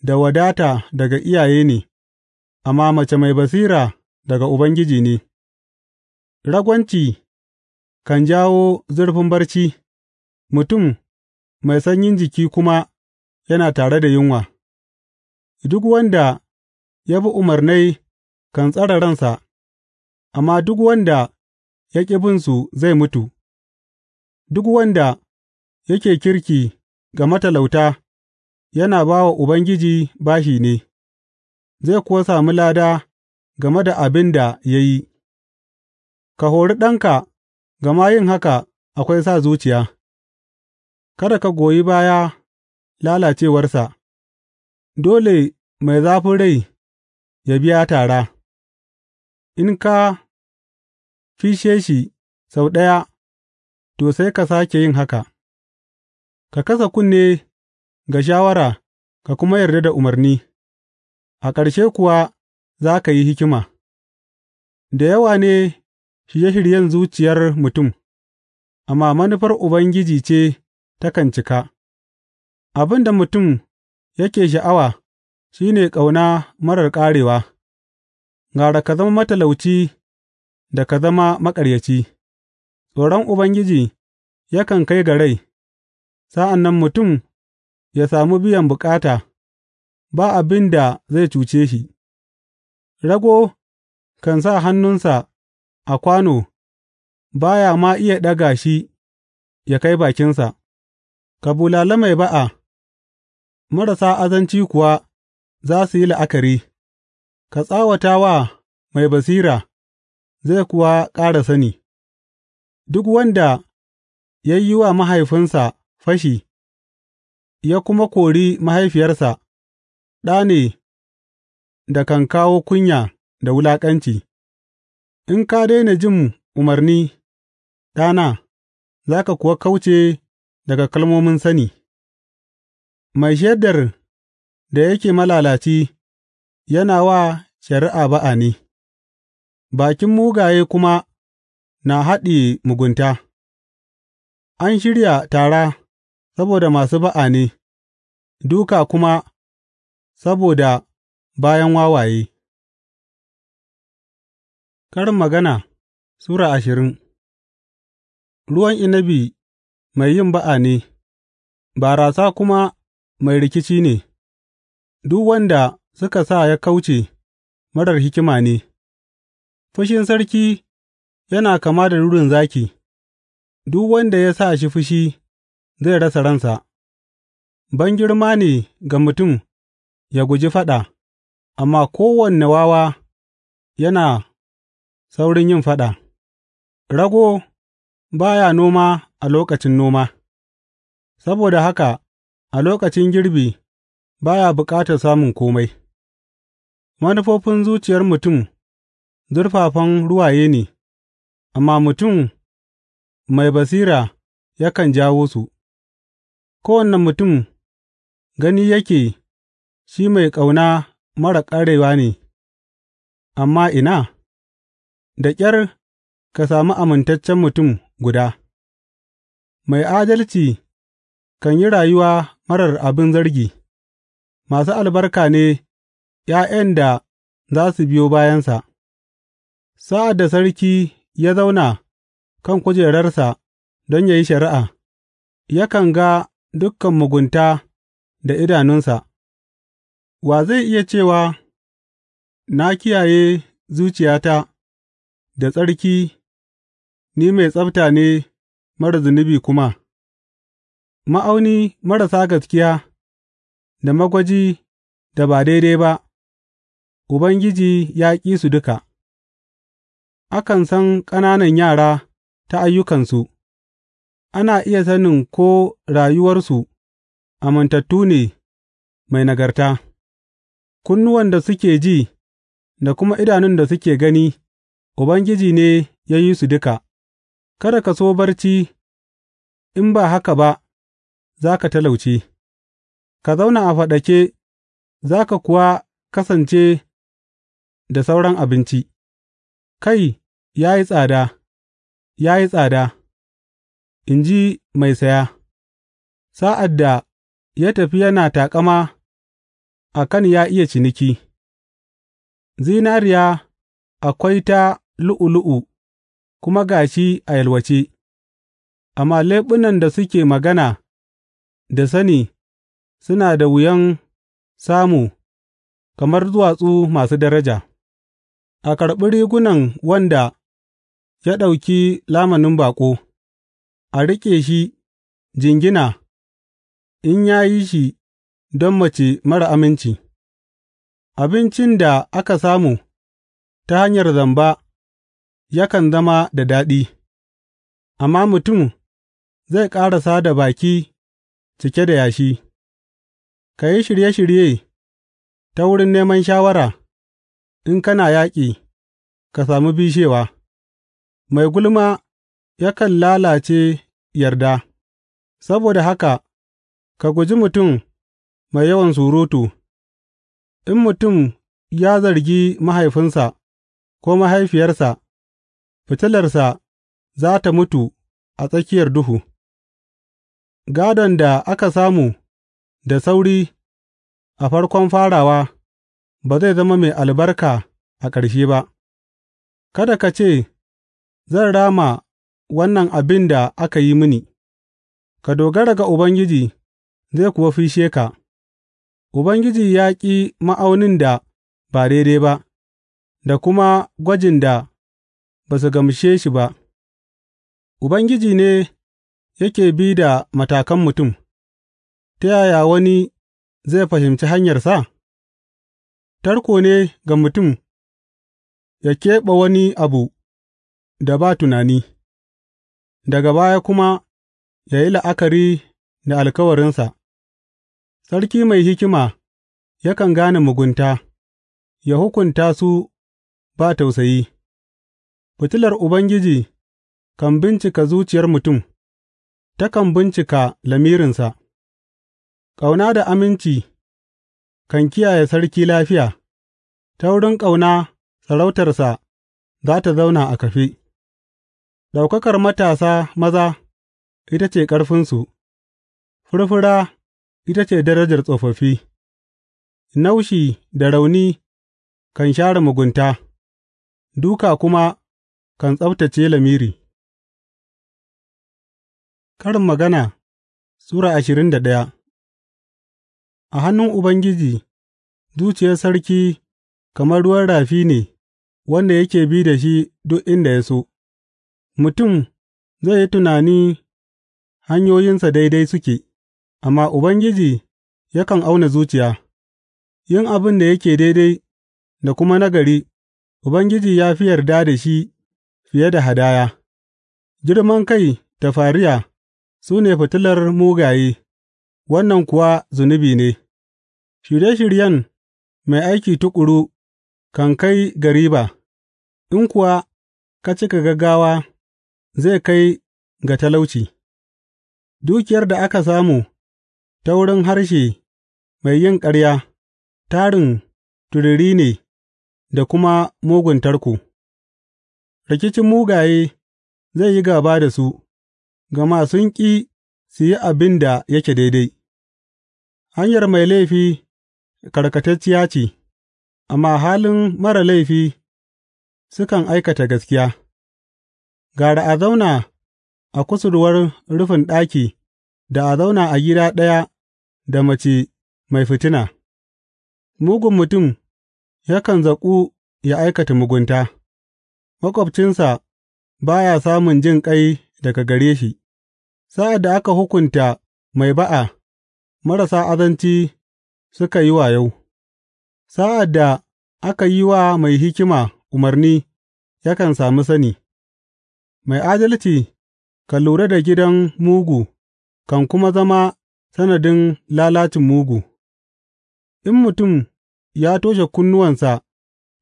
da wadata daga iyaye ne, amma mace mai basira daga Ubangiji ne; ragwanci kan jawo zurfin barci, mutum mai sanyin jiki kuma yana tare da yunwa; duk wanda ya bi umarnai kan tsara ransa, amma duk wanda ya ƙi binsu zai mutu; duk wanda yake kirki. ga matalauta yana ba wa Ubangiji bashi ne, zai kuwa sami lada game da abin da ya yi; ka hori ɗanka, gama yin haka akwai sa zuciya, kada ka goyi baya lalacewarsa, dole mai zafin rai ya biya tara, in ka fishe shi sau ɗaya, to, sai ka sake yin haka. Ka kasa kunne ga shawara ka kuma yarda da umarni, a ƙarshe kuwa za ka yi hikima; da yawa ne shirye shiryen zuciyar mutum, amma manufar Ubangiji ce takan cika; abin da mutum yake sha'awa shi ne ƙauna marar ƙarewa, gara ka zama matalauci da ka zama maƙaryaci, tsoron Ubangiji yakan kai ga rai. Sa'an nan mutum ya sami biyan bukata ba abin da zai cuce shi; rago kan sa hannunsa a kwano ba ya ma iya ɗaga shi ya kai bakinsa; ka bulala mai ba'a, marasa azanci kuwa za su yi la'akari; ka tsawata wa mai basira zai kuwa ƙara sani, duk wanda ya yi wa mahaifinsa. Fashi Ya kuma kori mahaifiyarsa, ɗa ne da kan kawo kunya da wulaƙanci; in ka daina jin umarni, ɗana, za ka kuwa kauce daga kalmomin sani, mai shaidar da yake malalaci yana wa shari'a ba'a ne, bakin mugaye kuma na haɗiye mugunta; an shirya tara. saboda masu ba'a ne, dūka kuma saboda bayan wawaye. Karin Magana Sura ashirin Ruwan inabi mai yin ba'a ne, barasa kuma mai rikici ne, duk wanda suka sa ya kauce marar hikima ne, fushin sarki yana kama da rurin zaki, duk wanda ya sa shi fushi zai rasa ransa, bangirma ne ga mutum ya guji faɗa, amma kowane wawa yana saurin yin faɗa, rago ba ya noma a lokacin noma, saboda haka a lokacin girbi ba ya bukatar samun komai. manufofin zuciyar mutum zurfafan ruwaye ne, amma mutum mai basira yakan jawo su. Kowane mutum gani yake shi mai ƙauna marar ƙarewa ne, amma ina, da ƙyar ka sami amintaccen mutum guda, mai adalci kan yi rayuwa marar abin zargi, masu albarka ne ’ya'yan da za su biyo bayansa, sa'ad da sarki ya zauna kan kujerarsa don yă yi shari'a, yakan ga dukan mugunta da idanunsa, wa zai iya cewa, Na kiyaye zuciyata da tsarki ni mai tsabta ne marar zunubi kuma, ma'auni marasa gaskiya da magwaji da ba daidai ba, Ubangiji ya ƙi su duka, akan san ƙananan yara ta ayyukansu. Ana iya sanin ko rayuwarsu amintattu ne mai nagarta; kunnuwan da suke ji da kuma idanun da suke gani, Ubangiji ne ya yi su duka; kada ka so barci in ba haka ba za ka talauce, ka zauna a faɗake za ka kuwa kasance da sauran abinci; kai, ya yi tsada, ya yi tsada! in ji mai saya, sa'ad da ya tafi yana taƙama a kan ya iya ciniki, zinariya akwai ta lu'ulu'u kuma ga shi a yalwace, amma leɓunan da suke magana da sani suna da wuyan samu kamar duwatsu masu daraja, a karɓi rigunan wanda ya ɗauki lamanin baƙo. A riƙe shi jingina in ya yi shi don mace mara aminci, abincin da aka samu ta hanyar zamba yakan zama da daɗi, amma mutum zai ƙarasa da baki cike da yashi; ka yi shirye shirye ta wurin neman shawara, in kana yaƙi, ka sami bishewa, mai gulma. yakan lalace yarda; saboda haka ka guji mutum mai yawan surutu, in mutum ya zargi mahaifinsa ko mahaifiyarsa, fitilarsa za tă mutu a tsakiyar duhu, Gadon da aka samu da sauri a farkon farawa ba zai zama mai albarka a ƙarshe ba; kada ka ce, Zan rama wannan abin da aka yi mini, ka dogara ga Ubangiji zai kuwa fishe ka, Ubangiji ya ƙi ma'aunin da ba daidai ba, da kuma gwajin da ba su gamshe shi ba, Ubangiji ne yake bi da matakan mutum, ta yaya wani zai fahimci hanyarsa? Tarko ne ga mutum ya keɓe wani abu da ba tunani. daga baya kuma ya yi la'akari da alkawarinsa; sarki mai hikima yakan gane mugunta ya hukunta su ba tausayi; fitilar Ubangiji kan bincika zuciyar mutum, takan bincika lamirinsa; ƙauna da aminci kan kiyaye sarki lafiya, ta wurin ƙauna sarautarsa za ta zauna a kafe. Ɗaukakar matasa maza ita ce ƙarfinsu, furfura ita ce darajar tsofaffi, naushi da rauni kan share mugunta, duka kuma kan tsabtacce lamiri. Karin Magana Sura ashirin da ɗaya A hannun Ubangiji zuciyar sarki kamar ruwan rafi ne wanda yake bi da shi duk inda ya so. Mutum zai yi tunani hanyoyinsa daidai suke, amma Ubangiji yakan auna zuciya; yin abin da yake daidai da kuma nagari Ubangiji ya fi yarda da shi fiye da hadaya; girman kai da fariya su ne fitilar mugaye, wannan kuwa zunubi ne, shirye shiryen mai aiki tuƙuru kan kai ga riba, in kuwa ka cika gaggawa. zai kai ga talauci Dukiyar da aka samu ta wurin harshe mai yin ƙarya tarin turiri ne da kuma mugun tarko; rikicin mugaye zai yi gaba da su, gama sun ƙi su yi abin da yake daidai, hanyar mai laifi karkatacciya ce, amma halin mara laifi sukan aikata gaskiya. Gara a zauna a kusurwar rufin ɗaki da a zauna a gida ɗaya da mace mai fitina; mugun mutum yakan zaƙu ya aikata mugunta, maƙwabcinsa ba ya samun jin ƙai daga gare shi; sa'ad da aka hukunta mai ba'a, marasa azanci suka yi wayo, sa'ad da aka yi wa mai hikima umarni yakan sami sani. Mai adalci kan lura da gidan mugu kan kuma zama sanadin lalacin mugu; in mutum ya toshe kunnuwansa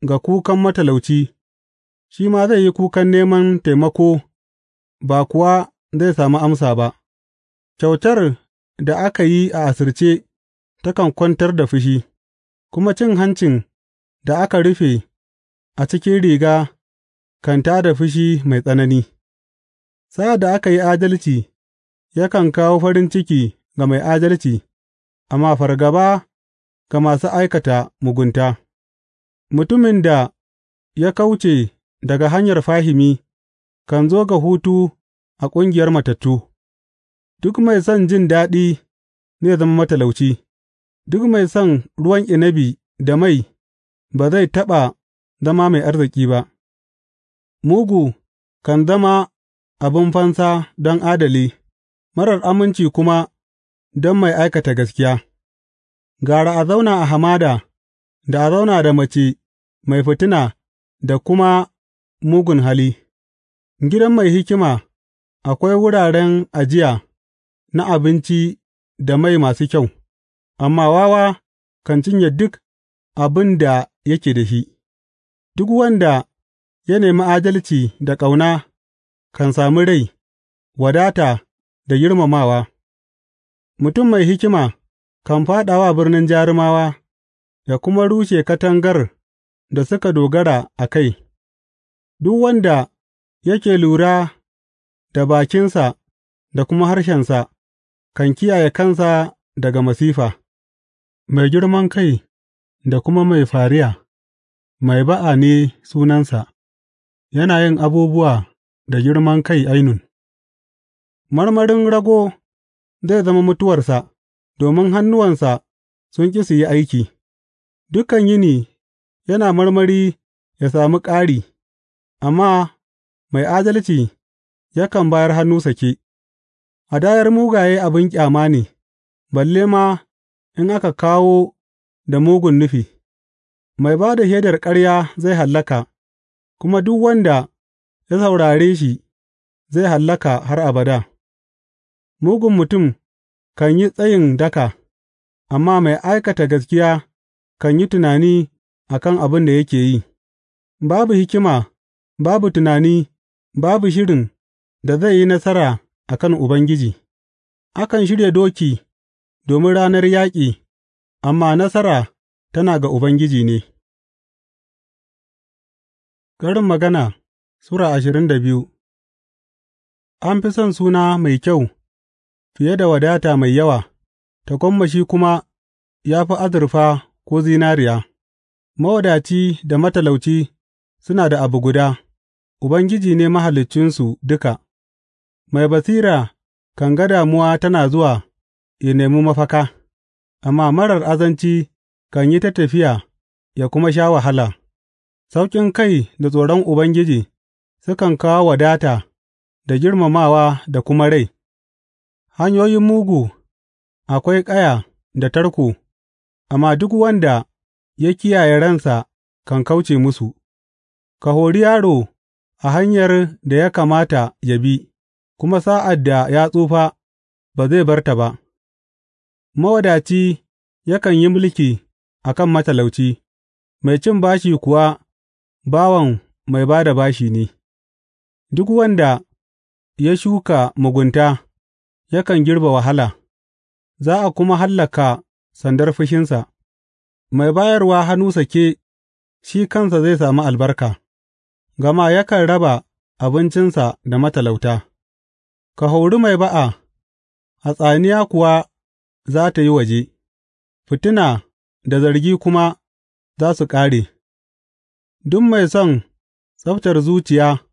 ga kukan matalauci, shi ma zai yi kukan neman taimako ba kuwa zai sami amsa ba; kyautar da aka yi a asirce takan kwantar da fushi, kuma cin hancin da aka rufe a cikin riga kan tā da fushi mai tsanani. Sa'ad da aka yi adalci yakan kawo farin ciki ga mai adalci, amma fargaba ga masu aikata mugunta; mutumin da ya kauce daga hanyar fahimi kan zo ga hutu a ƙungiyar matattu; duk mai son jin daɗi zai zama matalauci, duk mai son ruwan inabi da mai ba zai taɓa zama mai arziki ba; mugu kan zama abin fansa don adali, marar aminci kuma don mai aikata gaskiya; gara a zauna a hamada da a zauna da mace mai fitina da kuma mugun hali; gidan mai hikima akwai wuraren ajiya na abinci da mai masu kyau, amma wawa kan cinye duk abin da yake da shi; duk wanda ya nemi adalci da ƙauna. kan sami rai, wadata da girmamawa, mutum mai hikima kan fāɗa wa birnin jarumawa ya kuma rushe katangar da suka dogara a kai, duk wanda yake lura da bakinsa da kuma harshensa kan kiyaye kansa daga masifa, mai girman kai da kuma mai fariya, mai ba'a ne sunansa, yana yin abubuwa da girman kai ainun Marmarin rago zai zama mutuwarsa, domin hannuwansa sun ƙi su yi aiki; dukan yini yana marmari ya sami ƙari, amma mai adalci yakan bayar hannu sake Hadayar mugaye abin ƙyama ne, balle ma in aka kawo da mugun nufi; mai ba da shaidar ƙarya zai hallaka, kuma duk wanda ya saurare shi, zai hallaka har abada; mugun mutum kan yi tsayin daka, amma mai aikata gaskiya kan yi tunani a kan abin da yake yi; babu hikima, babu tunani, babu shirin da zai yi nasara a kan Ubangiji; akan shirya doki domin ranar yaƙi, amma nasara tana ga Ubangiji ne. Karin magana Sura ashirin da biyu An fi son suna mai kyau fiye da wadata mai yawa, Takwammashi kuma ya fi azurfa ko zinariya; mawadaci da matalauci suna da abu guda, Ubangiji ne Mahaliccinsu duka, mai basira kan ga damuwa tana zuwa ya nemi mafaka, amma marar azanci kan yi ta tafiya ya kuma sha wahala; sauƙin kai da tsoron Ubangiji. sukan kawo wadata da girmamawa da kuma rai; hanyoyin mugu akwai ƙaya da tarko, amma duk wanda ya kiyaye ransa kan kauce musu; ka hori yaro a hanyar da ya kamata ya bi, kuma sa'ad da ya tsufa ba zai bar ta ba; mawadaci yakan yi mulki a kan matalauci, mai cin bashi kuwa bawan mai ba da bashi ne. Duk wanda ya shuka mugunta yakan girbe wahala, za a kuma hallaka sandar fushinsa; mai bayarwa hannu sake shi kansa zai sami albarka, gama yakan raba abincinsa da matalauta; ka hori mai ba'a, hatsaniya kuwa za ta yi waje, fitina da zargi kuma za su ƙare, duk mai son tsabtar zuciya.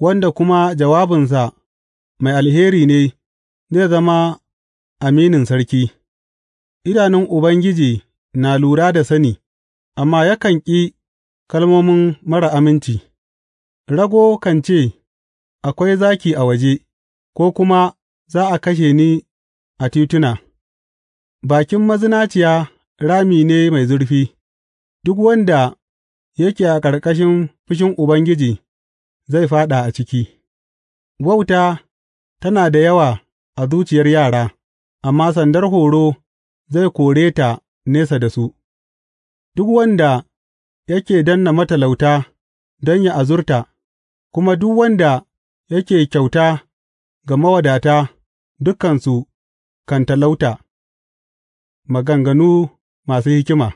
wanda kuma jawabinsa mai alheri ne, zai zama aminin sarki; idanun Ubangiji na lura da sani, amma yakan ƙi kalmomin mara aminci; rago kan ce, Akwai zaki a waje,’ ko kuma, Za a kashe ni a tituna; bakin mazinaciya rami ne mai zurfi, duk wanda yake a ƙarƙashin fushin Ubangiji. zai fāɗa a ciki Wauta tana da yawa a zuciyar yara, amma sandar horo zai kore ta nesa da su; duk wanda yake danna matalauta don ya azurta, kuma duk wanda yake kyauta ga mawadata, dukansu kan talauta. Maganganu masu hikima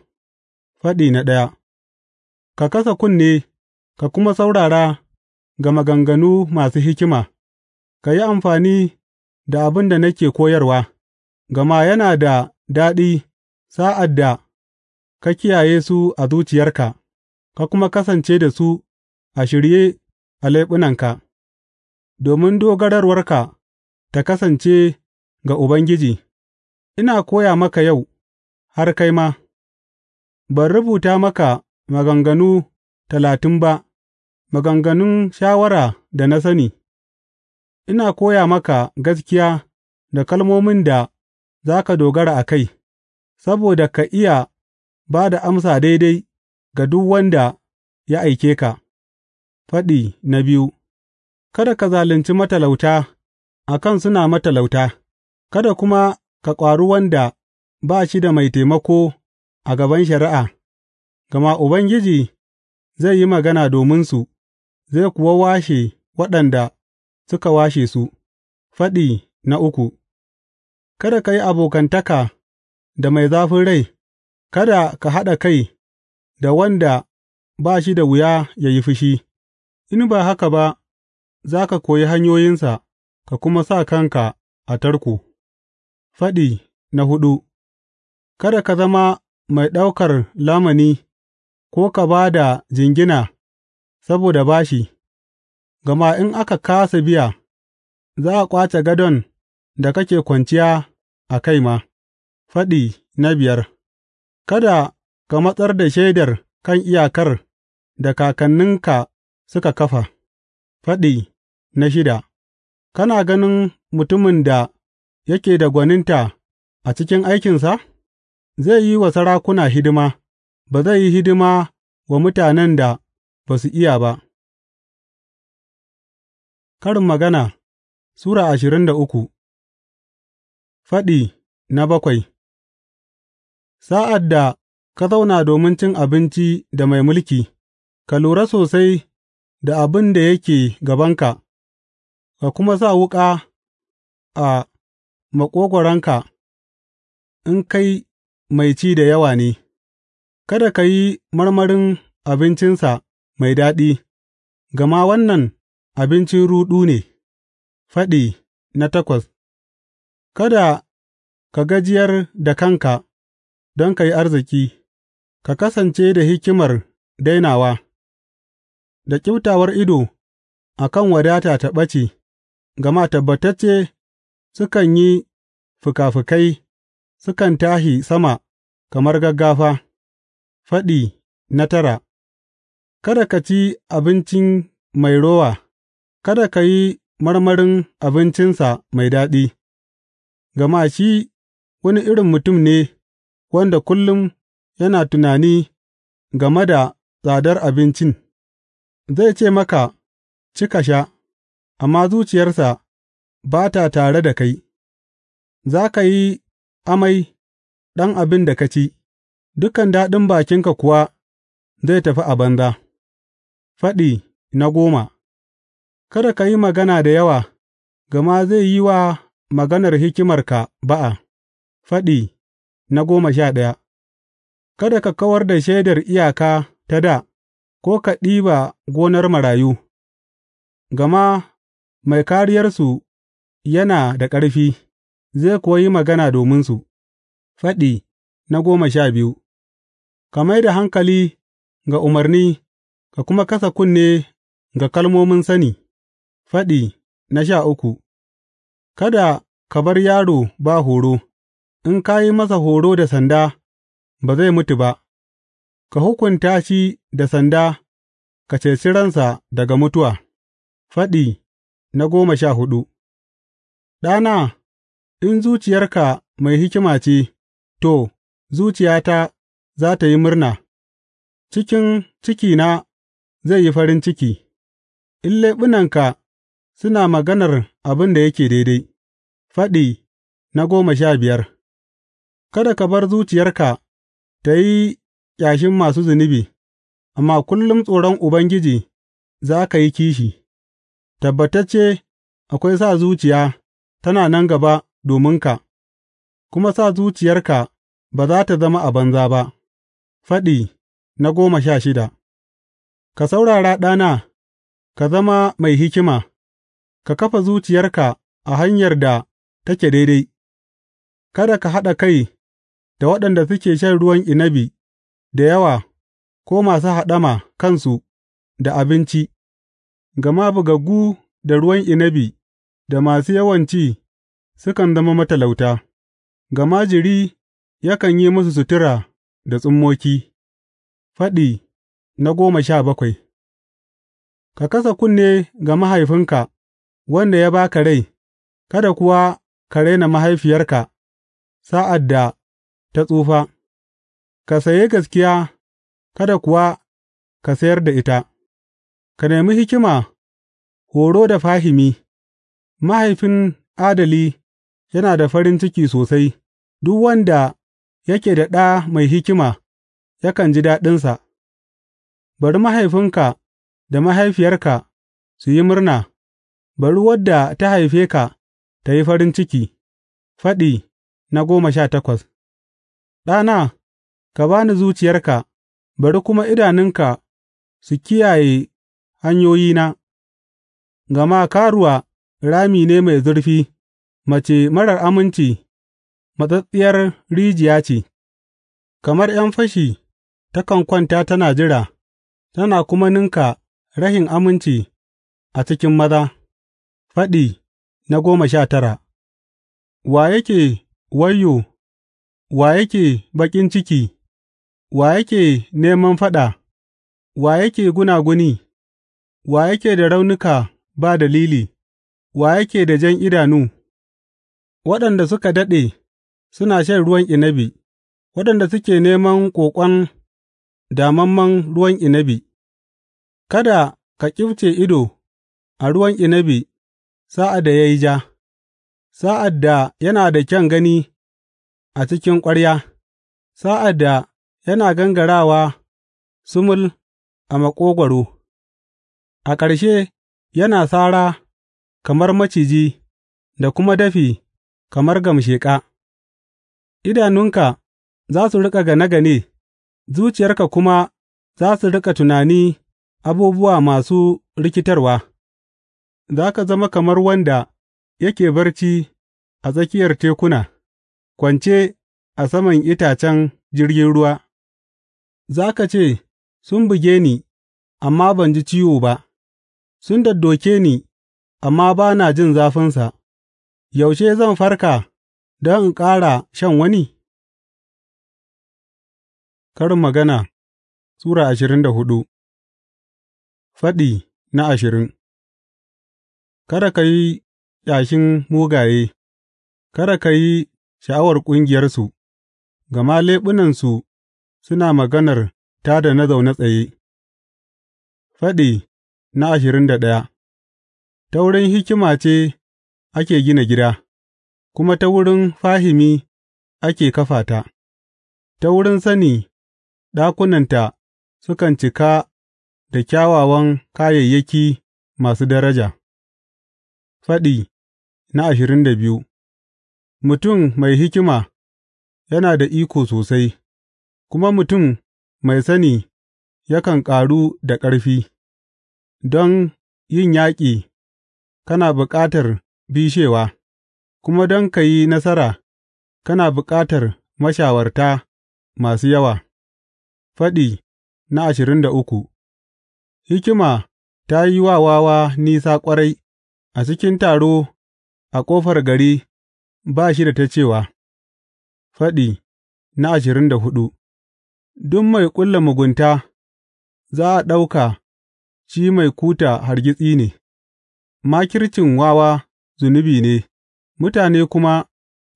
Faɗi na ɗaya Ka kasa kunne ka kuma saurara. ga maganganu masu hikima, ka yi amfani da abin da nake koyarwa, gama yana da daɗi sa'ad da ka kiyaye su a zuciyarka ka kuma kasance da su a shirye a leɓunanka, domin dogararwarka ta kasance ga Ubangiji, ina koya maka yau, har kai ma, ban rubuta maka maganganu talatin ba. maganganun shawara da na sani, ina koya maka gaskiya da kalmomin da za ka dogara a kai, saboda ka iya ba da amsa daidai ga duk wanda ya aike ka. Faɗi na biyu Kada ka zalunci matalauta a kan suna matalauta, kada kuma ka ƙwari wanda ba shi da mai taimako a gaban shari'a, gama Ubangiji zai yi magana dominsu. zai kuwa washe waɗanda suka washe su Faɗi na uku Kada ka yi abokantaka da mai zafin rai, kada ka haɗa kai da wanda ba shi da wuya ya yi fushi, in ba haka ba za ka koyi hanyoyinsa ka kuma sa kanka a tarko. Faɗi na huɗu Kada ka zama mai ɗaukar lamani ko ka ba da jingina. saboda bashi, gama in aka kāsa biya, za a ƙwace gadon da kake kwanciya a kai ma. Faɗi na biyar Kada ka matsar da shaidar kan iyakar da kakanninka suka kafa. Faɗi na shida Kana ganin mutumin da yake da gwaninta a cikin aikinsa? Zai yi wa sarakuna hidima, ba zai yi hidima wa mutanen da ba su iya ba. Karin Magana Sura ashirin da uku Faɗi na bakwai Sa'ad da ka zauna domin cin abinci da mai mulki, ka lura sosai da abin da yake gabanka, ka kuma sa wuƙa a maƙogwaronka in kai mai ci da yawa ne, kada ka yi marmarin abincinsa mai daɗi, gama wannan abincin ruɗu ne. Faɗi na takwas Kada ka gajiyar da kanka don ka yi arziki, ka kasance da hikimar dainawa, da ƙyiftawar ido a kan wadata ta ɓace, gama tabbatacce sukan yi fikafikai sukan tashi sama kamar gaggafa. Faɗi na tara Kada ka ci abincin mai rowa, kada ka yi marmarin abincinsa mai daɗi, gama shi wani irin mutum ne wanda kullum yana tunani game da tsadar abincin; zai ce maka, cika sha, amma zuciyarsa ba ta tare da kai, za ka yi amai ɗan abin da ka ci, dukan daɗin bakinka kuwa zai tafi a banza. Faɗi na goma Kada ka yi magana da yawa, gama zai yi wa maganar hikimarka ba'a Faɗi na goma sha ɗaya. Kada ka kawar da shaidar iyaka ta dā ko ka ɗiba gonar marayu, gama mai kariyarsu yana da ƙarfi, zai kuwa yi magana dominsu Faɗi na goma sha biyu Ka mai da hankali ga umarni. ka kuma kasa kunne ga kalmomin sani, faɗi na sha uku, kada ka bar yaro ba horo, in ka yi masa horo da sanda, ba zai mutu ba, ka hukunta shi da sanda, ka ceci ransa daga mutuwa, faɗi na goma sha hudu. Ɗana, in zuciyarka mai hikima ce, to, zuciyata za tă yi murna, cikin cikina zai yi farin ciki, in leɓunanka suna maganar abin da yake daidai. Faɗi na goma sha biyar Kada ka bar zuciyarka ta yi ƙyashin masu zunubi, amma kullum tsoron Ubangiji za ka yi kishi, tabbatacce akwai sa zuciya tana nan gaba domin ka. kuma sa zuciyarka ba za ta zama a banza ba. Faɗi na goma sha shida Ka saurara ɗana, ka zama mai hikima; ka kafa zuciyarka a hanyar da take daidai, kada ka haɗa kai da waɗanda suke shan ruwan inabi da yawa ko masu haɗama kansu da abinci, gama bugaggu da ruwan inabi da masu yawanci ci sukan zama matalauta, gama jiri yakan yi musu sutura da tsummoki. Faɗi na goma sha bakwai Ka kasa kunne ga mahaifinka wanda ya ba ka rai, kada kuwa ka raina mahaifiyarka sa'ad da ta tsufa, ka saye gaskiya kada kuwa ka sayar da ita, ka nemi hikima, horo da fahimi, mahaifin adali yana da farin ciki sosai, duk wanda yake da ɗa mai hikima yakan ji daɗinsa. Bari mahaifinka da mahaifiyarka su yi murna; bari wadda ta haife ka ta yi farin ciki Faɗi na goma sha takwas Ɗana, ka ba ni zuciyarka, bari kuma idanunka su kiyaye hanyoyina, gama karuwa rami ne mai zurfi, mace marar aminci matsattsiyar rijiya ce; kamar ’yan fashi takan kwanta tana jira. tana kuma ninka rashin aminci a cikin maza. Faɗi na goma sha tara Wa yake wayyo, wa yake baƙin ciki, wa yake neman faɗa, wa yake gunaguni, wa yake da raunuka ba dalili, wa yake da jan idanu, waɗanda suka daɗe suna shan ruwan inabi, waɗanda suke neman ƙoƙon Damamman ruwan inabi Kada ka ƙifce ido a ruwan inabi sa'ad da ya yi ja, sa'ad da yana da kyan gani a cikin ƙwarya, sa'ad da yana gangarawa sumul a maƙogwaro, a ƙarshe yana sara kamar maciji da kuma dafi kamar gamsheƙa, idanunka za su riƙa gane gane. zuciyarka kuma za su riƙa tunani abubuwa masu rikitarwa, za ka zama kamar wanda yake barci a tsakiyar tekuna, kwance a saman itacen jirgin ruwa, za ka ce, Sun buge ni, amma ban ji ciwo ba, sun daddoke ni, amma ba na jin zafinsa, yaushe zan farka don in ƙara shan wani?’ Karin Magana Sura ashirin da hudu Faɗi na ashirin Kada ka yi ƙyashin mugaye, kada ka yi sha'awar ƙungiyarsu, gama leɓunansu suna maganar ta da na zaune tsaye. Faɗi na ashirin da ɗaya Ta wurin hikima ce ake gina gida, kuma ta wurin fahimi ake kafa ta, ta wurin sani ɗakunanta sukan cika da kyawawan kayayyaki masu daraja. Faɗi na ashirin da biyu Mutum mai hikima yana da iko sosai, kuma mutum mai sani yakan ƙaru da ƙarfi, don yin yaƙi kana buƙatar bishewa, kuma don ka yi nasara kana buƙatar mashawarta masu yawa. Faɗi na ashirin da uku Hikima ta yi wa wawa nisa ƙwarai; a cikin taro a ƙofar gari ba shi da ta cewa. Faɗi na ashirin da hudu Duk mai ƙulla mugunta za a ɗauka shi mai kuta hargitsi ne; makircin wawa zunubi ne, mutane kuma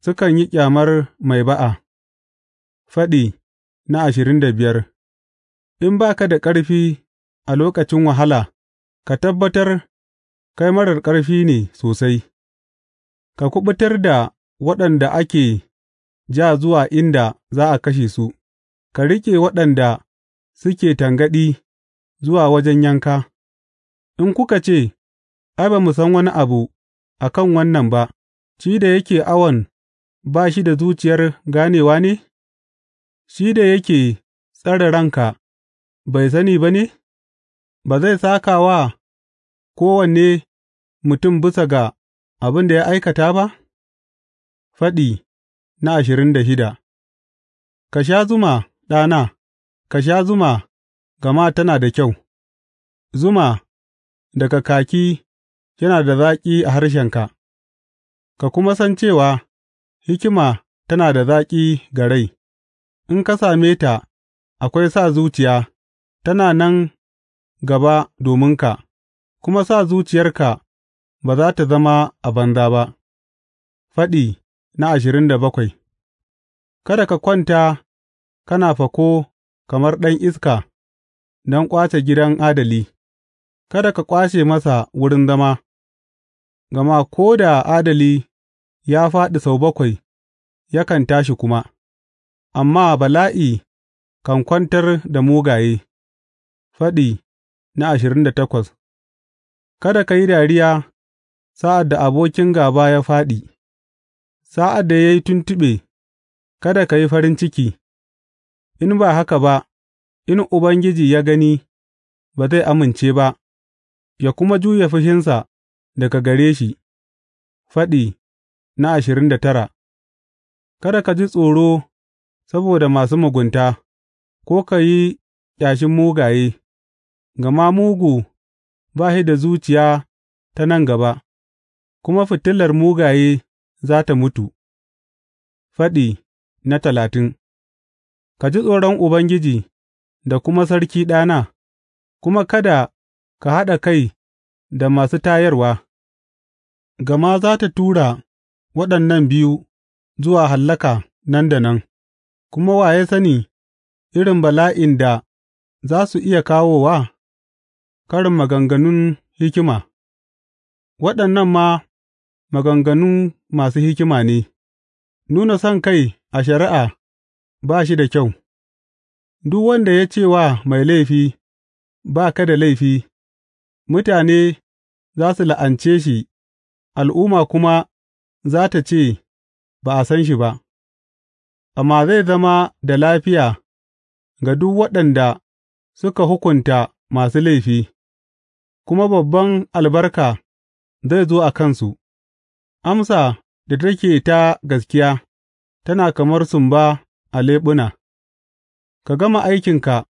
sukan yi ƙyamar mai ba'a Faɗi na ashirin da biyar In ba ka da ƙarfi a lokacin wahala, ka tabbatar kai marar ƙarfi ne sosai; ka kuɓutar da waɗanda ake ja zuwa inda za a kashe su, ka riƙe waɗanda suke tangaɗi zuwa wajen yanka, in kuka ce, Ai, ba mu san wani abu a kan wannan ba, shi da yake awon ba shi da zuciyar ganewa ne, shi da yake tsare ranka. bai sani ba ne, ba zai saka wa kowanne mutum bisa ga abin da ya aikata ba? Faɗi na ashirin da shida Ka sha zuma, ɗana, ka sha zuma, gama tana da kyau, zuma daga kaki yana da zaƙi a harshenka, ka kuma san cewa hikima tana da zaƙi ga rai, in ka same ta akwai sa zuciya. tana nan gaba dominka, kuma sa zuciyarka ba za tă zama a banza ba. Faɗi na ashirin da bakwai Kada ka kwanta kana fako kamar ɗan iska don ƙwace gidan adali, kada ka ƙwace masa wurin zama, gama ko da adali ya faɗi sau bakwai, yakan tashi kuma, amma bala'i kan kwantar da mugaye. Faɗi na ashirin da takwas Kada ka yi dariya sa'ad da abokin gaba ya faɗi. sa'ad da ya yi tuntuɓe, kada ka yi farin ciki, in ba haka ba, in Ubangiji ya gani, ba zai amince ba, ya kuma juya fushinsa daga gare shi. Faɗi na ashirin da tara Kada ka ji tsoro saboda masu mugunta, ko ka yi ƙyashin mugaye. Gama mugu ba shi da zuciya ta nan gaba, kuma fitilar mugaye za tă mutu. Faɗi na talatin Ka ji tsoron Ubangiji da kuma Sarki ɗana, kuma kada ka haɗa kai da masu tayarwa, gama za ta tura waɗannan biyu zuwa hallaka nan da nan, kuma wa ya sani irin bala'in da za su iya kawowa? Karin maganganun hikima Waɗannan ma maganganu masu hikima ne, nuna son kai a shari'a ba shi da kyau, duk wanda ya ce wa mai laifi, Ba ka da laifi, mutane za su la'ance shi al'umma kuma za ta ce, Ba a san shi ba, amma zai zama da lafiya ga duk waɗanda suka hukunta masu laifi. kuma babban albarka zai zo a kansu, amsa da take ta gaskiya tana kamar sumba a leɓuna, ka gama aikinka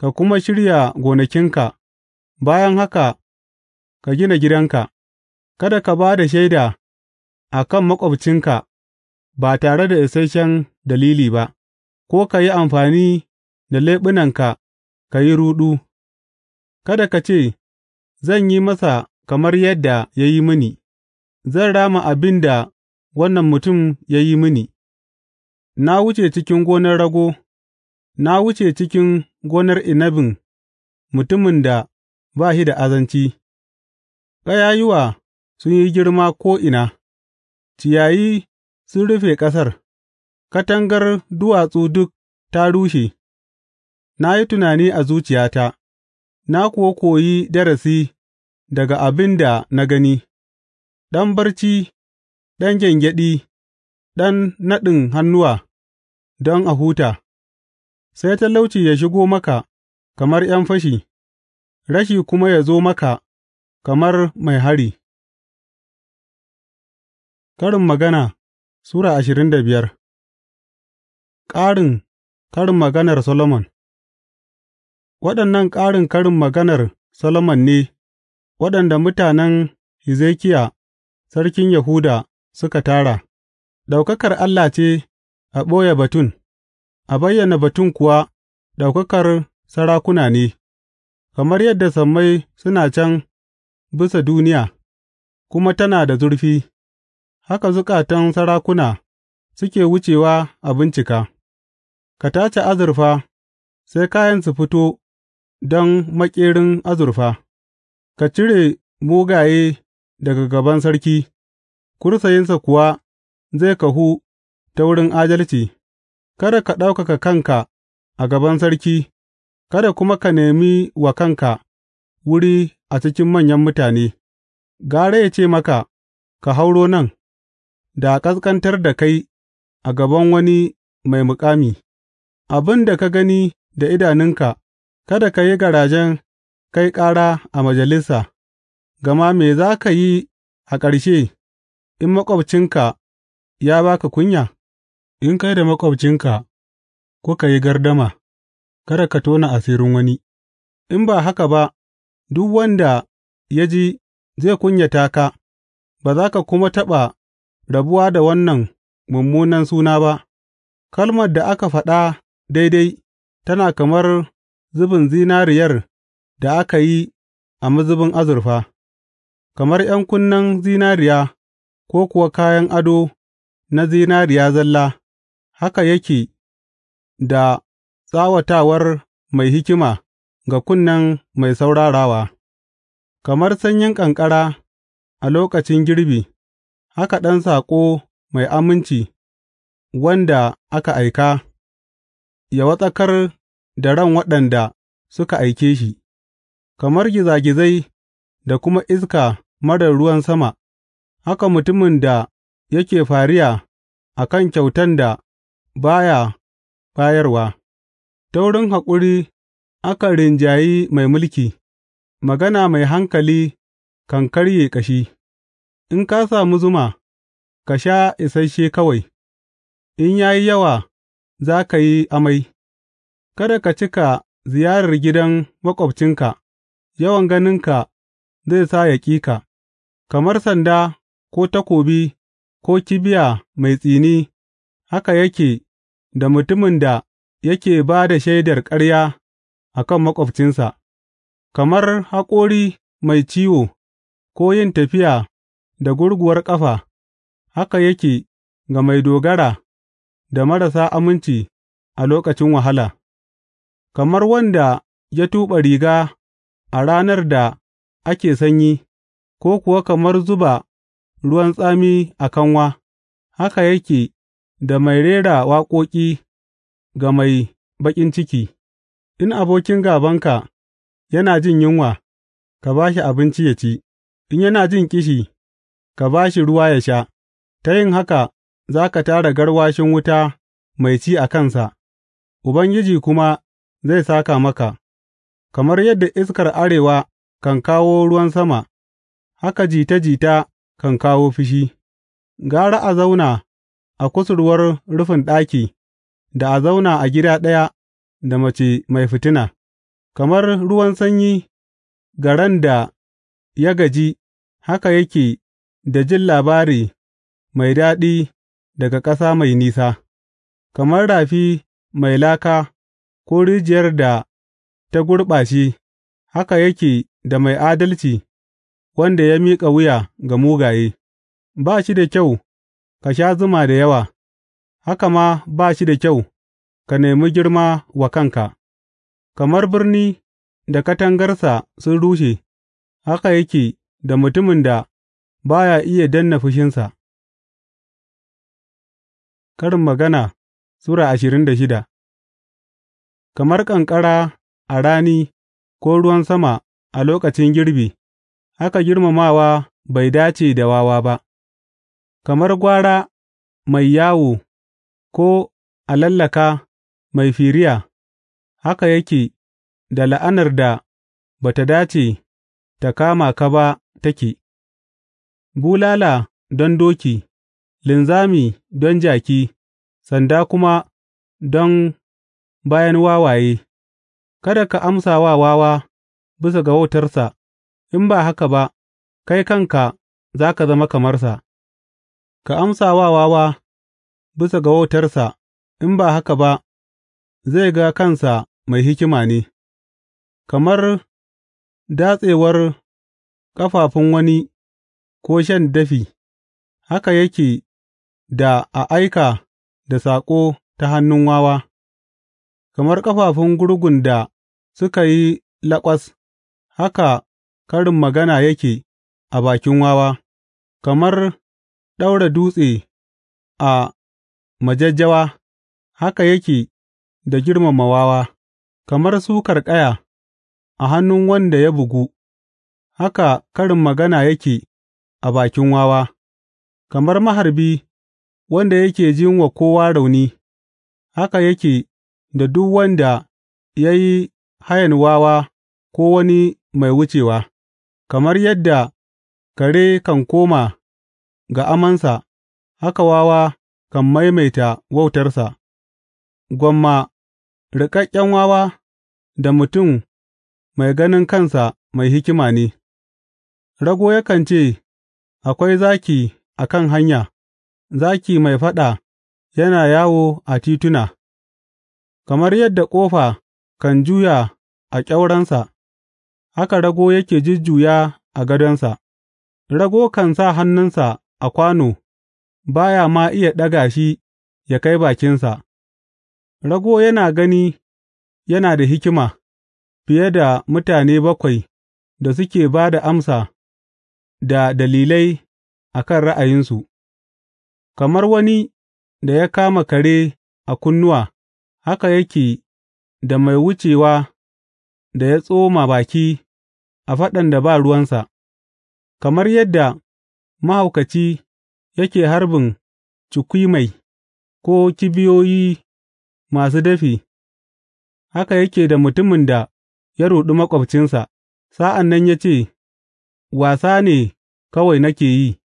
ka kuma shirya gonakinka, bayan haka ka gina gidanka, kada ka ba da shaida a kan maƙwabcinka ba tare da isasshen dalili ba, ko ka yi amfani da leɓunanka ka yi ruɗu, kada ka ce, Zan yi masa kamar yadda ya yi mini; zan rama abin da wannan mutum ya yi mini, Na wuce cikin gonar rago, na wuce cikin gonar inabin mutumin da ba shi da azanci; ƙayayuwa sun yi girma ko'ina, ciyayi sun rufe ƙasar, katangar duwatsu duk ta rushe, na yi tunani a zuciyata. na kuwa koyi darasi daga abin da na gani, ɗan barci, ɗan gyangyaɗi, ɗan naɗin hannuwa don a huta, sai talauci ya shigo maka kamar ’yan fashi, rashi kuma ya zo maka kamar mai hari. Karin magana Sura ashirin da biyar Ƙarin karin maganar Solomon. Waɗannan ƙarin karin maganar Solomon ne waɗanda mutanen Hezekiya sarkin Yahuda suka tara, ɗaukakar Allah ce a ɓoye batun, a bayyana batun kuwa ɗaukakar sarakuna ne, kamar yadda sammai suna can bisa duniya kuma tana da zurfi, haka zukatan sarakuna suke wucewa a bincika, ka tace azurfa sai kayan su fito don maƙerin azurfa, ka cire mugaye daga gaban sarki, Kursayinsa kuwa zai kahu ta wurin adalci; kada ka ɗaukaka kanka a gaban sarki, kada kuma ka nemi wa kanka wuri a cikin manyan mutane; gara ya ce maka, Ka hauro nan, da a ƙasƙantar da kai a gaban wani mai muƙami, abin da ka gani da idanunka. Kada ka yi garajen kai ƙara a majalisa, gama me za ka yi a ƙarshe in maƙwabcinka ya ba ka kunya? In kai da maƙwabcinka kuka yi gardama, kada ka tona asirin wani, in ba haka ba, duk wanda ya ji zai kunyata ka, ba za ka kuma taɓa rabuwa da wannan mummunan suna ba, kalmar da aka faɗa daidai tana kamar zubin zinariyar da aka yi a mazubin azurfa, kamar ’yan kunnen zinariya ko kuwa kayan ado na zinariya zalla, haka yake da tsawatawar mai hikima ga kunnen mai saurarawa, kamar sanyin ƙanƙara a lokacin girbi, haka ɗan saƙo mai aminci wanda aka aika, ya wartsakar da ran waɗanda suka aike shi, kamar gizagizai da kuma iska marar ruwan sama, haka mutumin da yake fariya a kan kyautan da baya ya bayarwa, ta wurin haƙuri aka rinjayi mai mulki, magana mai hankali kan karye ƙashi, in ka sami zuma, ka sha isasshe kawai, in ya yi yawa za ka yi amai. Kada ka cika ziyarar gidan maƙwabcinka; yawan ganinka zai sa ya ƙi ka, kamar sanda ko takobi ko kibiya mai tsini haka yake da mutumin da yake ba da shaidar ƙarya a kan maƙwabcinsa, kamar haƙori mai ciwo ko yin tafiya da gurguwar ƙafa haka yake ga mai dogara da marasa aminci a lokacin wahala. Kamar wanda ya tuɓe riga a ranar da ake sanyi, ko kuwa kamar zuba ruwan tsami a kanwa, haka yake da mai rera waƙoƙi ga mai baƙin ciki; in abokin gābanka yana jin yunwa, ka ba shi abinci ya ci, in yana jin ƙishi, ka ba shi ruwa ya sha, ta yin haka za ka tara garwashin wuta mai ci a kansa, Ubangiji kuma zai sāka maka, kamar yadda iskar arewa kan kawo ruwan sama, haka jita jita kan kawo fushi, gara a zauna a kusurwar rufin ɗaki da a zauna a gida ɗaya da mace mai fitina, kamar ruwan sanyi garan da ya gaji haka yake da jin labari mai daɗi daga ƙasa mai nisa, kamar rafi mai laka ko rijiyar da ta gurɓace, haka yake da mai adalci wanda ya miƙa wuya ga mugaye; ba shi da kyau ka sha zuma da yawa, haka ma ba shi da kyau ka nemi girma wa kanka; kamar birni da katangarsa sun rushe, haka yake da mutumin da ba ya iya danna fushinsa. Karin magana Sura ashirin da shida Kamar ƙanƙara a rani ko ruwan sama a lokacin girbi, haka girmamawa bai dace da wawa ba; kamar gwara mai yawo ko alallaka mai firiya, haka yake da la'anar da ba ta dace ta kama ka ba take, bulala don doki, linzami don jaki, sanda kuma don bayan wawaye; kada ka amsa wa wawa bisa ga wautarsa, in ba haka ba kai kanka za ka zama kamarsa. ka amsa wa wawa bisa ga wautarsa, in ba haka ba zai ga kansa mai hikima ne, kamar datsewar ƙafafun wani ko shan dafi, haka yake da a aika da saƙo ta hannun wawa. Kamar ƙafafun gurgun da suka yi laƙwas haka karin magana yake a bakin wawa; kamar ɗaura dutse a majajjawa haka yake da girmama wawa; kamar sukar ƙaya a hannun wanda ya bugu, haka karin magana yake a bakin wawa; kamar maharbi wanda yake jin wa kowa rauni, haka yake da duk wanda ya yi hayan wawa ko wani mai wucewa, kamar yadda kare kan koma ga amansa haka wawa kan maimaita wautarsa, gwamma riƙaƙƙen wawa da mutum mai ganin kansa mai hikima ne, rago yakan ce, Akwai zaki a kan hanya, zaki mai faɗa yana yawo a tituna. Kamar yadda ƙofa kan juya a ƙyaurensa, haka rago yake jujjuya a gadonsa; rago kan sa hannunsa a kwano ba ya ma iya ɗaga shi ya kai bakinsa; rago yana gani yana da hikima fiye da mutane bakwai da suke ba da amsa da dalilai a kan ra'ayinsu, kamar wani da ya kama kare a kunnuwa. Haka yake da mai wucewa da ya tsoma baki a faɗan da ba ruwansa, kamar yadda mahaukaci yake harbin cikwimai ko kibiyoyi masu dafi, haka yake da mutumin da ya ruɗi maƙwabcinsa, sa'an nan ya ce, Wasa ne kawai nake yi;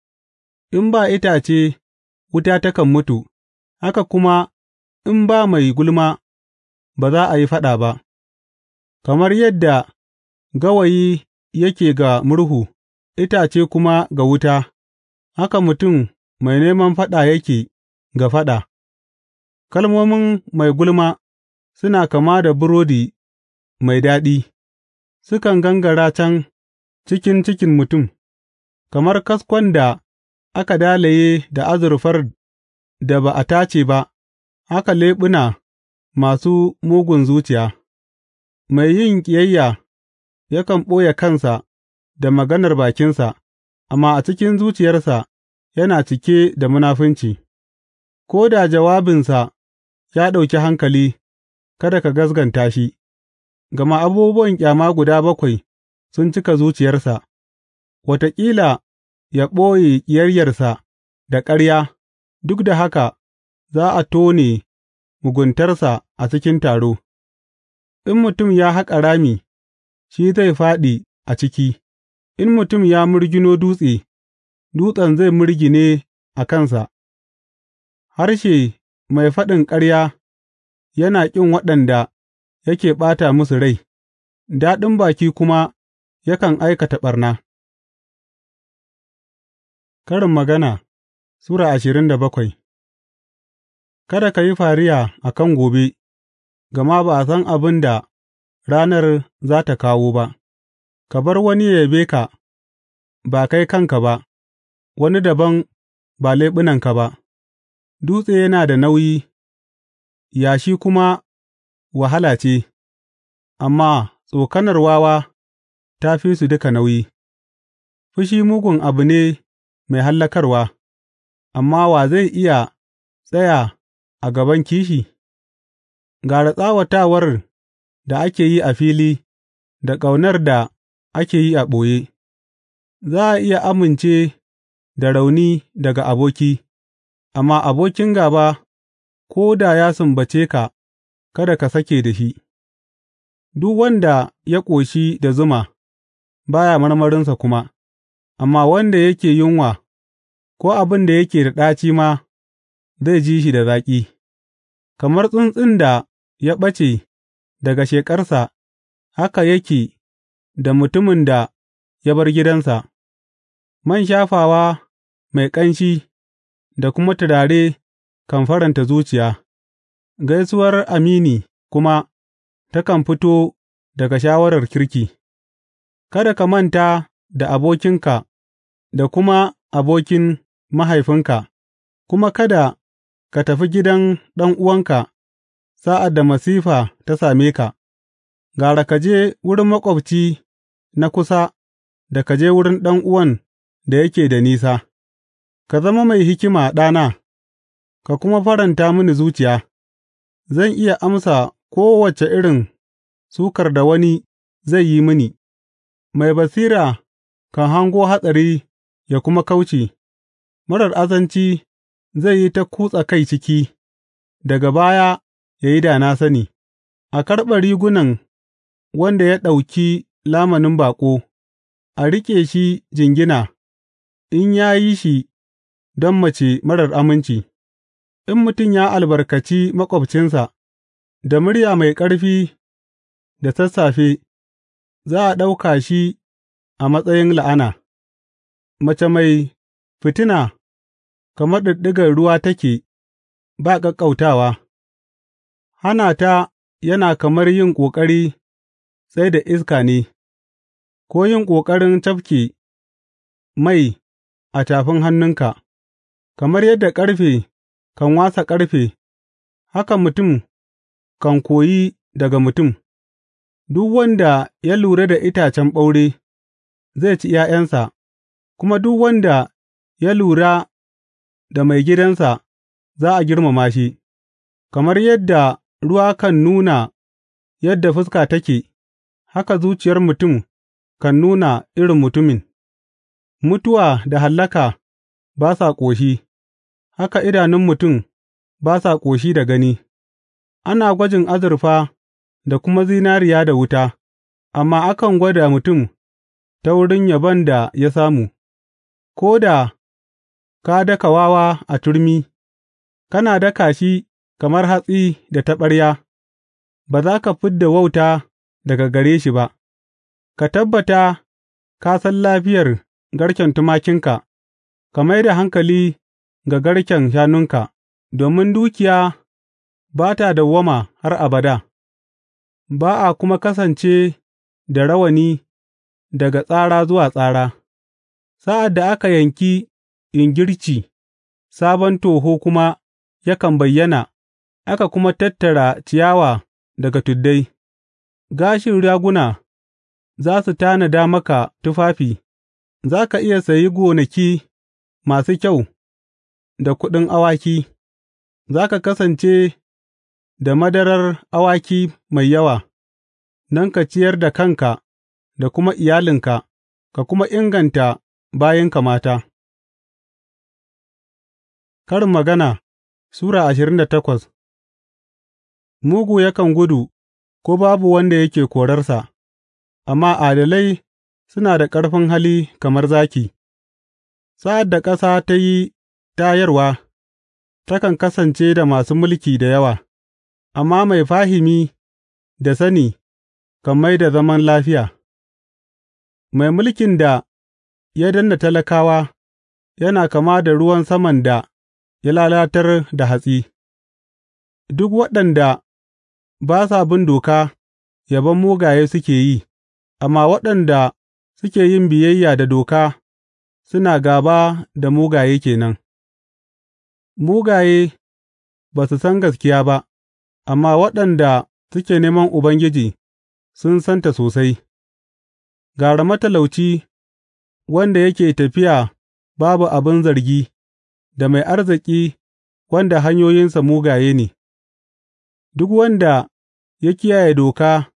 in ba itace wuta takan mutu, haka kuma In ba mai gulma, ba za a yi faɗa ba, kamar yadda gawayi yake ga murhu, itace kuma ga wuta, haka mutum mai neman faɗa yake ga faɗa; kalmomin mai gulma suna kama da burodi mai daɗi, sukan gangara can cikin cikin mutum, kamar kaskon da aka dalaye da azurfar da ba a tace ba. haka leɓuna masu mugun zuciya; mai yin ƙiyayya yakan ɓoye kansa da maganar bakinsa, amma a cikin zuciyarsa yana cike da munafunci; ko da jawabinsa ya ɗauki hankali, kada ka gaskanta shi, gama abubuwan ƙyama guda bakwai sun cika zuciyarsa, wataƙila ya ɓoye ƙiyayyarsa da ƙarya, duk da haka. za a tone muguntarsa a cikin taro; in mutum ya haƙa rami, shi zai fāɗi a ciki; in mutum ya murgino dutse, dutsen zai mirgine a kansa; harshe mai faɗin ƙarya yana ƙin waɗanda yake ɓata musu rai, daɗin baki kuma yakan aikata ɓarna. Karin magana Sura ashirin da bakwai Kada ka yi fariya a kan gobe, gama ba a san abin da ranar za tă kawo ba; ka bar wani yă yabe ka, ba kai kanka ba, wani dabam ba leɓunanka ba; dutse yana da nauyi, yashi kuma wahala ce, amma tsokanar wawa ta fi su duka nauyi; fushi mugun abu ne mai hallakarwa, amma wa zai iya tsaya? a gaban kishi? Gara tsawatawar da ake yi a fili da ƙaunar da ake yi a ɓoye; za a iya amince da rauni daga aboki, amma abokin gaba, ko da ya sumbace ka kada ka sake da shi, duk wanda ya ƙoshi da zuma baya marmarinsa kuma, amma wanda yake yunwa ko abin da yake da ɗaci ma. zai ji shi da zaƙi, kamar tsuntsun da ya ɓace daga sheƙarsa, haka yake da mutumin da ya bar gidansa, man shafawa mai ƙanshi da kuma turare kan faranta zuciya, gaisuwar amini kuma takan fito daga shawarar kirki. Kada ka manta da abokinka da kuma abokin mahaifinka, kuma kada Ka tafi gidan ɗan'uwanka sa'ad da masifa ta same ka; gara ka je wurin maƙwabci na kusa da ka je wurin ɗan'uwan da yake da nisa, Ka zama mai hikima ɗana, ka kuma faranta mini zuciya; zan iya amsa kowace irin sukar da wani zai yi mini, mai basira kan hango hatsari ya kuma kauce, marar azanci. zai yi ta kutsa kai ciki, daga baya ya yi da na sani, a karɓe rigunan wanda ya ɗauki lamanin baƙo, a riƙe shi jingina, in ya yi shi don mace marar aminci, in mutum ya albarkaci maƙwabcinsa da murya mai ƙarfi da sassafe, za a ɗauka shi a matsayin la'ana, mace mai fitina. kamar ɗiɗɗigar ruwa take ba ƙaƙƙautawa; hana ta yana kamar yin ƙoƙari tsai da iska ne, ko yin ƙoƙarin cafke mai a tafin hannunka; kamar yadda ƙarfe kan wasa ƙarfe, haka mutum kan koyi daga mutum; duk wanda ya lura da itacen ɓaure, zai ci ’ya'yansa, kuma duk wanda ya lura da maigidansa za a girmama shi, kamar yadda ruwa kan nuna yadda fuska take, haka zuciyar mutum kan nuna irin mutumin; mutuwa da hallaka ba sa ƙoshi, haka idanun mutum ba sa ƙoshi da gani; ana gwajin azurfa da kuma zinariya da wuta, amma akan gwada mutum ta wurin yabon da ya samu, ko da Ka daka wawa a turmi, kana daka shi kamar hatsi da taɓarya; ba za ka fid da wauta daga gare shi ba, ka tabbata ka san lafiyar garken tumakinka, ka mai da hankali ga garken shanunka, domin dukiya ba ta dawwama har abada, ba a kuma kasance da rawani daga tsara zuwa tsara, sa'ad da aka yanki. in girci, sabon toho kuma yakan bayyana aka kuma tattara ciyawa daga tuddai; gashin raguna za su tanada maka tufafi, za ka iya sayi gonaki masu kyau da kuɗin awaki, za ka kasance da madarar awaki mai yawa, don ka ciyar da kanka da kuma iyalinka, ka kuma inganta bayinka mata. Karin Magana Sura ashirin da takwas Mugu yakan gudu ko babu wanda yake korarsa, amma adalai suna da ƙarfin hali kamar zaki; sa'ad da ƙasa ta yi tayarwa, takan kasance da masu mulki da yawa, amma mai fahimi da sani kan mai da zaman lafiya; mai mulkin da ya danna talakawa yana kama da ruwan saman da. ya lalatar da hatsi Duk waɗanda ba sa bin doka yabon mugaye suke yi, amma waɗanda suke yin biyayya da doka suna gaba da mugaye ke nan; mugaye ba su san gaskiya ba, amma waɗanda suke neman Ubangiji sun santa sosai; gara matalauci wanda yake tafiya babu abin zargi. da mai arziki wanda hanyoyinsa mugaye ne; duk wanda ya kiyaye doka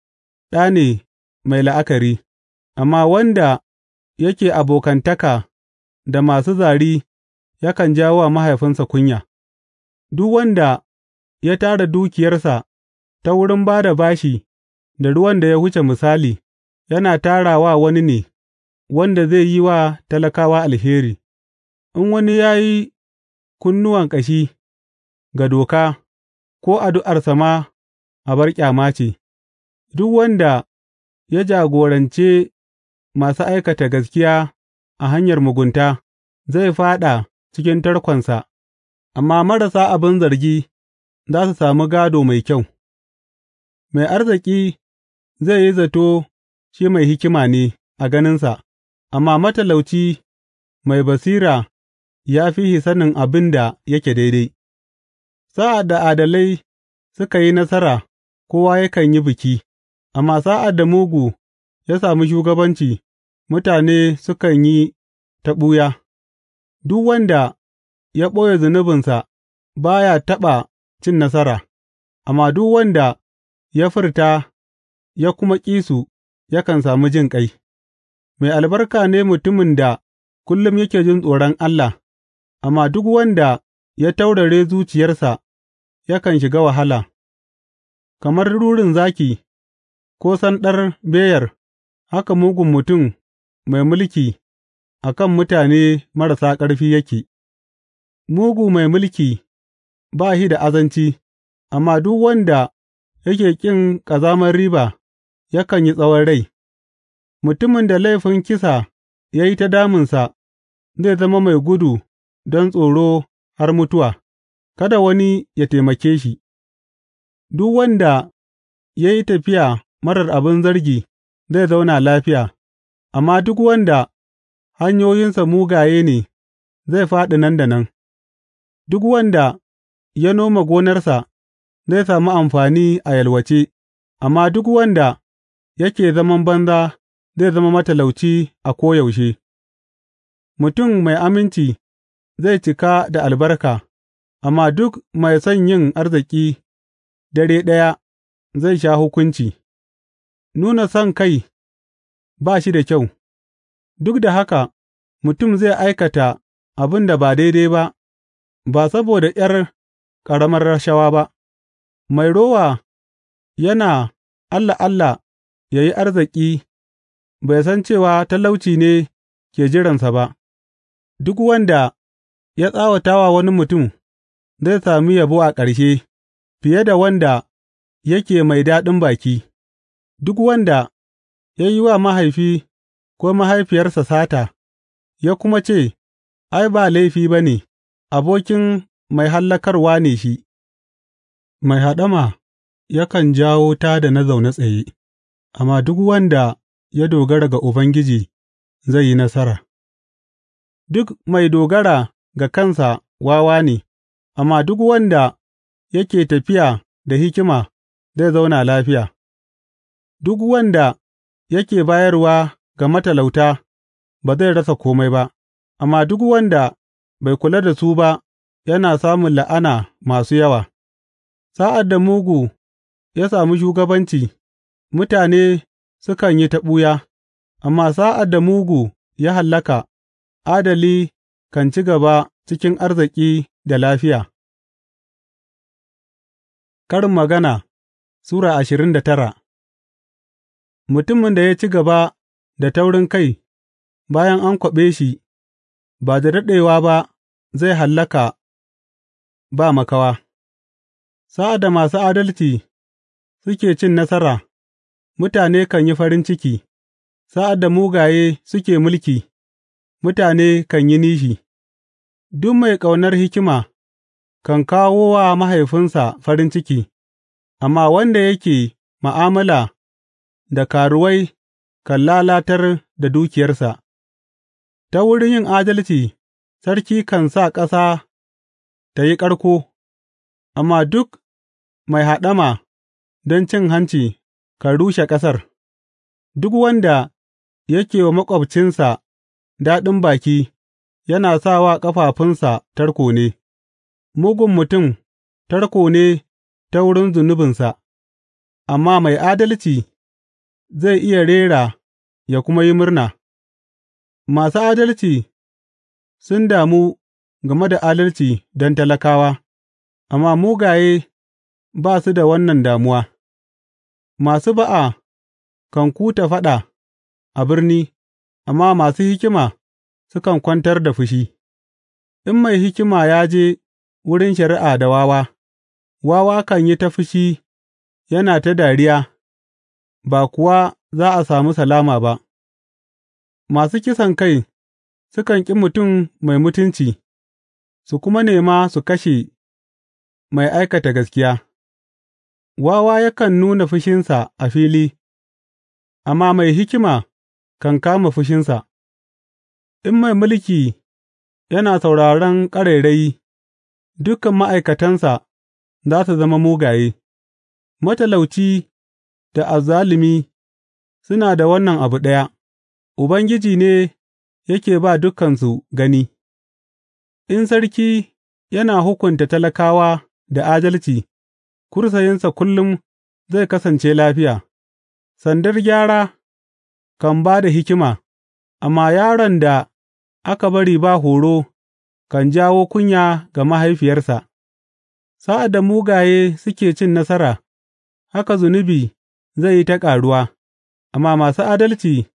ɗa ne mai la'akari, amma wanda yake abokantaka da masu zari yakan jawo wa mahaifinsa kunya; duk wanda ya tara dukiyarsa ta wurin ba da bashi da ruwan da ya wuce misali yana tara wa wani ne wanda zai yi wa talakawa alheri, in wani ya yi kunnuwan ƙashi ga doka ko addu'arsa ma bar ƙyama ce, duk wanda ya jagorance masu aikata gaskiya a hanyar mugunta zai fāɗa cikin tarkonsa, amma marasa abin zargi za su sami gado mai kyau, mai arziki zai yi zato shi mai hikima ne a ganinsa, amma matalauci mai basira ya fi shi sanin abin da yake daidai; sa'ad da adalai suka yi nasara kowa yakan yi biki, amma sa'ad da mugu ya sami shugabanci, mutane sukan yi ta ɓuya; duk wanda ya ɓoye zunubinsa ba ya taɓa cin nasara, amma duk wanda ya furta ya kuma ƙi su yakan sami jinƙai. Mai albarka ne mutumin da kullum yake jin tsoron Allah. Amma duk wanda ya taurare zuciyarsa yakan shiga wahala, kamar rurin zaki ko sanɗar beyar haka mugun mutum mai mulki a kan mutane marasa ƙarfi yake; mugu mai mulki ba shi da azanci, amma duk wanda yake ƙin ƙazamar riba yakan yi tsawon rai; mutumin da laifin kisa ya yi ta damunsa zai zama mai gudu. don tsoro har mutuwa, kada wani ya taimake shi, duk wanda ya yi tafiya marar abin zargi zai zauna lafiya, amma duk wanda hanyoyinsa mugaye ne zai fāɗi nan da nan, duk wanda ya noma gonarsa zai sami amfani a yalwace, amma duk wanda yake zaman banza zai zama matalauci a koyaushe. Mutum mai aminci. zai cika da albarka, amma duk mai son yin arziki dare ɗaya zai sha hukunci, nuna son kai. ba shi da kyau, duk da haka mutum zai aikata abin da ba daidai ba, ba saboda ’yar ƙaramar rashawa ba, mai rowa yana Allah Allah ya yi arziki bai san cewa talauci ne ke jiransa ba, duk wanda ya tsawata wa wani mutum, zai sami yabo a ƙarshe fiye da wanda yake mai daɗin baki, duk wanda ya yi wa mahaifi ko mahaifiyarsa sata, ya kuma ce, Ai, ba laifi ba ne, abokin mai hallakarwa ne shi, mai haɗama yakan jawo ta da na zaune tsaye, amma duk wanda ya dogara ga Ubangiji zai yi nasara. Duk mai dogara ga kansa wawa ne, amma duk wanda yake tafiya da hikima zai zauna lafiya; duk wanda yake bayarwa ga matalauta ba zai rasa kome ba, amma duk wanda bai kula da su ba yana samun la'ana masu yawa. Sa'ad da mugu ya sami shugabanci, mutane sukan yi ta ɓuya, amma sa'ad da mugu ya hallaka, adali kan ci gaba cikin arziki da lafiya Karin Magana Sura ashirin da tara Mutumin da ya ci gaba da taurin kai bayan an kwaɓe shi, ba da daɗewa ba zai hallaka ba makawa. Sa'ad da masu adalci suke cin nasara, mutane kan yi farin ciki, sa'ad da mugaye suke mulki, mutane kan yi nishi, duk mai ƙaunar hikima kan kawo wa mahaifinsa farin ciki, amma wanda yake ma'amala da karuwai kan lalatar da dukiyarsa, ta wurin yin adalci sarki kan sa ƙasa ta yi ƙarko, amma duk mai haɗama don cin hanci kan rushe ƙasar, duk wanda yake wa maƙwabcinsa daɗin baki yana sa wa ƙafafunsa tarko ne; mugun mutum tarko ne ta wurin zunubinsa, amma mai adalci zai iya rera ya kuma yi murna; masu adalci sun damu game da adalci don talakawa, amma mugaye ba su da wannan damuwa; masu ba'a kan kuta faɗa a birni. amma masu hikima sukan kwantar da fushi; in mai hikima ya je wurin shari'a da wawa, wawa kan yi ta fushi yana ta dariya ba kuwa za a sami salama ba; masu kisankai sukan ƙi mutum mai mutunci su kuma nema su kashe mai aikata gaskiya; wawa yakan nuna fushinsa a fili, amma mai hikima. kan kama fushinsa In mai mulki yana sauraron ƙarairayi, dukan ma'aikatansa za su zama mugaye; matalauci da azzalumi suna da wannan abu ɗaya, Ubangiji ne yake ba dukansu gani; in sarki yana hukunta talakawa da adalci, kursayinsa kullum zai kasance lafiya, sandar gyara. kan ba da hikima, amma yaron da aka bari ba horo kan jawo kunya ga mahaifiyarsa; sa'ad da mugaye suke cin nasara, haka zunubi zai yi ta ƙaruwa, amma masu adalci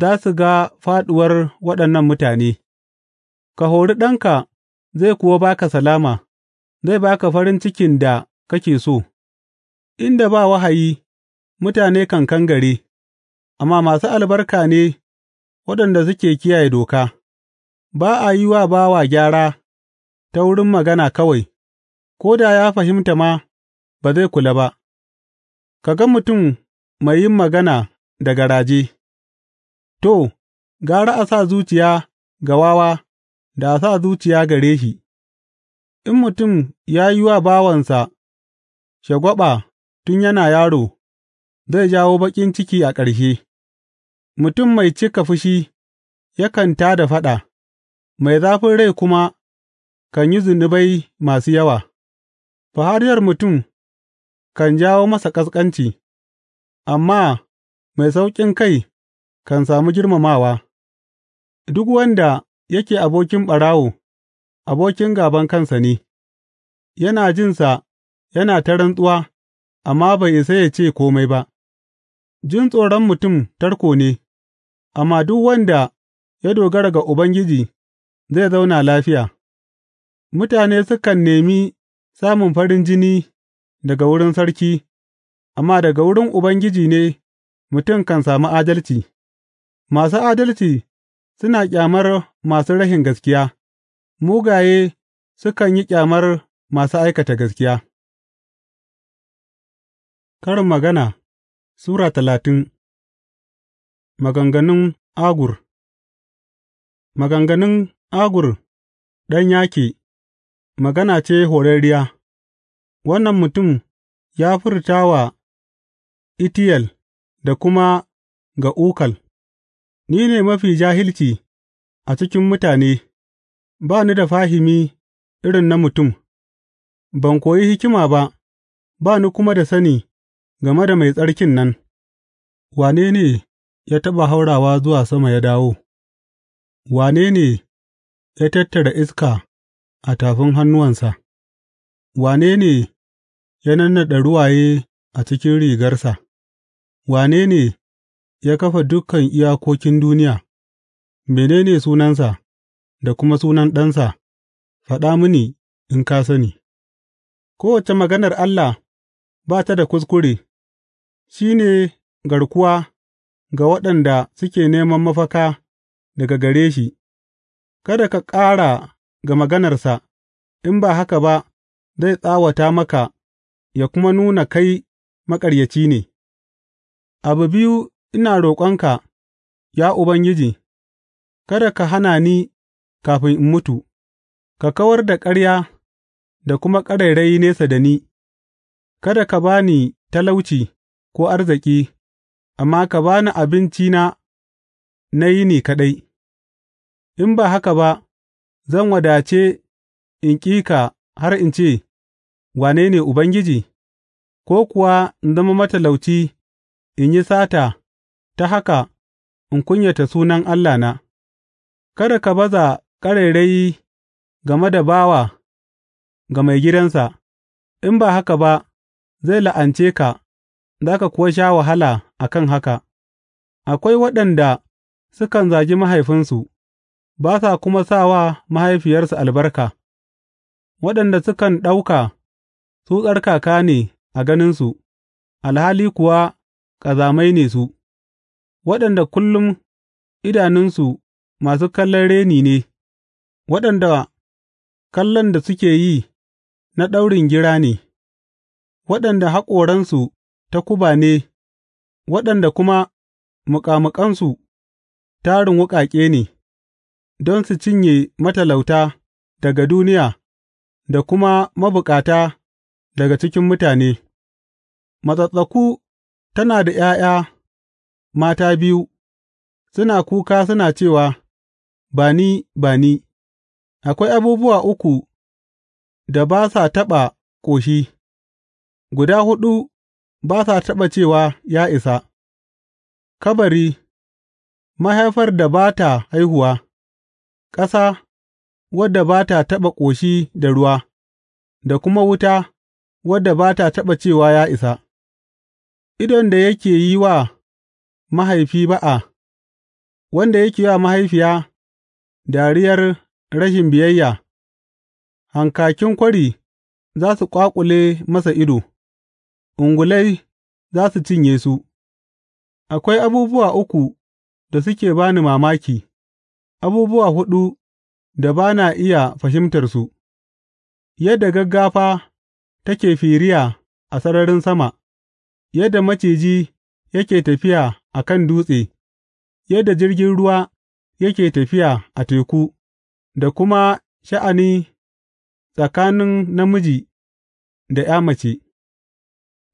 za su ga faɗuwar waɗannan mutane; ka hori ɗanka zai kuwa ba ka salama, zai ba ka farin cikin da kake so, inda ba wahayi mutane kan kangare. Amma masu albarka ne waɗanda suke kiyaye doka; ba a yi wa bawa gyara ta wurin magana kawai, ko da ya fahimta ma, ba zai kula ba, ka ga mutum mai yin magana da garaje, to, gara a sa zuciya ga wawa da a sa zuciya gare shi, in mutum ya yi wa bawansa shagwaɓa tun yana yaro, zai jawo baƙin ciki a ƙarshe. Mutum mai cika fushi yakan tā da faɗa, mai zafin rai kuma kan yi zunubai masu yawa; fahariyar mutum kan jawo masa ƙasƙanci, amma mai sauƙin kai kan sami girmamawa; duk wanda yake abokin ɓarawo, abokin gaban kansa ne, yana jinsa yana ta rantsuwa amma bai isa ya ce kome ba; jin tsoron mutum tarko ne. Amma duk wanda ya dogara ga Ubangiji zai zauna lafiya; mutane sukan nemi samun farin jini daga wurin sarki, amma daga wurin Ubangiji ne mutum kan sami adalci; masu adalci suna ƙyamar masu rahin gaskiya, mugaye sukan yi ƙyamar masu aikata gaskiya. Karin magana Sura talatin Maganganun Agur Maganganun Agur ɗan yaƙi, magana ce horarriya; wannan mutum ya furta wa Itiyel da kuma ga Ukal, Ni ne mafi jahilci a cikin mutane, ba ni da fahimi irin na mutum; ban koyi hikima ba, ba ni kuma da sani game da Mai Tsarkin nan, wane ne. ya taɓa haurawa zuwa sama ya dawo, wane ne ya tattara iska a tafin hannuwansa, wane ne ya nannaɗa ruwaye a cikin rigarsa, wane ne ya kafa dukan iyakokin duniya, mene ne sunansa da kuma sunan ɗansa, faɗa mini in ka sani. Kowace maganar Allah ba ta da kuskure; shi ne garkuwa. ga waɗanda suke neman mafaka daga gare shi; kada ka ƙara ga maganarsa, in ba haka ba zai tsawata maka ya kuma nuna kai maƙaryaci ne. Abu biyu ina roƙonka, ya Ubangiji, kada ka hana ni kafin in mutu; ka kawar da ƙarya da kuma ƙarairayi nesa da ni; kada ka ba ni talauci ko arziki. amma ka ba ni abincina na yini kaɗai, in ba haka ba zan wadace in ƙi ka har in ce, Wane ne Ubangiji?’ ko kuwa in zama matalauci in yi sata ta haka in kunyata sunan Allahna, kada ka baza ƙarairayi game da bawa ga mai gidansa, in ba haka ba zai la'ance ka za ka kuwa sha wahala a kan haka, akwai waɗanda sukan zagi mahaifinsu, ba sa kuma sa wa mahaifiyarsu albarka, waɗanda sukan ɗauka su tsarkaka ne a ganinsu, alhali kuwa ƙazamai ne su, waɗanda kullum idanunsu masu kallon reni ne, waɗanda kallon da suke yi na ɗaurin gira ne, waɗanda haƙoransu takuba ne, waɗanda kuma muƙamuƙansu tarin wuƙaƙe ne, don su cinye matalauta daga duniya da kuma mabukata daga cikin mutane, matsattsaku tana da ’ya'ya mata biyu, suna kuka suna cewa, Ba ni, ba ni, akwai abubuwa uku da ba sa taɓa ƙoshi, guda huɗu ba sa taɓa cewa, Ya isa, kabari, mahaifar da ba ta haihuwa, ƙasa wadda ba ta taɓa ƙoshi da ruwa, da kuma wuta wadda ba ta taɓa cewa, Ya isa, idon da yake yi wa mahaifi ba'a, wanda yake wa mahaifiya dariyar rashin biyayya, hankakin kwari za su ƙwaƙule masa ido. ungulai za su cinye su Akwai abubuwa uku da suke ba ni mamaki, abubuwa huɗu da ba na iya fahimtarsu, yadda gaggafa take firiya a sararin sama, yadda maciji yake tafiya a kan dutse, yadda jirgin ruwa yake tafiya a teku, da kuma sha'ani tsakanin namiji da ’ya mace.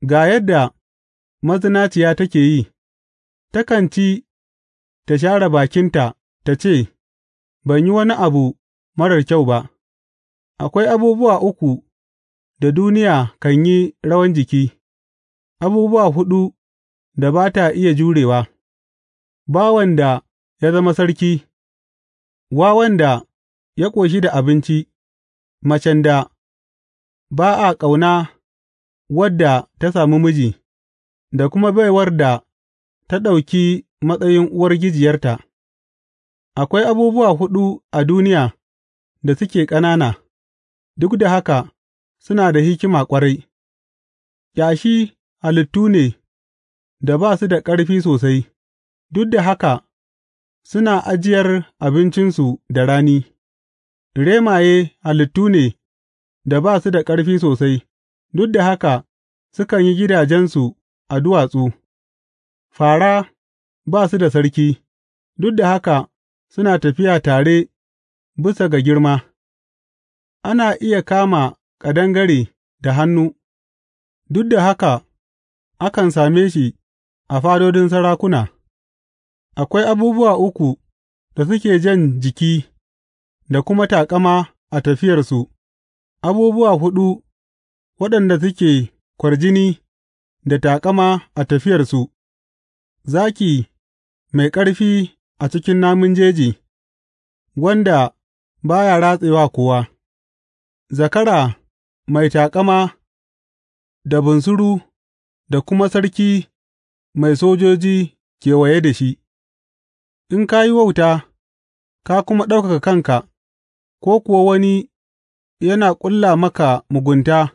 Ga yadda mazinaciya take yi, takan ci ta share bakinta ta ce, Ban yi wani abu marar kyau ba; akwai abubuwa uku da duniya kan yi rawan jiki, abubuwa huɗu da ba ta iya jurewa, bawan da ya zama sarki, wawan da ya ƙoshi da abinci, macen da ba a ƙauna. wadda ta sami miji, da kuma baiwar da ta ɗauki matsayin uwargijiyarta, akwai abubuwa huɗu a duniya da suke ƙanana, duk da haka suna da hikima ƙwarai, Yashi halittu ne da ba su da ƙarfi sosai, duk da haka suna ajiyar abincinsu da rani, remaye halittu ne da ba su da ƙarfi sosai. Duk da haka sukan yi gidajensu a duwatsu; fāra ba su da sarki, duk da haka suna tafiya tare bisa ga girma; ana iya kama ƙadangare da hannu, duk da haka akan same shi a fadodin sarakuna; akwai abubuwa uku da suke jan jiki da kuma taƙama a tafiyarsu, abubuwa huɗu. waɗanda suke kwarjini da taƙama a tafiyarsu, zaki mai ƙarfi a cikin namun jeji, wanda ba ya ratsewa kowa, zakara mai taƙama da bunsuru da kuma sarki mai sojoji kewaye da shi, in ka yi wauta ka kuma ɗaukaka kanka, ko kuwa wani yana ƙulla maka mugunta.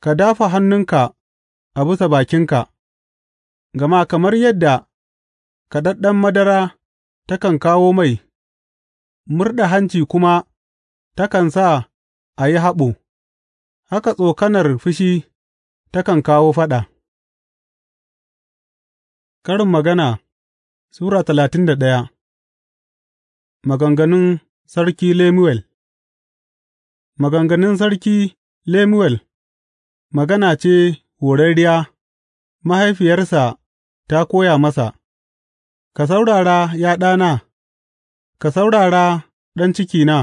Ka dāfa hannunka a bisa bakinka, gama kamar yadda kaɗaɗɗen madara takan kawo mai, murɗa hanci kuma takan sa a yi haɓo, haka tsokanar fushi takan kawo faɗa. Karin Magana Sura talatin da ɗaya. Maganganun Sarki lemuel Maganganun Sarki lemuel magana ce horarriya mahaifiyarsa ta koya masa, Ka saurara, ya ɗana, ka saurara, ɗan cikina,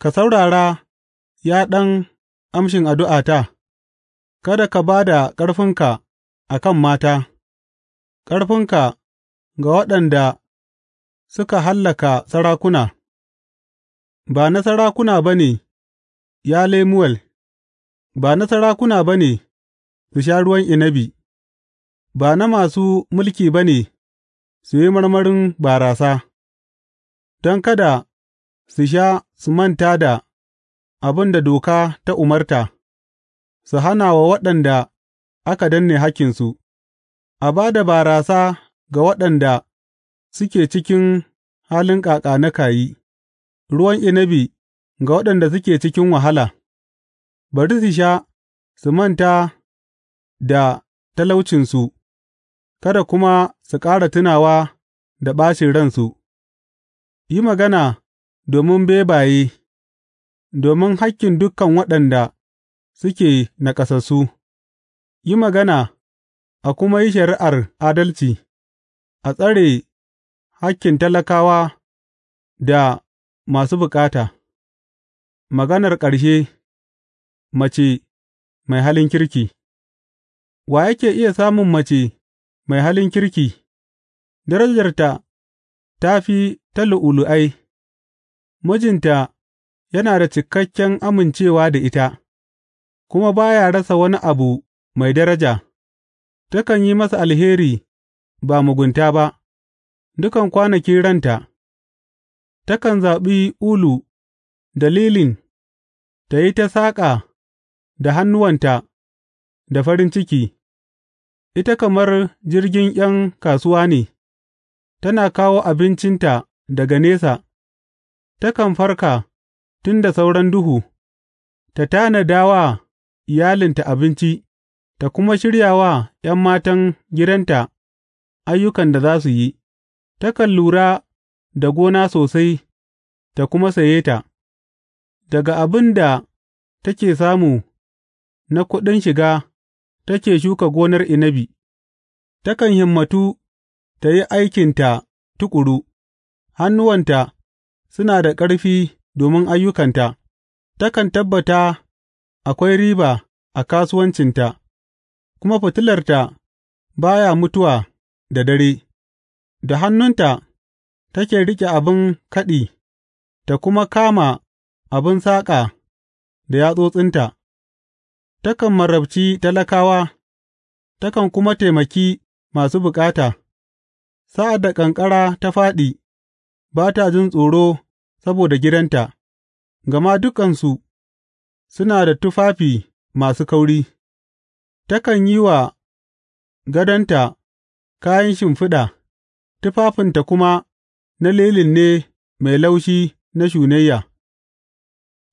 ka saurara, ya ɗan amshin addu'ata, kada ka ba da ƙarfinka a kan mata, ƙarfinka ga waɗanda suka hallaka sarakuna, ba na sarakuna ba ne, ya Lemuel. Ba na sarakuna ba ne su sha ruwan inabi, ba na masu mulki ba ne su yi marmarin barasa, don kada su sha su manta da abin da doka ta umarta, su hana wa waɗanda aka danne hakkinsu, a ba da barasa ga waɗanda suke cikin halin ƙaƙa na ka ruwan inabi ga waɗanda suke cikin wahala. Bari su sha su manta da talaucinsu kada kuma su ƙara tunawa da ɓacin ransu; yi magana domin bebaye, domin hakkin dukan waɗanda suke naƙasassu; yi magana a kuma yi shari'ar adalci, a tsare hakkin talakawa da masu bukata. Maganar ƙarshe. mace mai halin kirki Wa yake iya samun mace mai halin kirki, darajarta ta fi ta lu'ulu'ai, mijinta yana da cikakken amincewa da ita, kuma ba ya rasa wani abu mai daraja, takan yi masa alheri ba mugunta ba, dukan kwanakin ranta, takan zaɓi ulu da lilin, ta yi ta saƙa da hannuwanta da farin ciki, ita kamar jirgin ’yan kasuwa ne; tana kawo abincinta daga nesa, takan farka tun da sauran duhu, ta tanada wa iyalinta abinci ta kuma shirya wa ’yan matan gidanta ayyukan da za su yi; takan lura da gona sosai ta kuma saye ta daga abin da take samu. na kuɗin shiga take shuka gonar inabi, takan himmatu ta yi aikinta tuƙuru, hannuwanta suna da ƙarfi domin ayyukanta, takan tabbata akwai riba a kasuwancinta, kuma fitilarta ba ya mutuwa da dare, da hannunta take riƙe abin kaɗi ta kuma kama abin saƙa da yatsotsinta. takan marabci talakawa takan kuma taimaki masu bukata; sa'ad da ƙanƙara ta fāɗi, ba ta jin tsoro saboda gidanta, gama dukansu suna da tufafi masu kauri; takan yi wa gadonta kayan shimfiɗa, tufafinta kuma na lilin ne mai laushi na shunayya;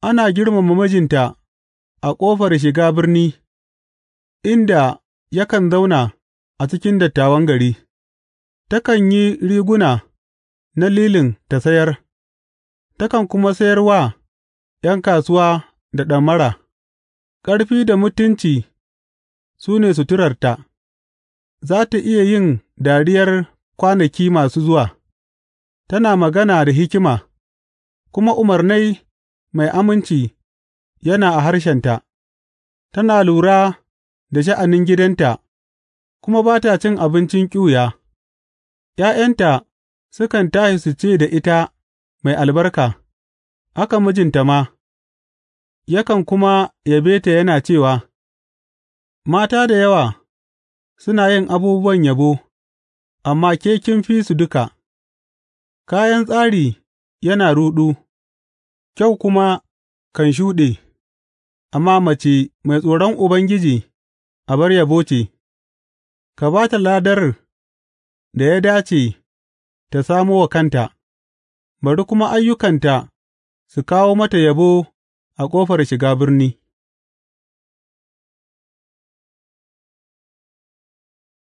ana girmama mijinta. a ƙofar shiga birni, inda yakan zauna a cikin dattawan gari; takan yi riguna na lilin ta sayar, takan kuma sayar wa ’yan kasuwa da ɗamara; ƙarfi da mutunci su ne suturarta, za ta iya yin dariyar kwanaki masu zuwa, tana magana da hikima, kuma umarnai mai aminci. yana a harshenta; tana lura da sha'anin gidanta kuma ba ta cin abincin ƙyuya; ’ya'yanta sukan tashi su ce da ita mai albarka, haka mijinta ma, yakan kuma yabe ta yana cewa, Mata da yawa suna yin abubuwan yabo, amma ke kin fi su duka; kayan tsari yana ruɗu, kyau kuma kan shuɗe. amma mace mai tsoron Ubangiji a bar yabo ce; ka ba ta ladar da ya dace ta samo wa kanta, bari kuma ayyukanta su kawo mata yabo a ƙofar shiga birni.